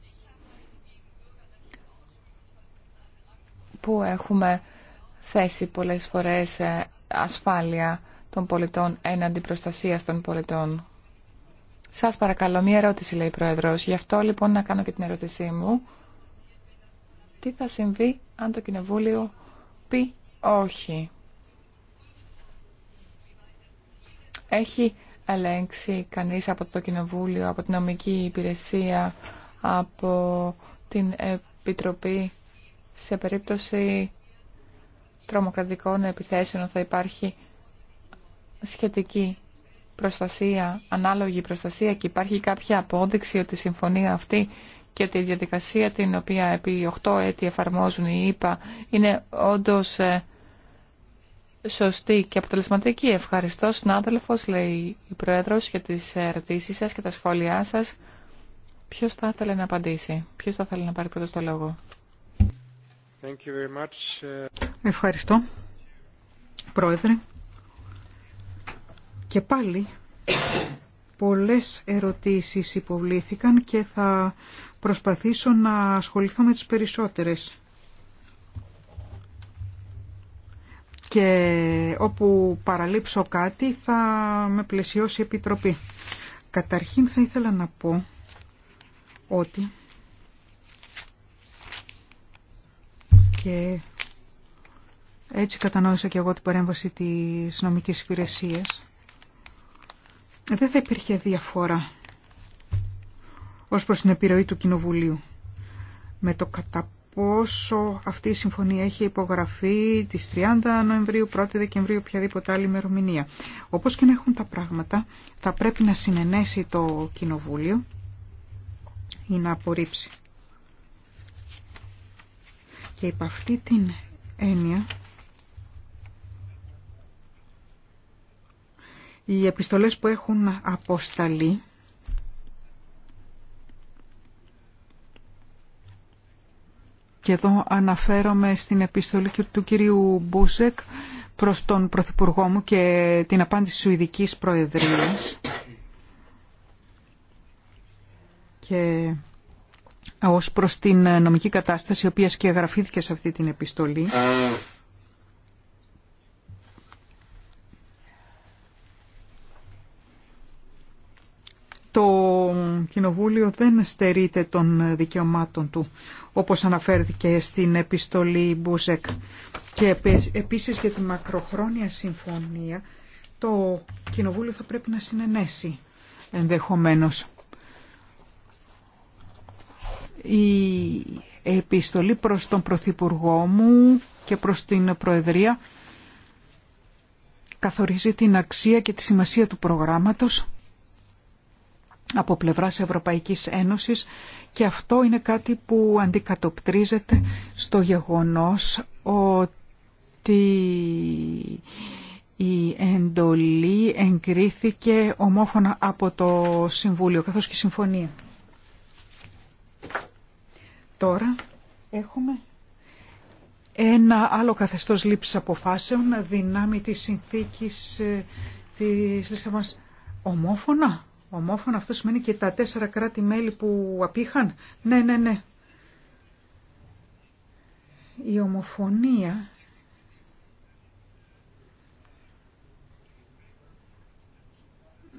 που έχουμε θέσει πολλές φορές ε, ασφάλεια των πολιτών έναντι προστασία των πολιτών. Σας παρακαλώ, μία ερώτηση λέει η Πρόεδρος. Γι' αυτό λοιπόν να κάνω και την ερώτησή μου. Τι θα συμβεί αν το Κοινοβούλιο πει όχι. Έχει ελέγξει κανείς από το Κοινοβούλιο, από την νομική υπηρεσία, από την Επιτροπή σε περίπτωση τρομοκρατικών επιθέσεων θα υπάρχει σχετική προστασία, ανάλογη προστασία και υπάρχει κάποια απόδειξη ότι η συμφωνία αυτή και τη η διαδικασία την οποία επί 8 έτη εφαρμόζουν οι ΙΠΑ είναι όντως ε, σωστή και αποτελεσματική. Ευχαριστώ συνάδελφος, λέει η Πρόεδρος, για τις ερωτήσεις σας και τα σχόλιά σας. Ποιος θα ήθελε να απαντήσει, ποιος θα ήθελε να πάρει πρώτο το λόγο. Ευχαριστώ, Πρόεδρε. Και πάλι πολλές ερωτήσεις υποβλήθηκαν και θα προσπαθήσω να ασχοληθώ με τις περισσότερες. Και όπου παραλείψω κάτι θα με πλαισιώσει η Επιτροπή. Καταρχήν θα ήθελα να πω ότι και έτσι κατανόησα και εγώ την παρέμβαση της νομικής υπηρεσίας δεν θα υπήρχε διαφορά ως προς την επιρροή του Κοινοβουλίου με το κατά πόσο αυτή η συμφωνία έχει υπογραφεί τις 30 Νοεμβρίου, 1 Δεκεμβρίου, οποιαδήποτε άλλη ημερομηνία. Όπως και να έχουν τα πράγματα, θα πρέπει να συνενέσει το Κοινοβούλιο ή να απορρίψει. Και υπ' αυτή την έννοια Οι επιστολές που έχουν αποσταλεί και εδώ αναφέρομαι στην επιστολή του κυρίου Μπούσεκ προς τον Πρωθυπουργό μου και την απάντηση της Σουηδικής Προεδρίας και ως προς την νομική κατάσταση η οποία σκιαγραφήθηκε σε αυτή την επιστολή ε, Κοινοβούλιο δεν στερείται των δικαιωμάτων του, όπως αναφέρθηκε στην επιστολή Μπούζεκ. Και επίσης για τη μακροχρόνια συμφωνία, το Κοινοβούλιο θα πρέπει να συνενέσει ενδεχομένως. Η επιστολή προς τον Πρωθυπουργό μου και προς την Προεδρία καθορίζει την αξία και τη σημασία του προγράμματος από πλευράς Ευρωπαϊκής Ένωσης και αυτό είναι κάτι που αντικατοπτρίζεται στο γεγονός ότι η εντολή εγκρίθηκε ομόφωνα από το Συμβούλιο καθώς και η Συμφωνία. Τώρα έχουμε ένα άλλο καθεστώς λήψης αποφάσεων δυνάμει της συνθήκης ε, της μας. ομόφωνα Ομόφωνα αυτό σημαίνει και τα τέσσερα κράτη-μέλη που απήχαν. Ναι, ναι, ναι. Η ομοφωνία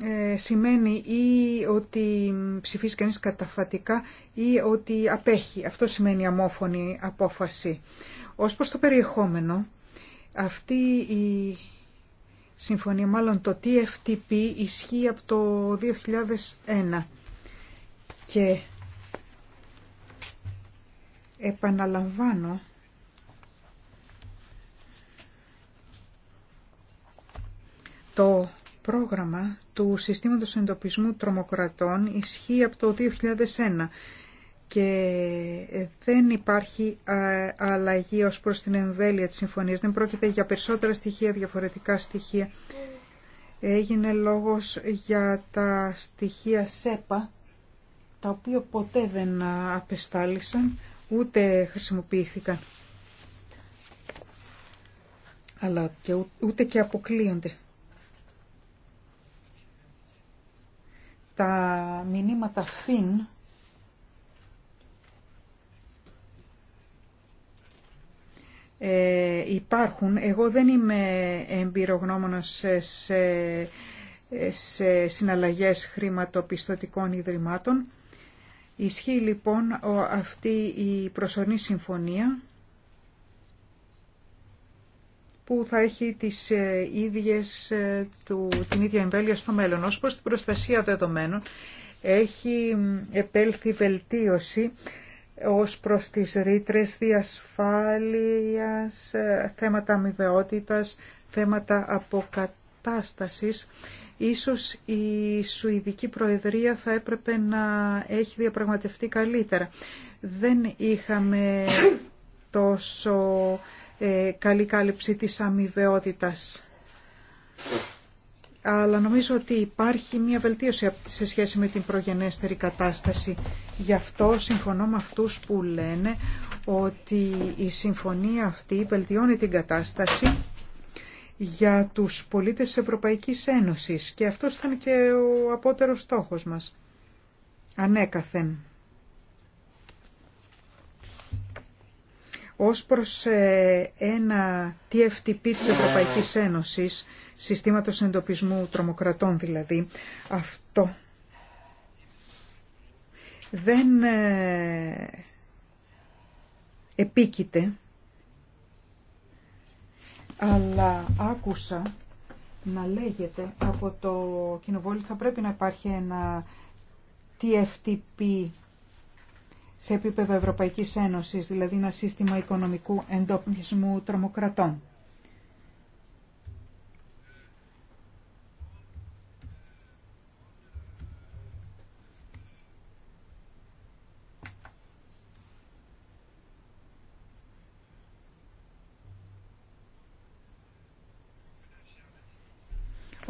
ε, σημαίνει ή ότι ψηφίζει κανείς καταφατικά ή ότι απέχει. Αυτό σημαίνει αμόφωνη απόφαση. Ως προς το περιεχόμενο, αυτή η συμφωνία, μάλλον το TFTP ισχύει από το 2001 και επαναλαμβάνω το πρόγραμμα του Συστήματος Εντοπισμού Τρομοκρατών ισχύει από το 2001 και ε, δεν υπάρχει αλλαγή ως προς την εμβέλεια της συμφωνίας. Δεν πρόκειται για περισσότερα στοιχεία, διαφορετικά στοιχεία. Έγινε λόγος για τα στοιχεία ΣΕΠΑ, τα οποία ποτέ δεν απεστάλησαν, ούτε χρησιμοποιήθηκαν. Αλλά και ούτε και αποκλείονται. Τα μηνύματα ΦΙΝ ε, υπάρχουν. Εγώ δεν είμαι εμπειρογνώμονος σε, σε συναλλαγές χρηματοπιστωτικών ιδρυμάτων. Ισχύει λοιπόν αυτή η προσωρινή συμφωνία που θα έχει τις ε, ίδιες, ε, του, την ίδια εμβέλεια στο μέλλον. Ως προς την προστασία δεδομένων έχει επέλθει βελτίωση ως προς τις ρήτρες διασφάλειας, ε, θέματα αμοιβαιότητας, θέματα αποκατάστασης. Ίσως η Σουηδική Προεδρία θα έπρεπε να έχει διαπραγματευτεί καλύτερα. Δεν είχαμε τόσο ε, καλή κάλυψη της αμοιβαιότητας αλλά νομίζω ότι υπάρχει μια βελτίωση σε σχέση με την προγενέστερη κατάσταση. Γι' αυτό συμφωνώ με αυτούς που λένε ότι η συμφωνία αυτή βελτιώνει την κατάσταση για τους πολίτες της Ευρωπαϊκής Ένωσης και αυτό ήταν και ο απότερος στόχος μας. Ανέκαθεν. Ως προς ε, ένα TFTP της Ευρωπαϊκής Ένωσης, συστήματος εντοπισμού τρομοκρατών δηλαδή. Αυτό δεν ε, επίκειται, αλλά άκουσα να λέγεται από το κοινοβόλιο θα πρέπει να υπάρχει ένα TFTP σε επίπεδο Ευρωπαϊκής Ένωσης, δηλαδή ένα σύστημα οικονομικού εντοπισμού τρομοκρατών.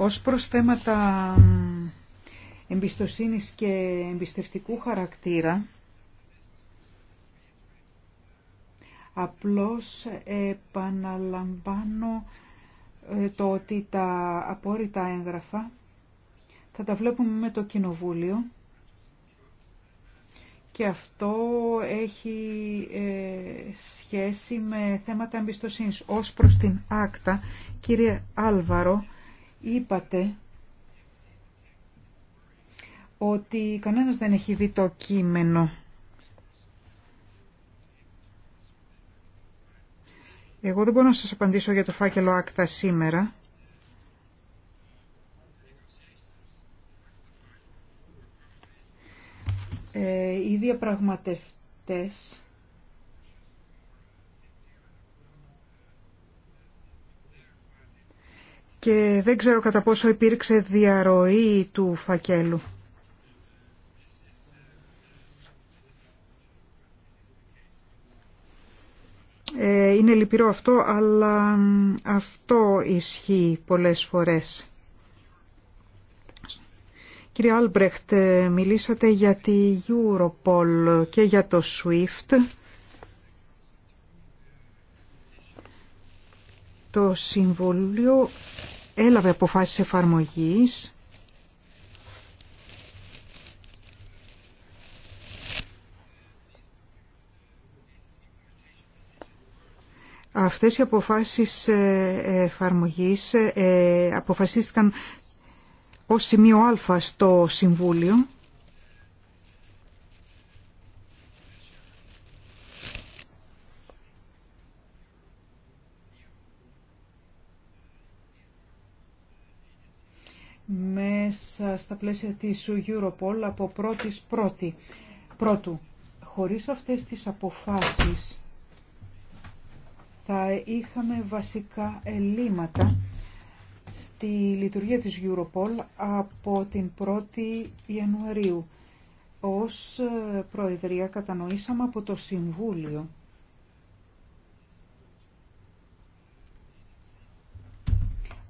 Ως προς θέματα εμπιστοσύνης και εμπιστευτικού χαρακτήρα, απλώς επαναλαμβάνω ε, το ότι τα απόρριτα έγγραφα θα τα βλέπουμε με το Κοινοβούλιο και αυτό έχει ε, σχέση με θέματα εμπιστοσύνης. Ως προς την άκτα, κύριε Άλβαρο, Είπατε ότι κανένας δεν έχει δει το κείμενο. Εγώ δεν μπορώ να σας απαντήσω για το φάκελο άκτα σήμερα. Ε, οι διαπραγματευτές και δεν ξέρω κατά πόσο υπήρξε διαρροή του φακέλου. Ε, είναι λυπηρό αυτό, αλλά αυτό ισχύει πολλές φορές. Κύριε Άλμπρεχτ, μιλήσατε για τη Europol και για το SWIFT. Το Συμβούλιο έλαβε αποφάσεις εφαρμογής Αυτές οι αποφάσεις ε, εφαρμογής ε, αποφασίστηκαν ως σημείο α στο Συμβούλιο στα πλαίσια της Europol από πρώτης πρώτη, πρώτου. Χωρίς αυτές τις αποφάσεις θα είχαμε βασικά ελλείμματα στη λειτουργία της Europol από την 1η Ιανουαρίου. Ως ε, Προεδρία κατανοήσαμε από το Συμβούλιο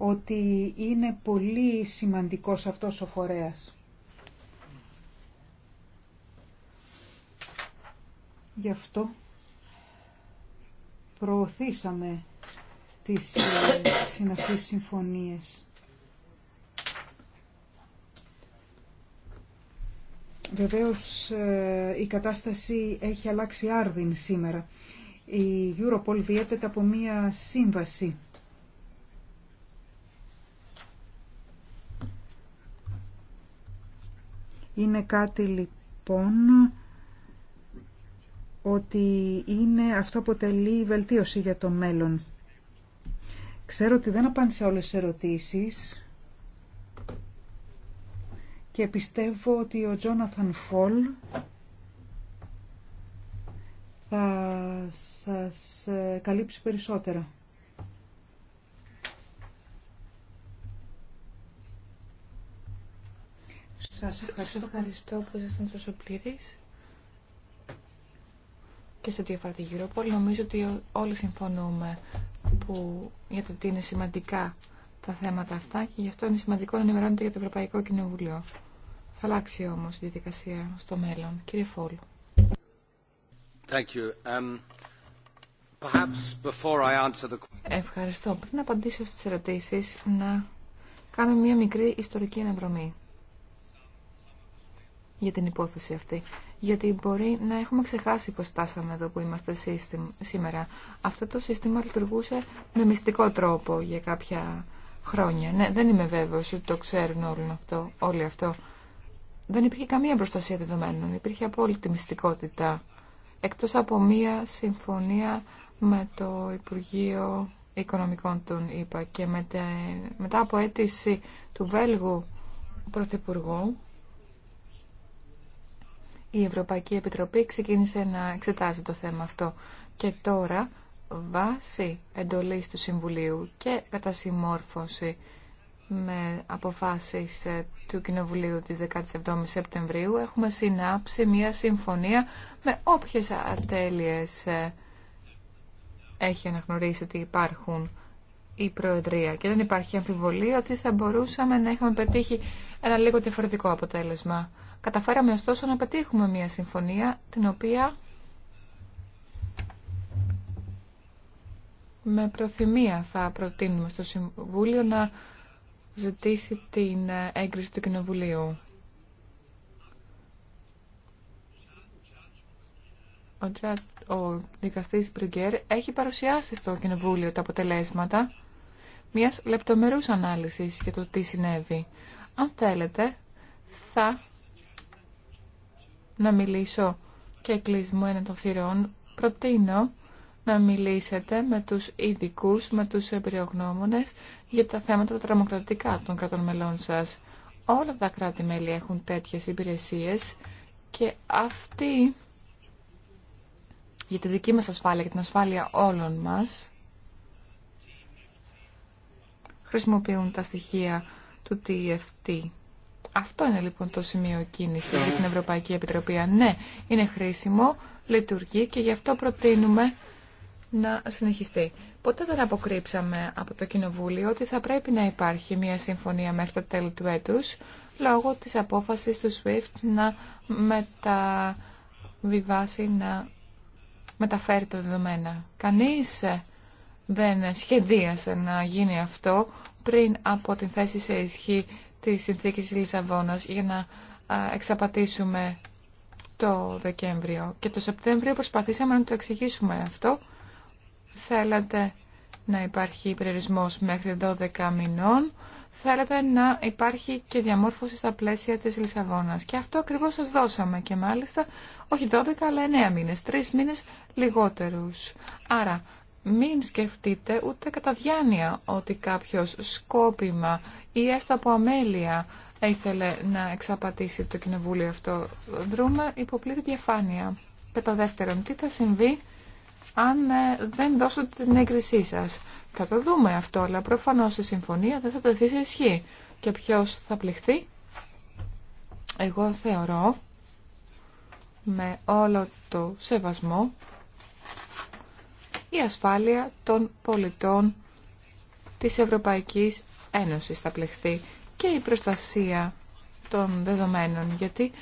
ότι είναι πολύ σημαντικός αυτός ο φορέας. Γι' αυτό προωθήσαμε τις ε, συναφείς συμφωνίες. Βεβαίως ε, η κατάσταση έχει αλλάξει άρδιν σήμερα. Η Europol διέπεται από μία σύμβαση Είναι κάτι λοιπόν ότι είναι, αυτό αποτελεί βελτίωση για το μέλλον. Ξέρω ότι δεν απάντησα όλες τις ερωτήσεις και πιστεύω ότι ο Τζόναθαν Φολ θα σας ε, καλύψει περισσότερα. Σας ευχαριστώ, ευχαριστώ που ήσασταν τόσο πλήρης και σε διαφορά γύρω. τη Νομίζω ότι όλοι συμφωνούμε που, για το ότι είναι σημαντικά τα θέματα αυτά και γι' αυτό είναι σημαντικό να ενημερώνεται για το Ευρωπαϊκό Κοινοβουλίο. Θα αλλάξει όμως η διαδικασία στο μέλλον. Κύριε Φόλου. Um, ευχαριστώ. Πριν απαντήσω στις ερωτήσεις, να κάνω μια μικρή ιστορική αναδρομή για την υπόθεση αυτή. Γιατί μπορεί να έχουμε ξεχάσει πως στάσαμε εδώ που είμαστε σήμερα. Αυτό το σύστημα λειτουργούσε με μυστικό τρόπο για κάποια χρόνια. Ναι, δεν είμαι βέβαιος ότι το ξέρουν όλο αυτό, όλοι αυτό. Δεν υπήρχε καμία προστασία δεδομένων. Υπήρχε απόλυτη μυστικότητα. Εκτός από μία συμφωνία με το Υπουργείο Οικονομικών των ΗΠΑ και μετά από αίτηση του Βέλγου Πρωθυπουργού η Ευρωπαϊκή Επιτροπή ξεκίνησε να εξετάζει το θέμα αυτό και τώρα βάσει εντολής του Συμβουλίου και κατά συμμόρφωση με αποφάσεις ε, του Κοινοβουλίου της 17 Σεπτεμβρίου έχουμε συνάψει μια συμφωνία με όποιες ατέλειες ε, έχει αναγνωρίσει ότι υπάρχουν η Προεδρία και δεν υπάρχει αμφιβολία ότι θα μπορούσαμε να έχουμε πετύχει ένα λίγο διαφορετικό αποτέλεσμα. Καταφέραμε ωστόσο να πετύχουμε μια συμφωνία την οποία με προθυμία θα προτείνουμε στο Συμβούλιο να ζητήσει την έγκριση του Κοινοβουλίου. Ο, τζατ, ο δικαστής Μπριγκέρ έχει παρουσιάσει στο Κοινοβούλιο τα αποτελέσματα μιας λεπτομερούς ανάλυσης για το τι συνέβη. Αν θέλετε, θα να μιλήσω και κλείσμο ένα των θυρών, προτείνω να μιλήσετε με τους ειδικού, με τους εμπειρογνώμονες για τα θέματα τα τρομοκρατικά των κρατών μελών σας. Όλα τα κράτη-μέλη έχουν τέτοιες υπηρεσίες και αυτοί για τη δική μας ασφάλεια και την ασφάλεια όλων μας χρησιμοποιούν τα στοιχεία του TFT. Αυτό είναι λοιπόν το σημείο κίνηση για την Ευρωπαϊκή Επιτροπή. Ναι, είναι χρήσιμο, λειτουργεί και γι' αυτό προτείνουμε να συνεχιστεί. Ποτέ δεν αποκρύψαμε από το Κοινοβούλιο ότι θα πρέπει να υπάρχει μια συμφωνία μέχρι το τέλη του έτου λόγω της απόφασης του SWIFT να μεταβιβάσει, να μεταφέρει τα δεδομένα. Κανεί δεν σχεδίασε να γίνει αυτό πριν από την θέση σε ισχύ της Λισαβόνας για να εξαπατήσουμε το Δεκέμβριο. Και το Σεπτέμβριο προσπαθήσαμε να το εξηγήσουμε αυτό. Θέλατε να υπάρχει περιορισμός μέχρι 12 μηνών. Θέλατε να υπάρχει και διαμόρφωση στα πλαίσια της Λισαβόνας. Και αυτό ακριβώς σας δώσαμε και μάλιστα όχι 12 αλλά 9 μήνες, 3 μήνες λιγότερους. Άρα μην σκεφτείτε ούτε κατά διάνοια ότι κάποιος σκόπιμα ή έστω από αμέλεια ήθελε να εξαπατήσει το κοινοβούλιο αυτό. Δρούμε υποπλήρη διαφάνεια διαφάνεια. το δεύτερον, τι θα συμβεί αν ε, δεν δώσετε την έγκρισή σα. Θα το δούμε αυτό, αλλά προφανώ η συμφωνία δεν θα τεθεί σε ισχύ. Και ποιο θα πληχθεί. Εγώ θεωρώ, με όλο το σεβασμό, η ασφάλεια των πολιτών της Ευρωπαϊκής Ένωσης θα πληχθεί και η προστασία των δεδομένων, γιατί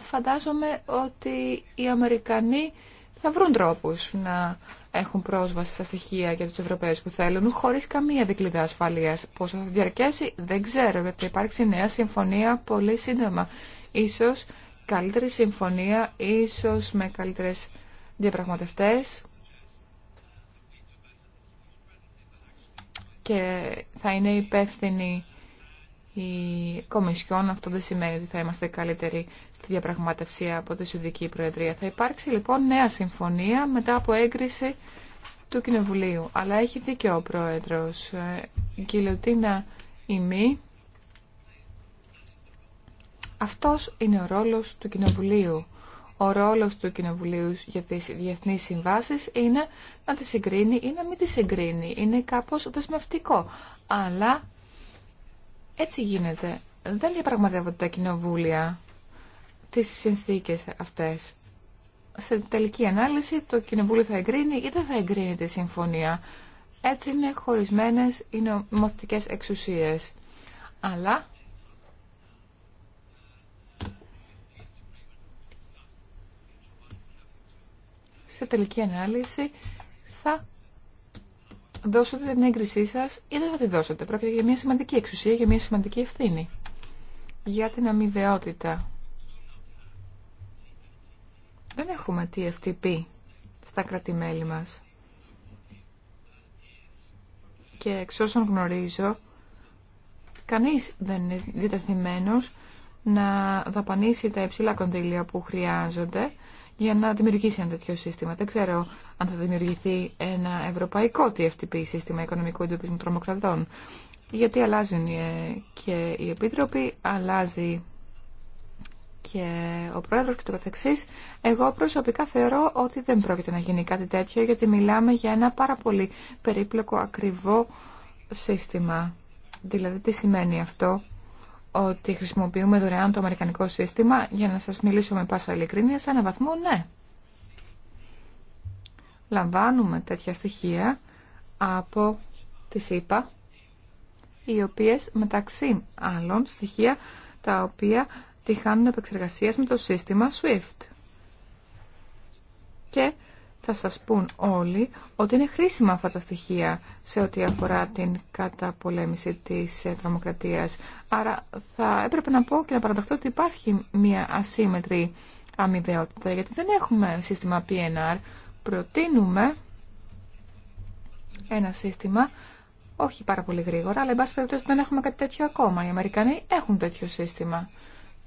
φαντάζομαι ότι οι Αμερικανοί θα βρουν τρόπους να έχουν πρόσβαση στα στοιχεία για τους Ευρωπαίους που θέλουν, χωρίς καμία δικλίδα ασφαλείας. Πόσο θα διαρκέσει δεν ξέρω, γιατί υπάρξει νέα συμφωνία πολύ σύντομα. Ίσως καλύτερη συμφωνία, ίσως με καλύτερες διαπραγματευτές και θα είναι υπεύθυνοι η Κομισιόν. Αυτό δεν σημαίνει ότι θα είμαστε καλύτεροι στη διαπραγμάτευση από τη Σουδική Προεδρία. Θα υπάρξει λοιπόν νέα συμφωνία μετά από έγκριση του Κοινοβουλίου. Αλλά έχει δίκιο ο Πρόεδρος. Ε, Γκυλοτίνα ημί. Αυτός είναι ο ρόλος του Κοινοβουλίου. Ο ρόλος του Κοινοβουλίου για τις διεθνείς συμβάσεις είναι να τις συγκρίνει ή να μην τις συγκρίνει. Είναι κάπως δεσμευτικό. Αλλά έτσι γίνεται. Δεν διαπραγματεύονται τα κοινοβούλια τις συνθήκες αυτές. Σε τελική ανάλυση το κοινοβούλιο θα εγκρίνει ή δεν θα εγκρίνει τη συμφωνία. Έτσι είναι χωρισμένες οι νομοθετικές εξουσίες. Αλλά σε τελική ανάλυση θα δώσετε την έγκρισή σας ή δεν θα τη δώσετε. Πρόκειται για μια σημαντική εξουσία, για μια σημαντική ευθύνη. Για την αμοιβαιότητα. Δεν έχουμε TFTP στα κρατημέλη μας. Και εξ όσων γνωρίζω, κανείς δεν είναι διτεθειμένος να δαπανίσει τα υψηλά κονδύλια που χρειάζονται για να δημιουργήσει ένα τέτοιο σύστημα. Δεν ξέρω αν θα δημιουργηθεί ένα ευρωπαϊκό TFTP, σύστημα οικονομικού εντοπισμού τρομοκρατών. Γιατί αλλάζουν ε, και οι επίτροποι, αλλάζει και ο πρόεδρος και το καθεξής. Εγώ προσωπικά θεωρώ ότι δεν πρόκειται να γίνει κάτι τέτοιο, γιατί μιλάμε για ένα πάρα πολύ περίπλοκο ακριβό σύστημα. Δηλαδή τι σημαίνει αυτό ότι χρησιμοποιούμε δωρεάν το αμερικανικό σύστημα για να σας μιλήσω με πάσα ειλικρίνεια σε ένα βαθμό ναι. Λαμβάνουμε τέτοια στοιχεία από τη ΣΥΠΑ, οι οποίες μεταξύ άλλων στοιχεία τα οποία τη χάνουν με το σύστημα SWIFT. Και θα σας πούν όλοι ότι είναι χρήσιμα αυτά τα στοιχεία σε ό,τι αφορά την καταπολέμηση της ε, τρομοκρατίας. Άρα θα έπρεπε να πω και να παραδεχτώ ότι υπάρχει μια ασύμετρη αμοιβαιότητα, γιατί δεν έχουμε σύστημα PNR. Προτείνουμε ένα σύστημα, όχι πάρα πολύ γρήγορα, αλλά εν πάση περιπτώσει δεν έχουμε κάτι τέτοιο ακόμα. Οι Αμερικανοί έχουν τέτοιο σύστημα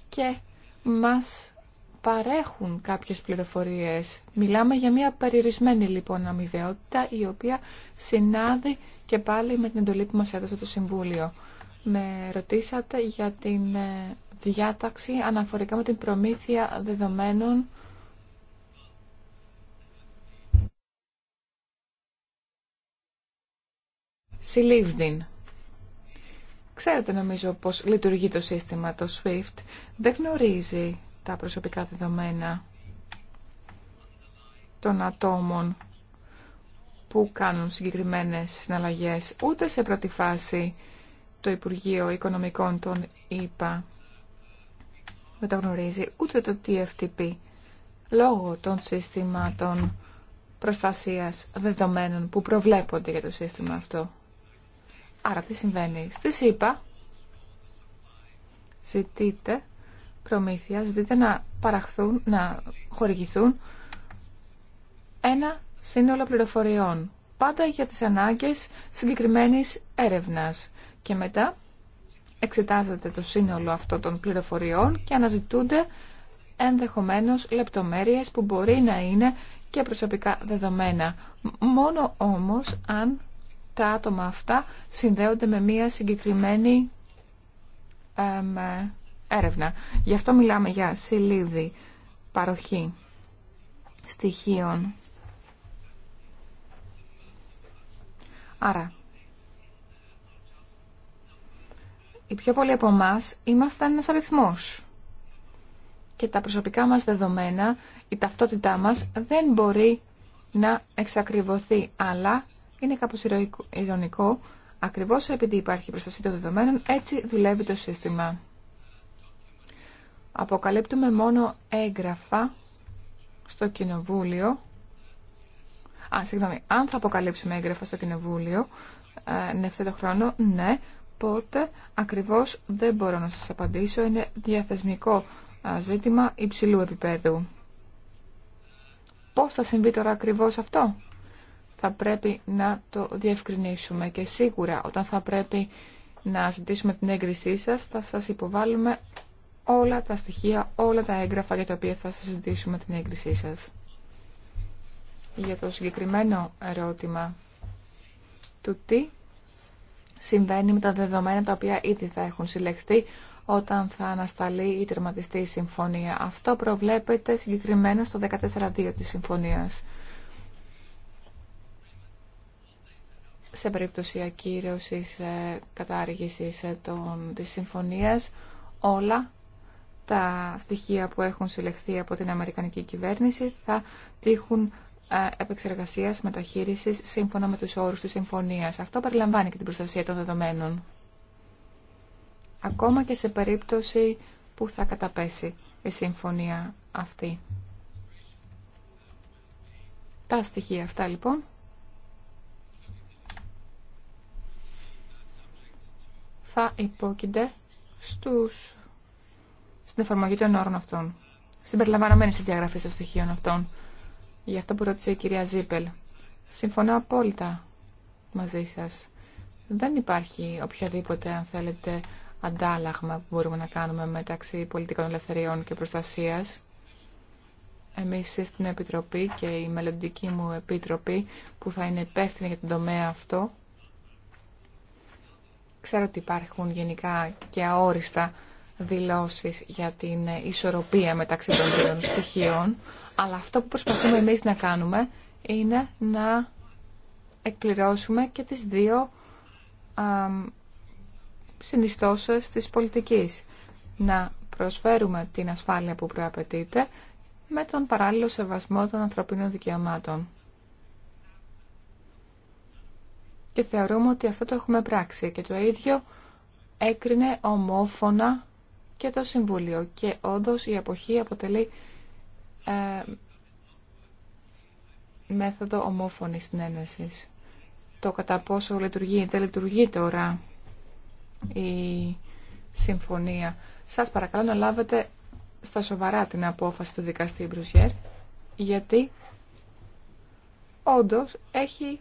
και μας παρέχουν κάποιες πληροφορίες. Μιλάμε για μια περιορισμένη λοιπόν αμοιβαιότητα η οποία συνάδει και πάλι με την εντολή που μας έδωσε το Συμβούλιο. Με ρωτήσατε για την ε, διάταξη αναφορικά με την προμήθεια δεδομένων Συλλήβδιν. Ξέρετε νομίζω πώς λειτουργεί το σύστημα, το SWIFT. Δεν γνωρίζει τα προσωπικά δεδομένα των ατόμων που κάνουν συγκεκριμένες συναλλαγές ούτε σε πρώτη φάση το Υπουργείο Οικονομικών των ΗΠΑ δεν ούτε το TFTP λόγω των συστημάτων προστασίας δεδομένων που προβλέπονται για το σύστημα αυτό. Άρα τι συμβαίνει. Στη ΣΥΠΑ ζητείτε προμήθεια ζητείται να παραχθούν, να χορηγηθούν ένα σύνολο πληροφοριών. Πάντα για τις ανάγκες συγκεκριμένης έρευνας. Και μετά εξετάζεται το σύνολο αυτό των πληροφοριών και αναζητούνται ενδεχομένως λεπτομέρειες που μπορεί να είναι και προσωπικά δεδομένα. Μόνο όμως αν τα άτομα αυτά συνδέονται με μία συγκεκριμένη έρευνα. Γι' αυτό μιλάμε για συλλήβη, παροχή στοιχείων. Άρα, οι πιο πολλοί από εμά είμαστε ένας αριθμός. Και τα προσωπικά μας δεδομένα, η ταυτότητά μας δεν μπορεί να εξακριβωθεί, αλλά είναι κάπως ηρωνικό, ακριβώς επειδή υπάρχει προστασία των δεδομένων, έτσι δουλεύει το σύστημα αποκαλύπτουμε μόνο έγγραφα στο Κοινοβούλιο. Α, συγγνώμη, αν θα αποκαλύψουμε έγγραφα στο Κοινοβούλιο, ε, ναι, το χρόνο, ναι, πότε ακριβώς δεν μπορώ να σας απαντήσω. Είναι διαθεσμικό ε, ζήτημα υψηλού επίπεδου. Πώς θα συμβεί τώρα ακριβώς αυτό? Θα πρέπει να το διευκρινίσουμε και σίγουρα όταν θα πρέπει να ζητήσουμε την έγκρισή σας θα σας υποβάλουμε όλα τα στοιχεία, όλα τα έγγραφα για τα οποία θα συζητήσουμε την έγκρισή σας. Για το συγκεκριμένο ερώτημα του τι συμβαίνει με τα δεδομένα τα οποία ήδη θα έχουν συλλεχθεί όταν θα ανασταλεί ή τερματιστεί η συμφωνία. Αυτό προβλέπεται συγκεκριμένα στο 14.2 της συμφωνίας. Σε περίπτωση ακύρωσης, ε, κατάργησης ε, των, της συμφωνίας, όλα τα στοιχεία που έχουν συλλεχθεί από την Αμερικανική κυβέρνηση θα τύχουν ε, επεξεργασία μεταχείρισης σύμφωνα με τους όρους της συμφωνίας. Αυτό περιλαμβάνει και την προστασία των δεδομένων. Ακόμα και σε περίπτωση που θα καταπέσει η συμφωνία αυτή. Τα στοιχεία αυτά λοιπόν θα υπόκεινται στους στην εφαρμογή των όρων αυτών, συμπεριλαμβανομένη τη διαγραφή των στοιχείων αυτών. Γι' αυτό που ρώτησε η κυρία Ζίπελ. Συμφωνώ απόλυτα μαζί σα. Δεν υπάρχει οποιαδήποτε, αν θέλετε, αντάλλαγμα που μπορούμε να κάνουμε μεταξύ πολιτικών ελευθεριών και προστασία. Εμεί στην Επιτροπή και η μελλοντική μου Επίτροπη που θα είναι υπεύθυνη για τον τομέα αυτό, ξέρω ότι υπάρχουν γενικά και αόριστα δηλώσεις για την ισορροπία μεταξύ των δύο στοιχείων, αλλά αυτό που προσπαθούμε εμείς να κάνουμε είναι να εκπληρώσουμε και τις δύο α, συνιστώσεις της πολιτικής. Να προσφέρουμε την ασφάλεια που προαπαιτείται με τον παράλληλο σεβασμό των ανθρωπίνων δικαιωμάτων. Και θεωρούμε ότι αυτό το έχουμε πράξει και το ίδιο έκρινε ομόφωνα και το Συμβούλιο. Και όντως η αποχή αποτελεί ε, μέθοδο ομόφωνης συνένεσης. Το κατά πόσο λειτουργεί ή δεν λειτουργεί τώρα η συμφωνία. Σας παρακαλώ να λάβετε στα σοβαρά την απόφαση του δικαστή Μπρουσιέρ, γιατί όντως έχει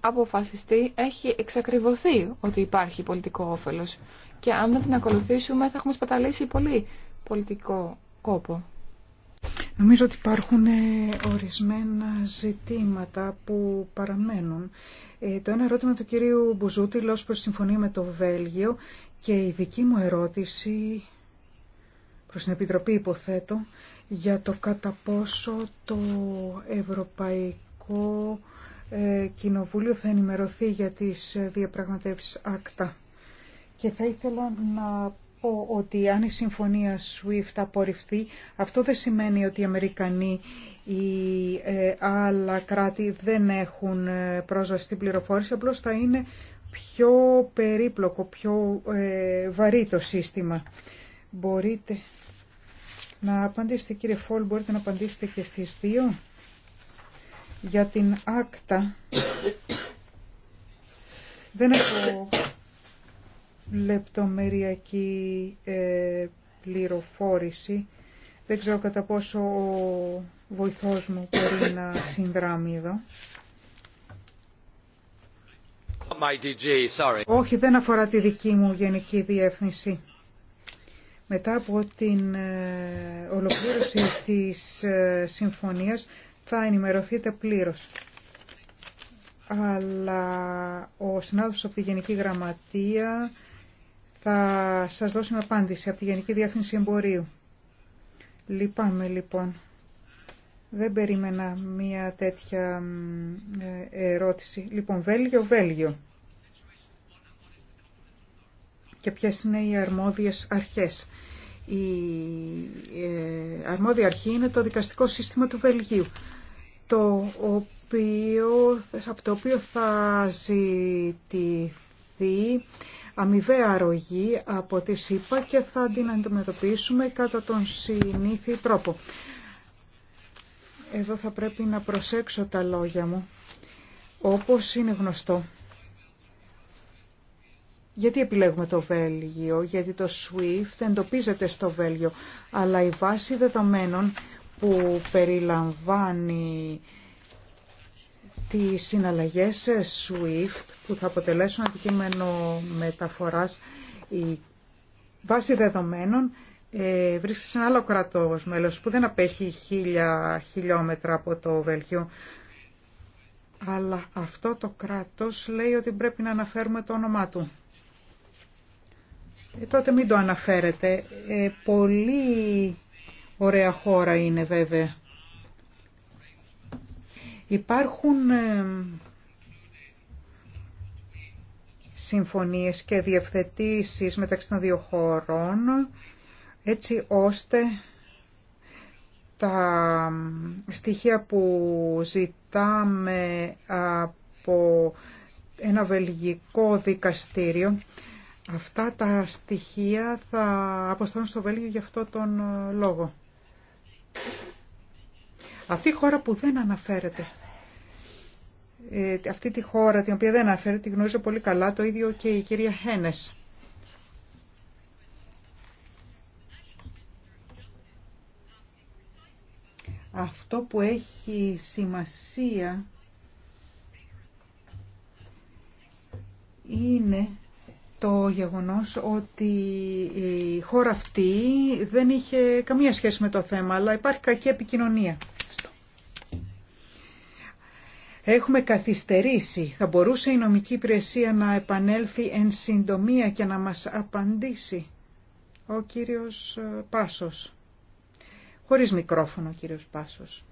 αποφασιστεί, έχει εξακριβωθεί ότι υπάρχει πολιτικό όφελος και αν δεν την ακολουθήσουμε θα έχουμε σπαταλήσει πολύ πολιτικό κόπο. Νομίζω ότι υπάρχουν ε, ορισμένα ζητήματα που παραμένουν. Ε, το ένα ερώτημα του κυρίου Μπουζούτη λόγω προς συμφωνία με το Βέλγιο και η δική μου ερώτηση προς την Επιτροπή υποθέτω για το κατά πόσο το Ευρωπαϊκό ε, Κοινοβούλιο θα ενημερωθεί για τις διαπραγματεύσεις ΑΚΤΑ. Και θα ήθελα να πω ότι αν η συμφωνία SWIFT απορριφθεί, αυτό δεν σημαίνει ότι οι Αμερικανοί ή ε, άλλα κράτη δεν έχουν ε, πρόσβαση στην πληροφόρηση, απλώς θα είναι πιο περίπλοκο, πιο ε, βαρύ το σύστημα. Μπορείτε να απαντήσετε κύριε Φόλ, μπορείτε να απαντήσετε και στις δύο για την άκτα. Δεν έχω λεπτομεριακή ε, πληροφόρηση. Δεν ξέρω κατά πόσο ο βοηθός μου μπορεί να συνδράμει εδώ. Όχι, δεν αφορά τη δική μου γενική διεύθυνση. Μετά από την ε, ολοκλήρωση της ε, συμφωνίας θα ενημερωθείτε πλήρως. Αλλά ο συνάδελφος από τη Γενική Γραμματεία θα σας μια απάντηση από τη Γενική Διεύθυνση Εμπορίου. Λυπάμαι λοιπόν. Δεν περίμενα μία τέτοια ε, ερώτηση. Λοιπόν, Βέλγιο, Βέλγιο. Και ποιες είναι οι αρμόδιες αρχές. Η ε, αρμόδια αρχή είναι το δικαστικό σύστημα του Βελγίου, το οποίο, από το οποίο θα ζητηθεί αμοιβαία αρρωγή από τη ΣΥΠΑ και θα την αντιμετωπίσουμε κατά τον συνήθι τρόπο. Εδώ θα πρέπει να προσέξω τα λόγια μου, όπως είναι γνωστό. Γιατί επιλέγουμε το Βέλγιο, γιατί το SWIFT εντοπίζεται στο Βέλγιο, αλλά η βάση δεδομένων που περιλαμβάνει οι συναλλαγές SWIFT που θα αποτελέσουν αντικείμενο μεταφοράς η βάση δεδομένων ε, βρίσκεται σε ένα άλλο κρατός μέλος που δεν απέχει χίλια χιλιόμετρα από το Βέλγιο αλλά αυτό το κράτος λέει ότι πρέπει να αναφέρουμε το όνομά του. Ε, τότε μην το αναφέρετε. Ε, πολύ ωραία χώρα είναι βέβαια. Υπάρχουν ε, συμφωνίες και διευθετήσεις μεταξύ των δύο χωρών έτσι ώστε τα στοιχεία που ζητάμε από ένα βελγικό δικαστήριο αυτά τα στοιχεία θα αποσταλούν στο Βέλγιο γι' αυτό τον ε, λόγο. Αυτή η χώρα που δεν αναφέρεται, ε, αυτή τη χώρα την οποία δεν αναφέρεται, τη γνωρίζω πολύ καλά, το ίδιο και η κυρία Χένες. Αυτό που έχει σημασία είναι το γεγονός ότι η χώρα αυτή δεν είχε καμία σχέση με το θέμα, αλλά υπάρχει κακή επικοινωνία. Έχουμε καθυστερήσει. Θα μπορούσε η νομική υπηρεσία να επανέλθει εν συντομία και να μας απαντήσει ο κύριος ε, Πάσος. Χωρίς μικρόφωνο ο κύριος Πάσος.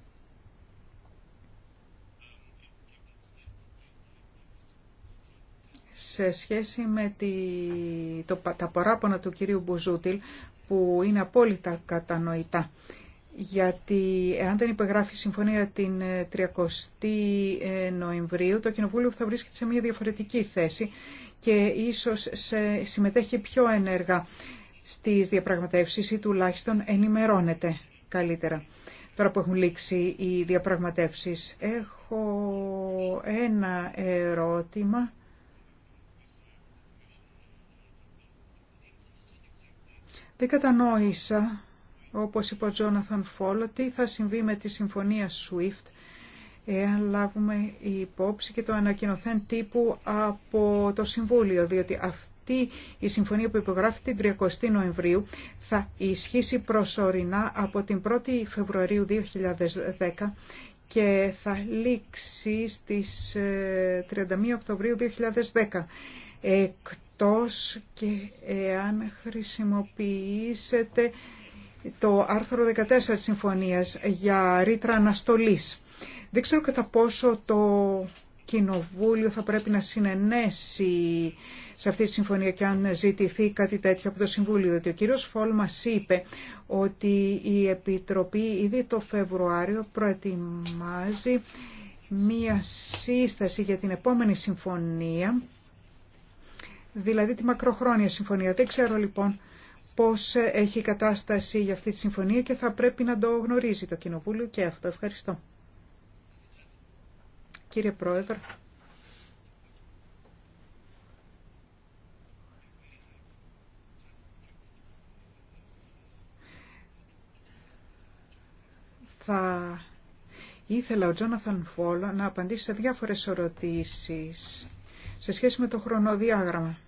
Σε σχέση με το, τα παράπονα του κυρίου Μπουζούτιλ που είναι απόλυτα κατανοητά γιατί εάν δεν υπεγράφει η συμφωνία την 30 ε, ε, Νοεμβρίου, το Κοινοβούλιο θα βρίσκεται σε μια διαφορετική θέση και ίσως σε, συμμετέχει πιο ενεργά στις διαπραγματεύσεις ή τουλάχιστον ενημερώνεται καλύτερα. Τώρα που έχουν λήξει οι διαπραγματεύσεις, έχω ένα ερώτημα. Δεν κατανόησα όπως είπε ο Τζόναθαν Φόλο, τι θα συμβεί με τη συμφωνία SWIFT εάν λάβουμε υπόψη και το ανακοινωθέν τύπου από το Συμβούλιο, διότι αυτή η συμφωνία που υπογράφει την 30 Νοεμβρίου θα ισχύσει προσωρινά από την 1η Φεβρουαρίου 2010 και θα λήξει στις 31 ε, Οκτωβρίου 2010 εκτός και εάν χρησιμοποιήσετε το άρθρο 14 της Συμφωνίας για ρήτρα αναστολής. Δεν ξέρω κατά πόσο το Κοινοβούλιο θα πρέπει να συνενέσει σε αυτή τη συμφωνία και αν ζητηθεί κάτι τέτοιο από το Συμβούλιο. Διότι ο κύριος Φόλ μας είπε ότι η Επιτροπή ήδη το Φεβρουάριο προετοιμάζει μία σύσταση για την επόμενη συμφωνία, δηλαδή τη μακροχρόνια συμφωνία. Δεν ξέρω λοιπόν πώς έχει η κατάσταση για αυτή τη συμφωνία και θα πρέπει να το γνωρίζει το Κοινοβούλιο και αυτό. Ευχαριστώ. Κύριε Πρόεδρε. Θα ήθελα ο Τζόναθαν Φόλο να απαντήσει σε διάφορες ερωτήσεις σε σχέση με το χρονοδιάγραμμα.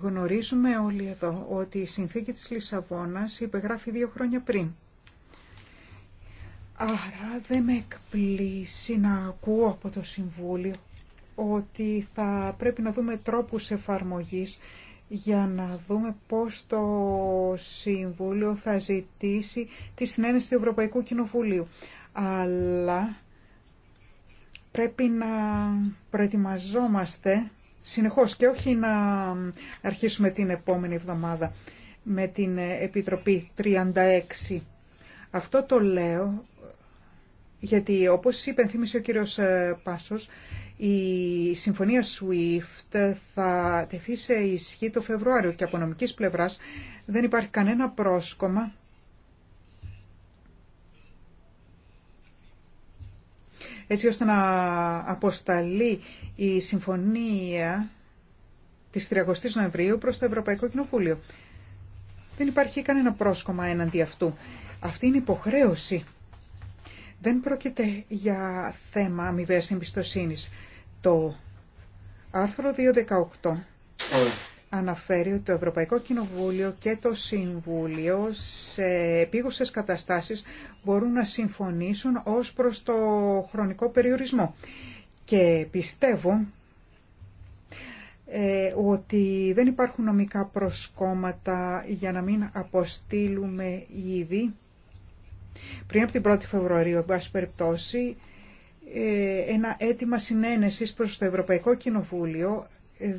Γνωρίζουμε όλοι εδώ ότι η συνθήκη της Λισαβόνας υπεγράφει δύο χρόνια πριν. Άρα δεν με εκπλήσει να ακούω από το Συμβούλιο ότι θα πρέπει να δούμε τρόπους εφαρμογής για να δούμε πώς το Συμβούλιο θα ζητήσει τη συνένεση του Ευρωπαϊκού Κοινοβουλίου. Αλλά πρέπει να προετοιμαζόμαστε συνεχώς και όχι να αρχίσουμε την επόμενη εβδομάδα με την Επιτροπή 36. Αυτό το λέω γιατί όπως υπενθύμησε ο κύριος ε, Πάσος, η συμφωνία SWIFT θα τεθεί σε ισχύ το Φεβρουάριο και από νομικής πλευράς δεν υπάρχει κανένα πρόσκομα έτσι ώστε να αποσταλεί η συμφωνία της 30 Νοεμβρίου προς το Ευρωπαϊκό Κοινοβούλιο. Δεν υπάρχει κανένα πρόσκομα έναντι αυτού. Αυτή είναι υποχρέωση. Δεν πρόκειται για θέμα αμοιβέ εμπιστοσύνη. Το άρθρο 218 αναφέρει ότι το Ευρωπαϊκό Κοινοβούλιο και το Συμβούλιο σε επίγουσες καταστάσεις μπορούν να συμφωνήσουν ως προς το χρονικό περιορισμό και πιστεύω ε, ότι δεν υπάρχουν νομικά προσκόμματα για να μην αποστείλουμε ήδη πριν από την 1η Φεβρουαρίου, εν πάση περιπτώσει, ε, ένα αίτημα συνένεσης προς το Ευρωπαϊκό Κοινοβούλιο,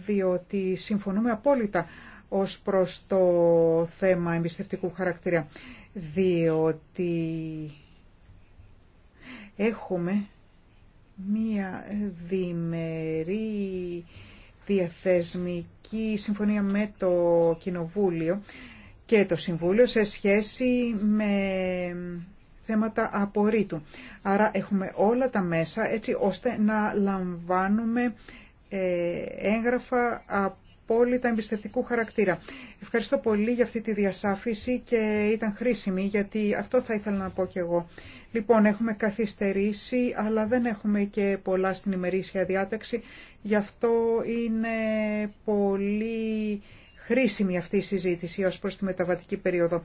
διότι συμφωνούμε απόλυτα ως προς το θέμα εμπιστευτικού χαρακτήρα, διότι έχουμε μία διμερή διαθεσμική συμφωνία με το Κοινοβούλιο και το Συμβούλιο σε σχέση με θέματα απορρίτου. Άρα έχουμε όλα τα μέσα έτσι ώστε να λαμβάνουμε ε, έγγραφα απόλυτα εμπιστευτικού χαρακτήρα. Ευχαριστώ πολύ για αυτή τη διασάφηση και ήταν χρήσιμη γιατί αυτό θα ήθελα να πω και εγώ Λοιπόν, έχουμε καθυστερήσει, αλλά δεν έχουμε και πολλά στην ημερήσια διάταξη. Γι' αυτό είναι πολύ χρήσιμη αυτή η συζήτηση ως προς τη μεταβατική περίοδο.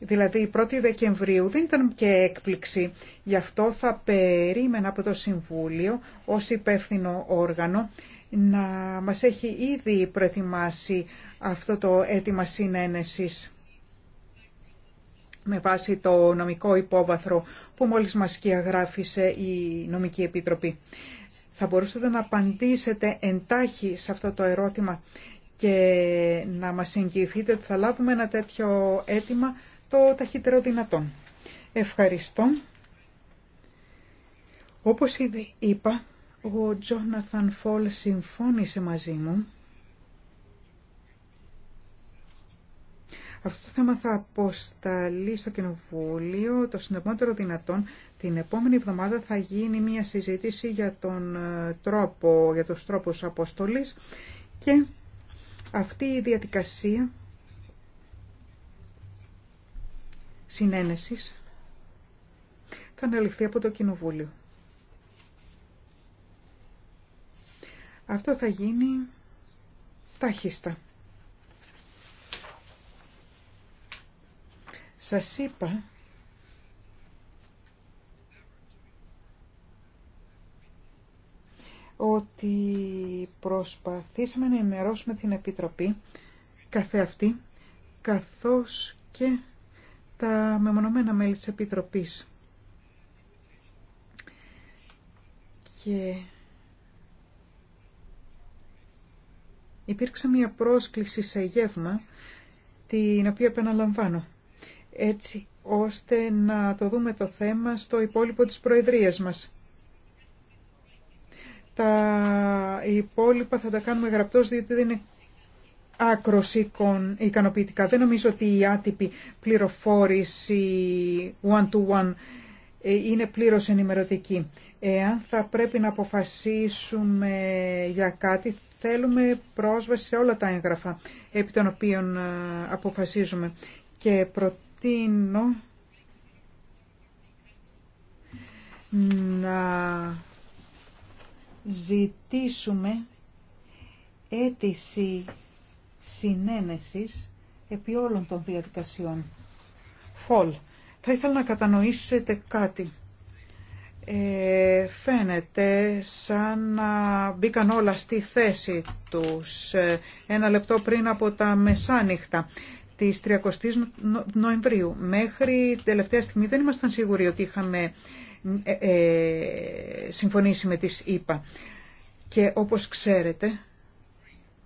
Δηλαδή, η 1η Δεκεμβρίου δεν ήταν και έκπληξη. Γι' αυτό θα περίμενα από το Συμβούλιο ως υπεύθυνο όργανο να μας έχει ήδη προετοιμάσει αυτό το αίτημα συνένεσης με βάση το νομικό υπόβαθρο που μόλις μας σκιαγράφησε η Νομική Επιτροπή. Θα μπορούσατε να απαντήσετε εντάχει σε αυτό το ερώτημα και να μας εγγυηθείτε ότι θα λάβουμε ένα τέτοιο αίτημα το ταχύτερο δυνατόν. Ευχαριστώ. Όπως ήδη είπα, ο Τζόναθαν Φόλ συμφώνησε μαζί μου Αυτό το θέμα θα αποσταλεί στο Κοινοβούλιο το συντομότερο δυνατόν. Την επόμενη εβδομάδα θα γίνει μια συζήτηση για, τον ε, τρόπο, για τους τρόπους αποστολής και αυτή η διαδικασία συνένεσης θα αναλυφθεί από το Κοινοβούλιο. Αυτό θα γίνει ταχύστα. Σας είπα ότι προσπαθήσαμε να ενημερώσουμε την Επιτροπή καθεαυτή, καθώς και τα μεμονωμένα μέλη της Επιτροπής. Και υπήρξε μια πρόσκληση σε γεύμα, την οποία επαναλαμβάνω έτσι ώστε να το δούμε το θέμα στο υπόλοιπο της Προεδρίας μας. Τα υπόλοιπα θα τα κάνουμε γραπτός διότι δεν είναι άκρος ικανοποιητικά. Δεν νομίζω ότι η άτυπη πληροφόρηση one-to-one ε, είναι πλήρως ενημερωτική. Εάν θα πρέπει να αποφασίσουμε για κάτι, θέλουμε πρόσβαση σε όλα τα έγγραφα επί των οποίων ε, αποφασίζουμε. Και προτείνω να ζητήσουμε αίτηση συνένεσης επί όλων των διαδικασιών. Φολ. Θα ήθελα να κατανοήσετε κάτι. Ε, φαίνεται σαν να μπήκαν όλα στη θέση τους ε, ένα λεπτό πριν από τα μεσάνυχτα της 30 Νοεμβρίου. Μέχρι τελευταία στιγμή δεν ήμασταν σίγουροι ότι είχαμε ε, ε, συμφωνήσει με τις ΗΠΑ. Και όπως ξέρετε,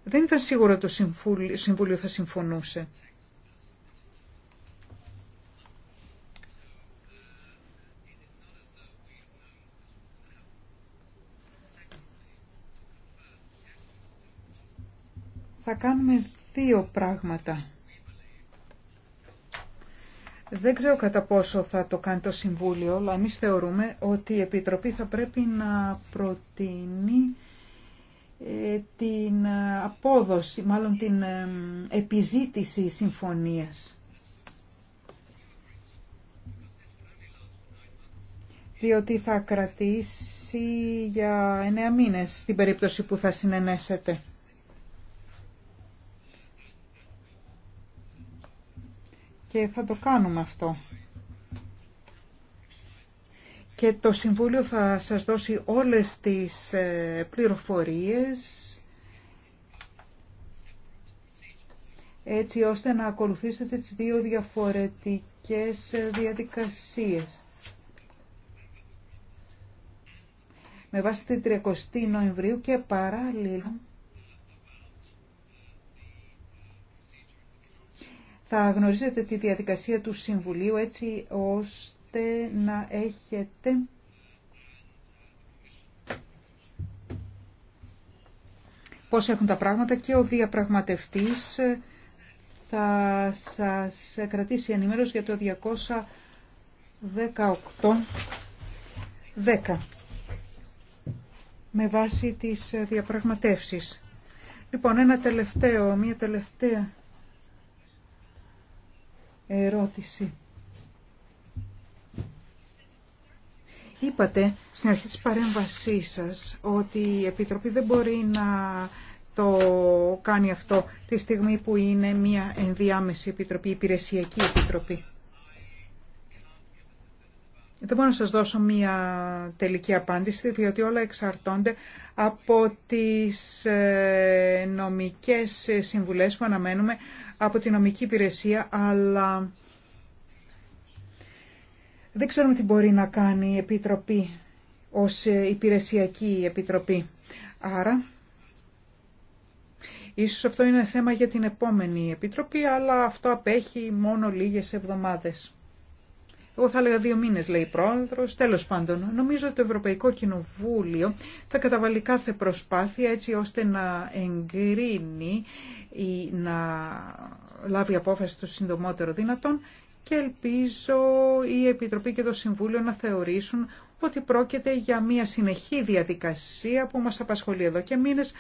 δεν ήταν σίγουρο το Συμβούλιο θα συμφωνούσε. Θα κάνουμε δύο πράγματα. Δεν ξέρω κατά πόσο θα το κάνει το Συμβούλιο, αλλά εμεί θεωρούμε ότι η Επιτροπή θα πρέπει να προτείνει ε, την ε, απόδοση, μάλλον την ε, επιζήτηση συμφωνίας. διότι θα κρατήσει για εννέα μήνες στην περίπτωση που θα συνενέσετε. και θα το κάνουμε αυτό. Και το Συμβούλιο θα σας δώσει όλες τις ε, πληροφορίες έτσι ώστε να ακολουθήσετε τις δύο διαφορετικές διαδικασίες. Με βάση την 30 Νοεμβρίου και παράλληλα Θα γνωρίζετε τη διαδικασία του Συμβουλίου έτσι ώστε να έχετε πώς έχουν τα πράγματα και ο διαπραγματευτής θα σας κρατήσει ενημέρωση για το 218 10 με βάση τις διαπραγματεύσεις. Λοιπόν, ένα τελευταίο, μία τελευταία ερώτηση. Είπατε στην αρχή της παρέμβασής σας ότι η Επιτροπή δεν μπορεί να το κάνει αυτό τη στιγμή που είναι μια ενδιάμεση επιτροπή, υπηρεσιακή επιτροπή. Δεν μπορώ να σας δώσω μία τελική απάντηση, διότι όλα εξαρτώνται από τις ε, νομικές συμβουλές που αναμένουμε από τη νομική υπηρεσία, αλλά δεν ξέρουμε τι μπορεί να κάνει η Επιτροπή ως υπηρεσιακή Επιτροπή. Άρα, ίσως αυτό είναι θέμα για την επόμενη Επιτροπή, αλλά αυτό απέχει μόνο λίγες εβδομάδες εγώ θα έλεγα δύο μήνες λέει η πρόεδρος, τέλος πάντων. Νομίζω ότι το Ευρωπαϊκό Κοινοβούλιο θα καταβάλει κάθε προσπάθεια έτσι ώστε να εγκρίνει ή να λάβει απόφαση το συντομότερο δυνατόν και ελπίζω η Επιτροπή και το Συμβούλιο να θεωρήσουν ότι πρόκειται για μια συνεχή διαδικασία που μας απασχολεί εδώ και μήνες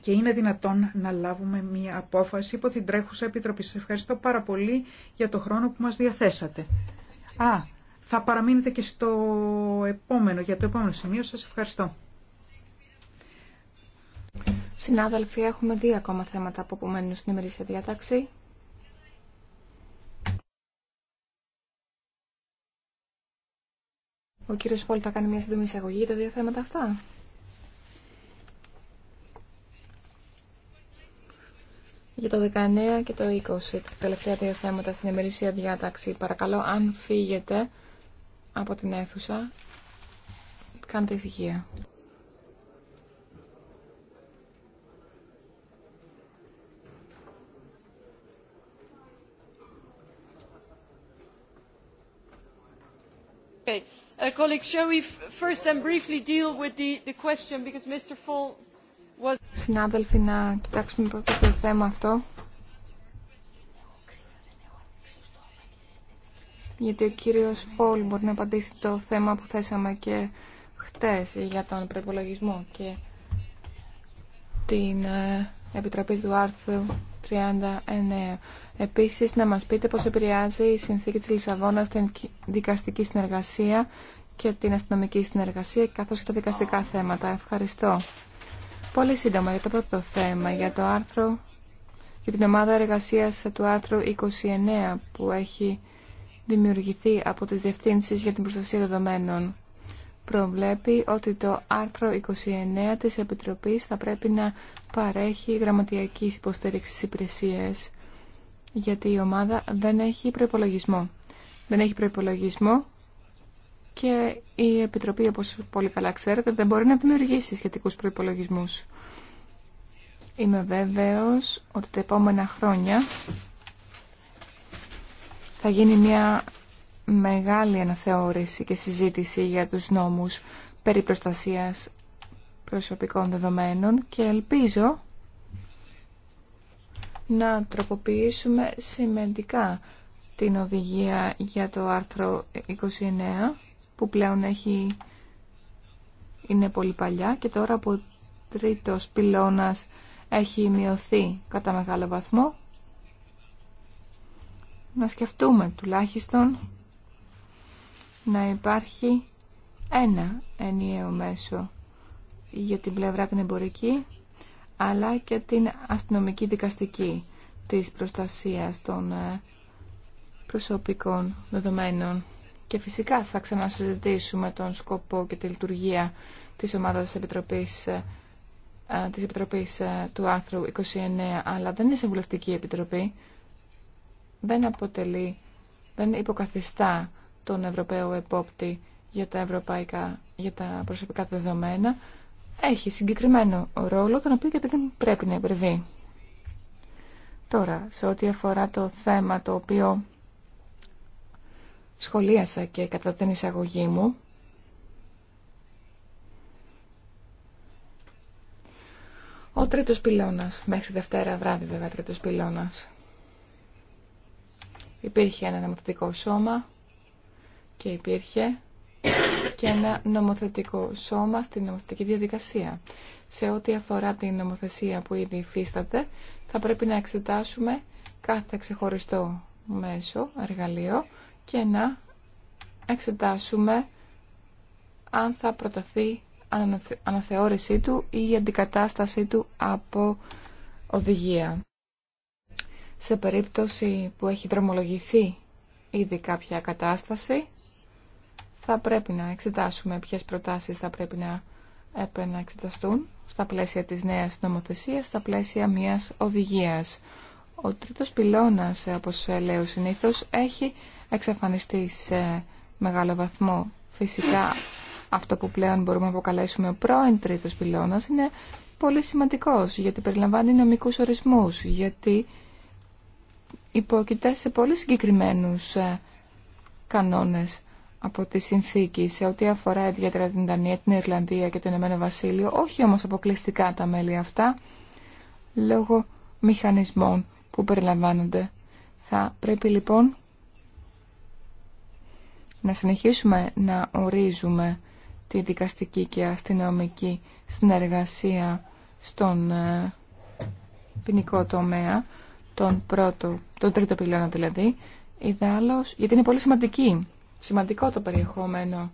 και είναι δυνατόν να λάβουμε μία απόφαση υπό την τρέχουσα επιτροπή. Σας ευχαριστώ πάρα πολύ για το χρόνο που μας διαθέσατε. Α, θα παραμείνετε και στο επόμενο, για το επόμενο σημείο. Σας ευχαριστώ. Συνάδελφοι, έχουμε δύο ακόμα θέματα που απομένουν στην ημερήσια διάταξη. Ο κύριος Πόλη θα κάνει μια σύντομη εισαγωγή για τα δύο θέματα αυτά. για το 19 και το 20, τα τελευταία δύο θέματα στην ημερήσια διάταξη. Παρακαλώ, αν φύγετε από την αίθουσα, κάντε ησυχία. Okay. Uh, colleagues, shall we first and briefly deal with the, the question because Mr. Fall Συνάδελφοι, να κοιτάξουμε πρώτα το θέμα αυτό. Γιατί ο κύριος Φόλ μπορεί να απαντήσει το θέμα που θέσαμε και χτες για τον προπολογισμό και την ε, Επιτροπή του Άρθρου 39. Επίσης, να μας πείτε πώς επηρεάζει η συνθήκη της Λισαβόνας την δικαστική συνεργασία και την αστυνομική συνεργασία καθώς και τα δικαστικά θέματα. Ευχαριστώ. Πολύ σύντομα για το πρώτο θέμα, για το άρθρο για την ομάδα εργασίας του άρθρου 29 που έχει δημιουργηθεί από τις Διευθύνσεις για την Προστασία Δεδομένων. Προβλέπει ότι το άρθρο 29 της Επιτροπής θα πρέπει να παρέχει γραμματιακή υποστήριξη στις υπηρεσίες, γιατί η ομάδα δεν έχει προϋπολογισμό. Δεν έχει προπολογισμό και η Επιτροπή, όπως πολύ καλά ξέρετε, δεν μπορεί να δημιουργήσει σχετικούς προϋπολογισμούς. Είμαι βέβαιος ότι τα επόμενα χρόνια θα γίνει μια μεγάλη αναθεώρηση και συζήτηση για τους νόμους περί προστασίας προσωπικών δεδομένων και ελπίζω να τροποποιήσουμε σημαντικά την οδηγία για το άρθρο 29 που πλέον έχει, είναι πολύ παλιά και τώρα από ο τρίτος πυλώνας έχει μειωθεί κατά μεγάλο βαθμό. Να σκεφτούμε τουλάχιστον να υπάρχει ένα ενιαίο μέσο για την πλευρά την εμπορική αλλά και την αστυνομική δικαστική της προστασίας των ε, προσωπικών δεδομένων. Και φυσικά θα ξανασυζητήσουμε τον σκοπό και τη λειτουργία της ομάδας Επιτροπής, της Επιτροπής ε, ε, ε, του άρθρου 29, αλλά δεν είναι συμβουλευτική επιτροπή. Δεν αποτελεί, δεν υποκαθιστά τον Ευρωπαίο επόπτη για τα, ευρωπαϊκά, για τα προσωπικά δεδομένα. Έχει συγκεκριμένο ρόλο, τον οποίο και δεν πρέπει να υπερβεί. Τώρα, σε ό,τι αφορά το θέμα το οποίο σχολίασα και κατά την εισαγωγή μου Ο τρίτος πυλώνας, μέχρι Δευτέρα βράδυ βέβαια τρίτος πυλώνας. Υπήρχε ένα νομοθετικό σώμα και υπήρχε και ένα νομοθετικό σώμα στην νομοθετική διαδικασία. Σε ό,τι αφορά την νομοθεσία που ήδη υφίσταται, θα πρέπει να εξετάσουμε κάθε ξεχωριστό μέσο, εργαλείο, και να εξετάσουμε αν θα προταθεί αναθεώρησή του ή η αντικατασταση του από οδηγία. Σε περίπτωση που έχει δρομολογηθεί ήδη κάποια κατάσταση, θα πρέπει να εξετάσουμε ποιες προτάσεις θα πρέπει να επαναεξεταστούν στα πλαίσια της νέας νομοθεσίας, στα πλαίσια μιας οδηγίας. Ο τρίτος πυλώνας, όπως λέω συνήθως, έχει εξαφανιστεί σε μεγάλο βαθμό. Φυσικά αυτό που πλέον μπορούμε να αποκαλέσουμε ο πρώην τρίτος πυλώνας είναι πολύ σημαντικός γιατί περιλαμβάνει νομικούς ορισμούς, γιατί υποκείται σε πολύ συγκεκριμένους ε, κανόνες από τη συνθήκη σε ό,τι αφορά ιδιαίτερα την Δανία, την Ιρλανδία και το Ηνωμένο Βασίλειο, όχι όμως αποκλειστικά τα μέλη αυτά, λόγω μηχανισμών που περιλαμβάνονται. Θα πρέπει λοιπόν να συνεχίσουμε να ορίζουμε τη δικαστική και αστυνομική συνεργασία στον ε, ποινικό τομέα, τον, πρώτο, τον τρίτο πυλώνα δηλαδή, ιδάλλως, γιατί είναι πολύ σημαντική, σημαντικό το περιεχόμενο.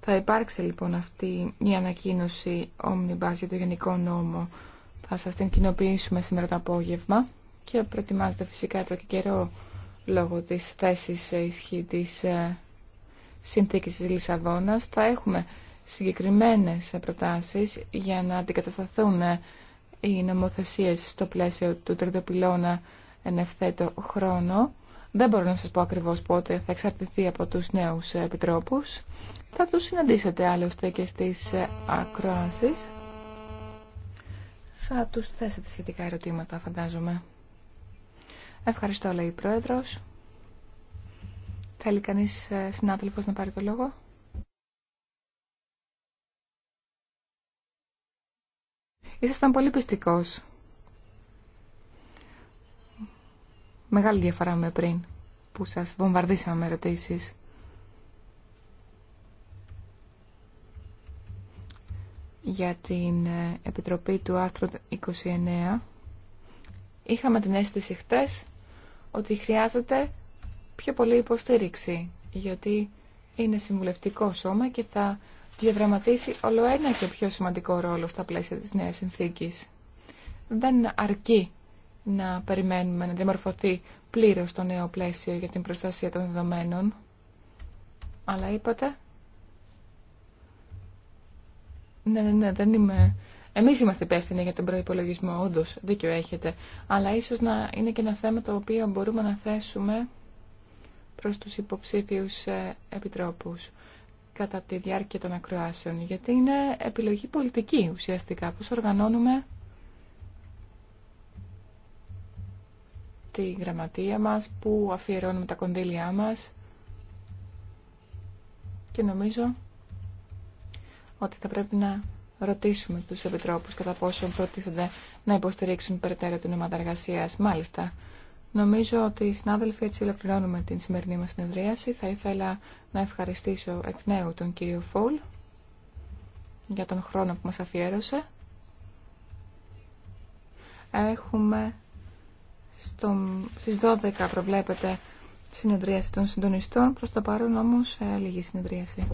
Θα υπάρξει λοιπόν αυτή η ανακοίνωση Omnibus για το Γενικό Νόμο. Θα σας την κοινοποιήσουμε σήμερα το απόγευμα και προετοιμάζεται φυσικά εδώ και καιρό λόγω της θέσης ισχύ της ε, Συνθήκη της Λισαβόνας θα έχουμε συγκεκριμένες προτάσεις για να αντικατασταθούν οι νομοθεσίες στο πλαίσιο του τρίτου πυλώνα εν ευθέτω χρόνο. Δεν μπορώ να σας πω ακριβώς πότε θα εξαρτηθεί από τους νέους επιτρόπους. Θα τους συναντήσετε άλλωστε και στις ακροάσεις. Θα τους θέσετε σχετικά ερωτήματα φαντάζομαι. Ευχαριστώ λέει η Πρόεδρος. Θέλει κανείς ε, συνάδελφος να πάρει το λόγο. Ήσασταν πολύ πιστικός. Μεγάλη διαφορά με πριν που σας βομβαρδίσαμε με ερωτήσεις. για την ε, Επιτροπή του άρθρου 29. Είχαμε την αίσθηση χτες ότι χρειάζεται πιο πολύ υποστήριξη, γιατί είναι συμβουλευτικό σώμα και θα διαδραματίσει όλο ένα και πιο σημαντικό ρόλο στα πλαίσια της νέας συνθήκης. Δεν αρκεί να περιμένουμε να διαμορφωθεί πλήρως το νέο πλαίσιο για την προστασία των δεδομένων. Αλλά είπατε... Ναι, ναι, ναι, δεν είμαι... Εμείς είμαστε υπεύθυνοι για τον προϋπολογισμό, όντως, δίκιο έχετε. Αλλά ίσως να είναι και ένα θέμα το οποίο μπορούμε να θέσουμε προς τους υποψήφιους ε, επιτρόπους κατά τη διάρκεια των ακροάσεων, γιατί είναι επιλογή πολιτική ουσιαστικά, πώς οργανώνουμε τη γραμματεία μας, που αφιερώνουμε τα κονδύλια μας και νομίζω ότι θα πρέπει να ρωτήσουμε τους επιτρόπους κατά πόσο προτίθενται να υποστηρίξουν περαιτέρω την ομάδα εργασίας. Μάλιστα, Νομίζω ότι συνάδελφοι έτσι ολοκληρώνουμε την σημερινή μας συνεδρίαση. Θα ήθελα να ευχαριστήσω εκ νέου τον κύριο Φούλ για τον χρόνο που μας αφιέρωσε. Έχουμε στο, στις 12 προβλέπεται συνεδρίαση των συντονιστών, προς το παρόν όμως ε, λίγη συνεδρίαση.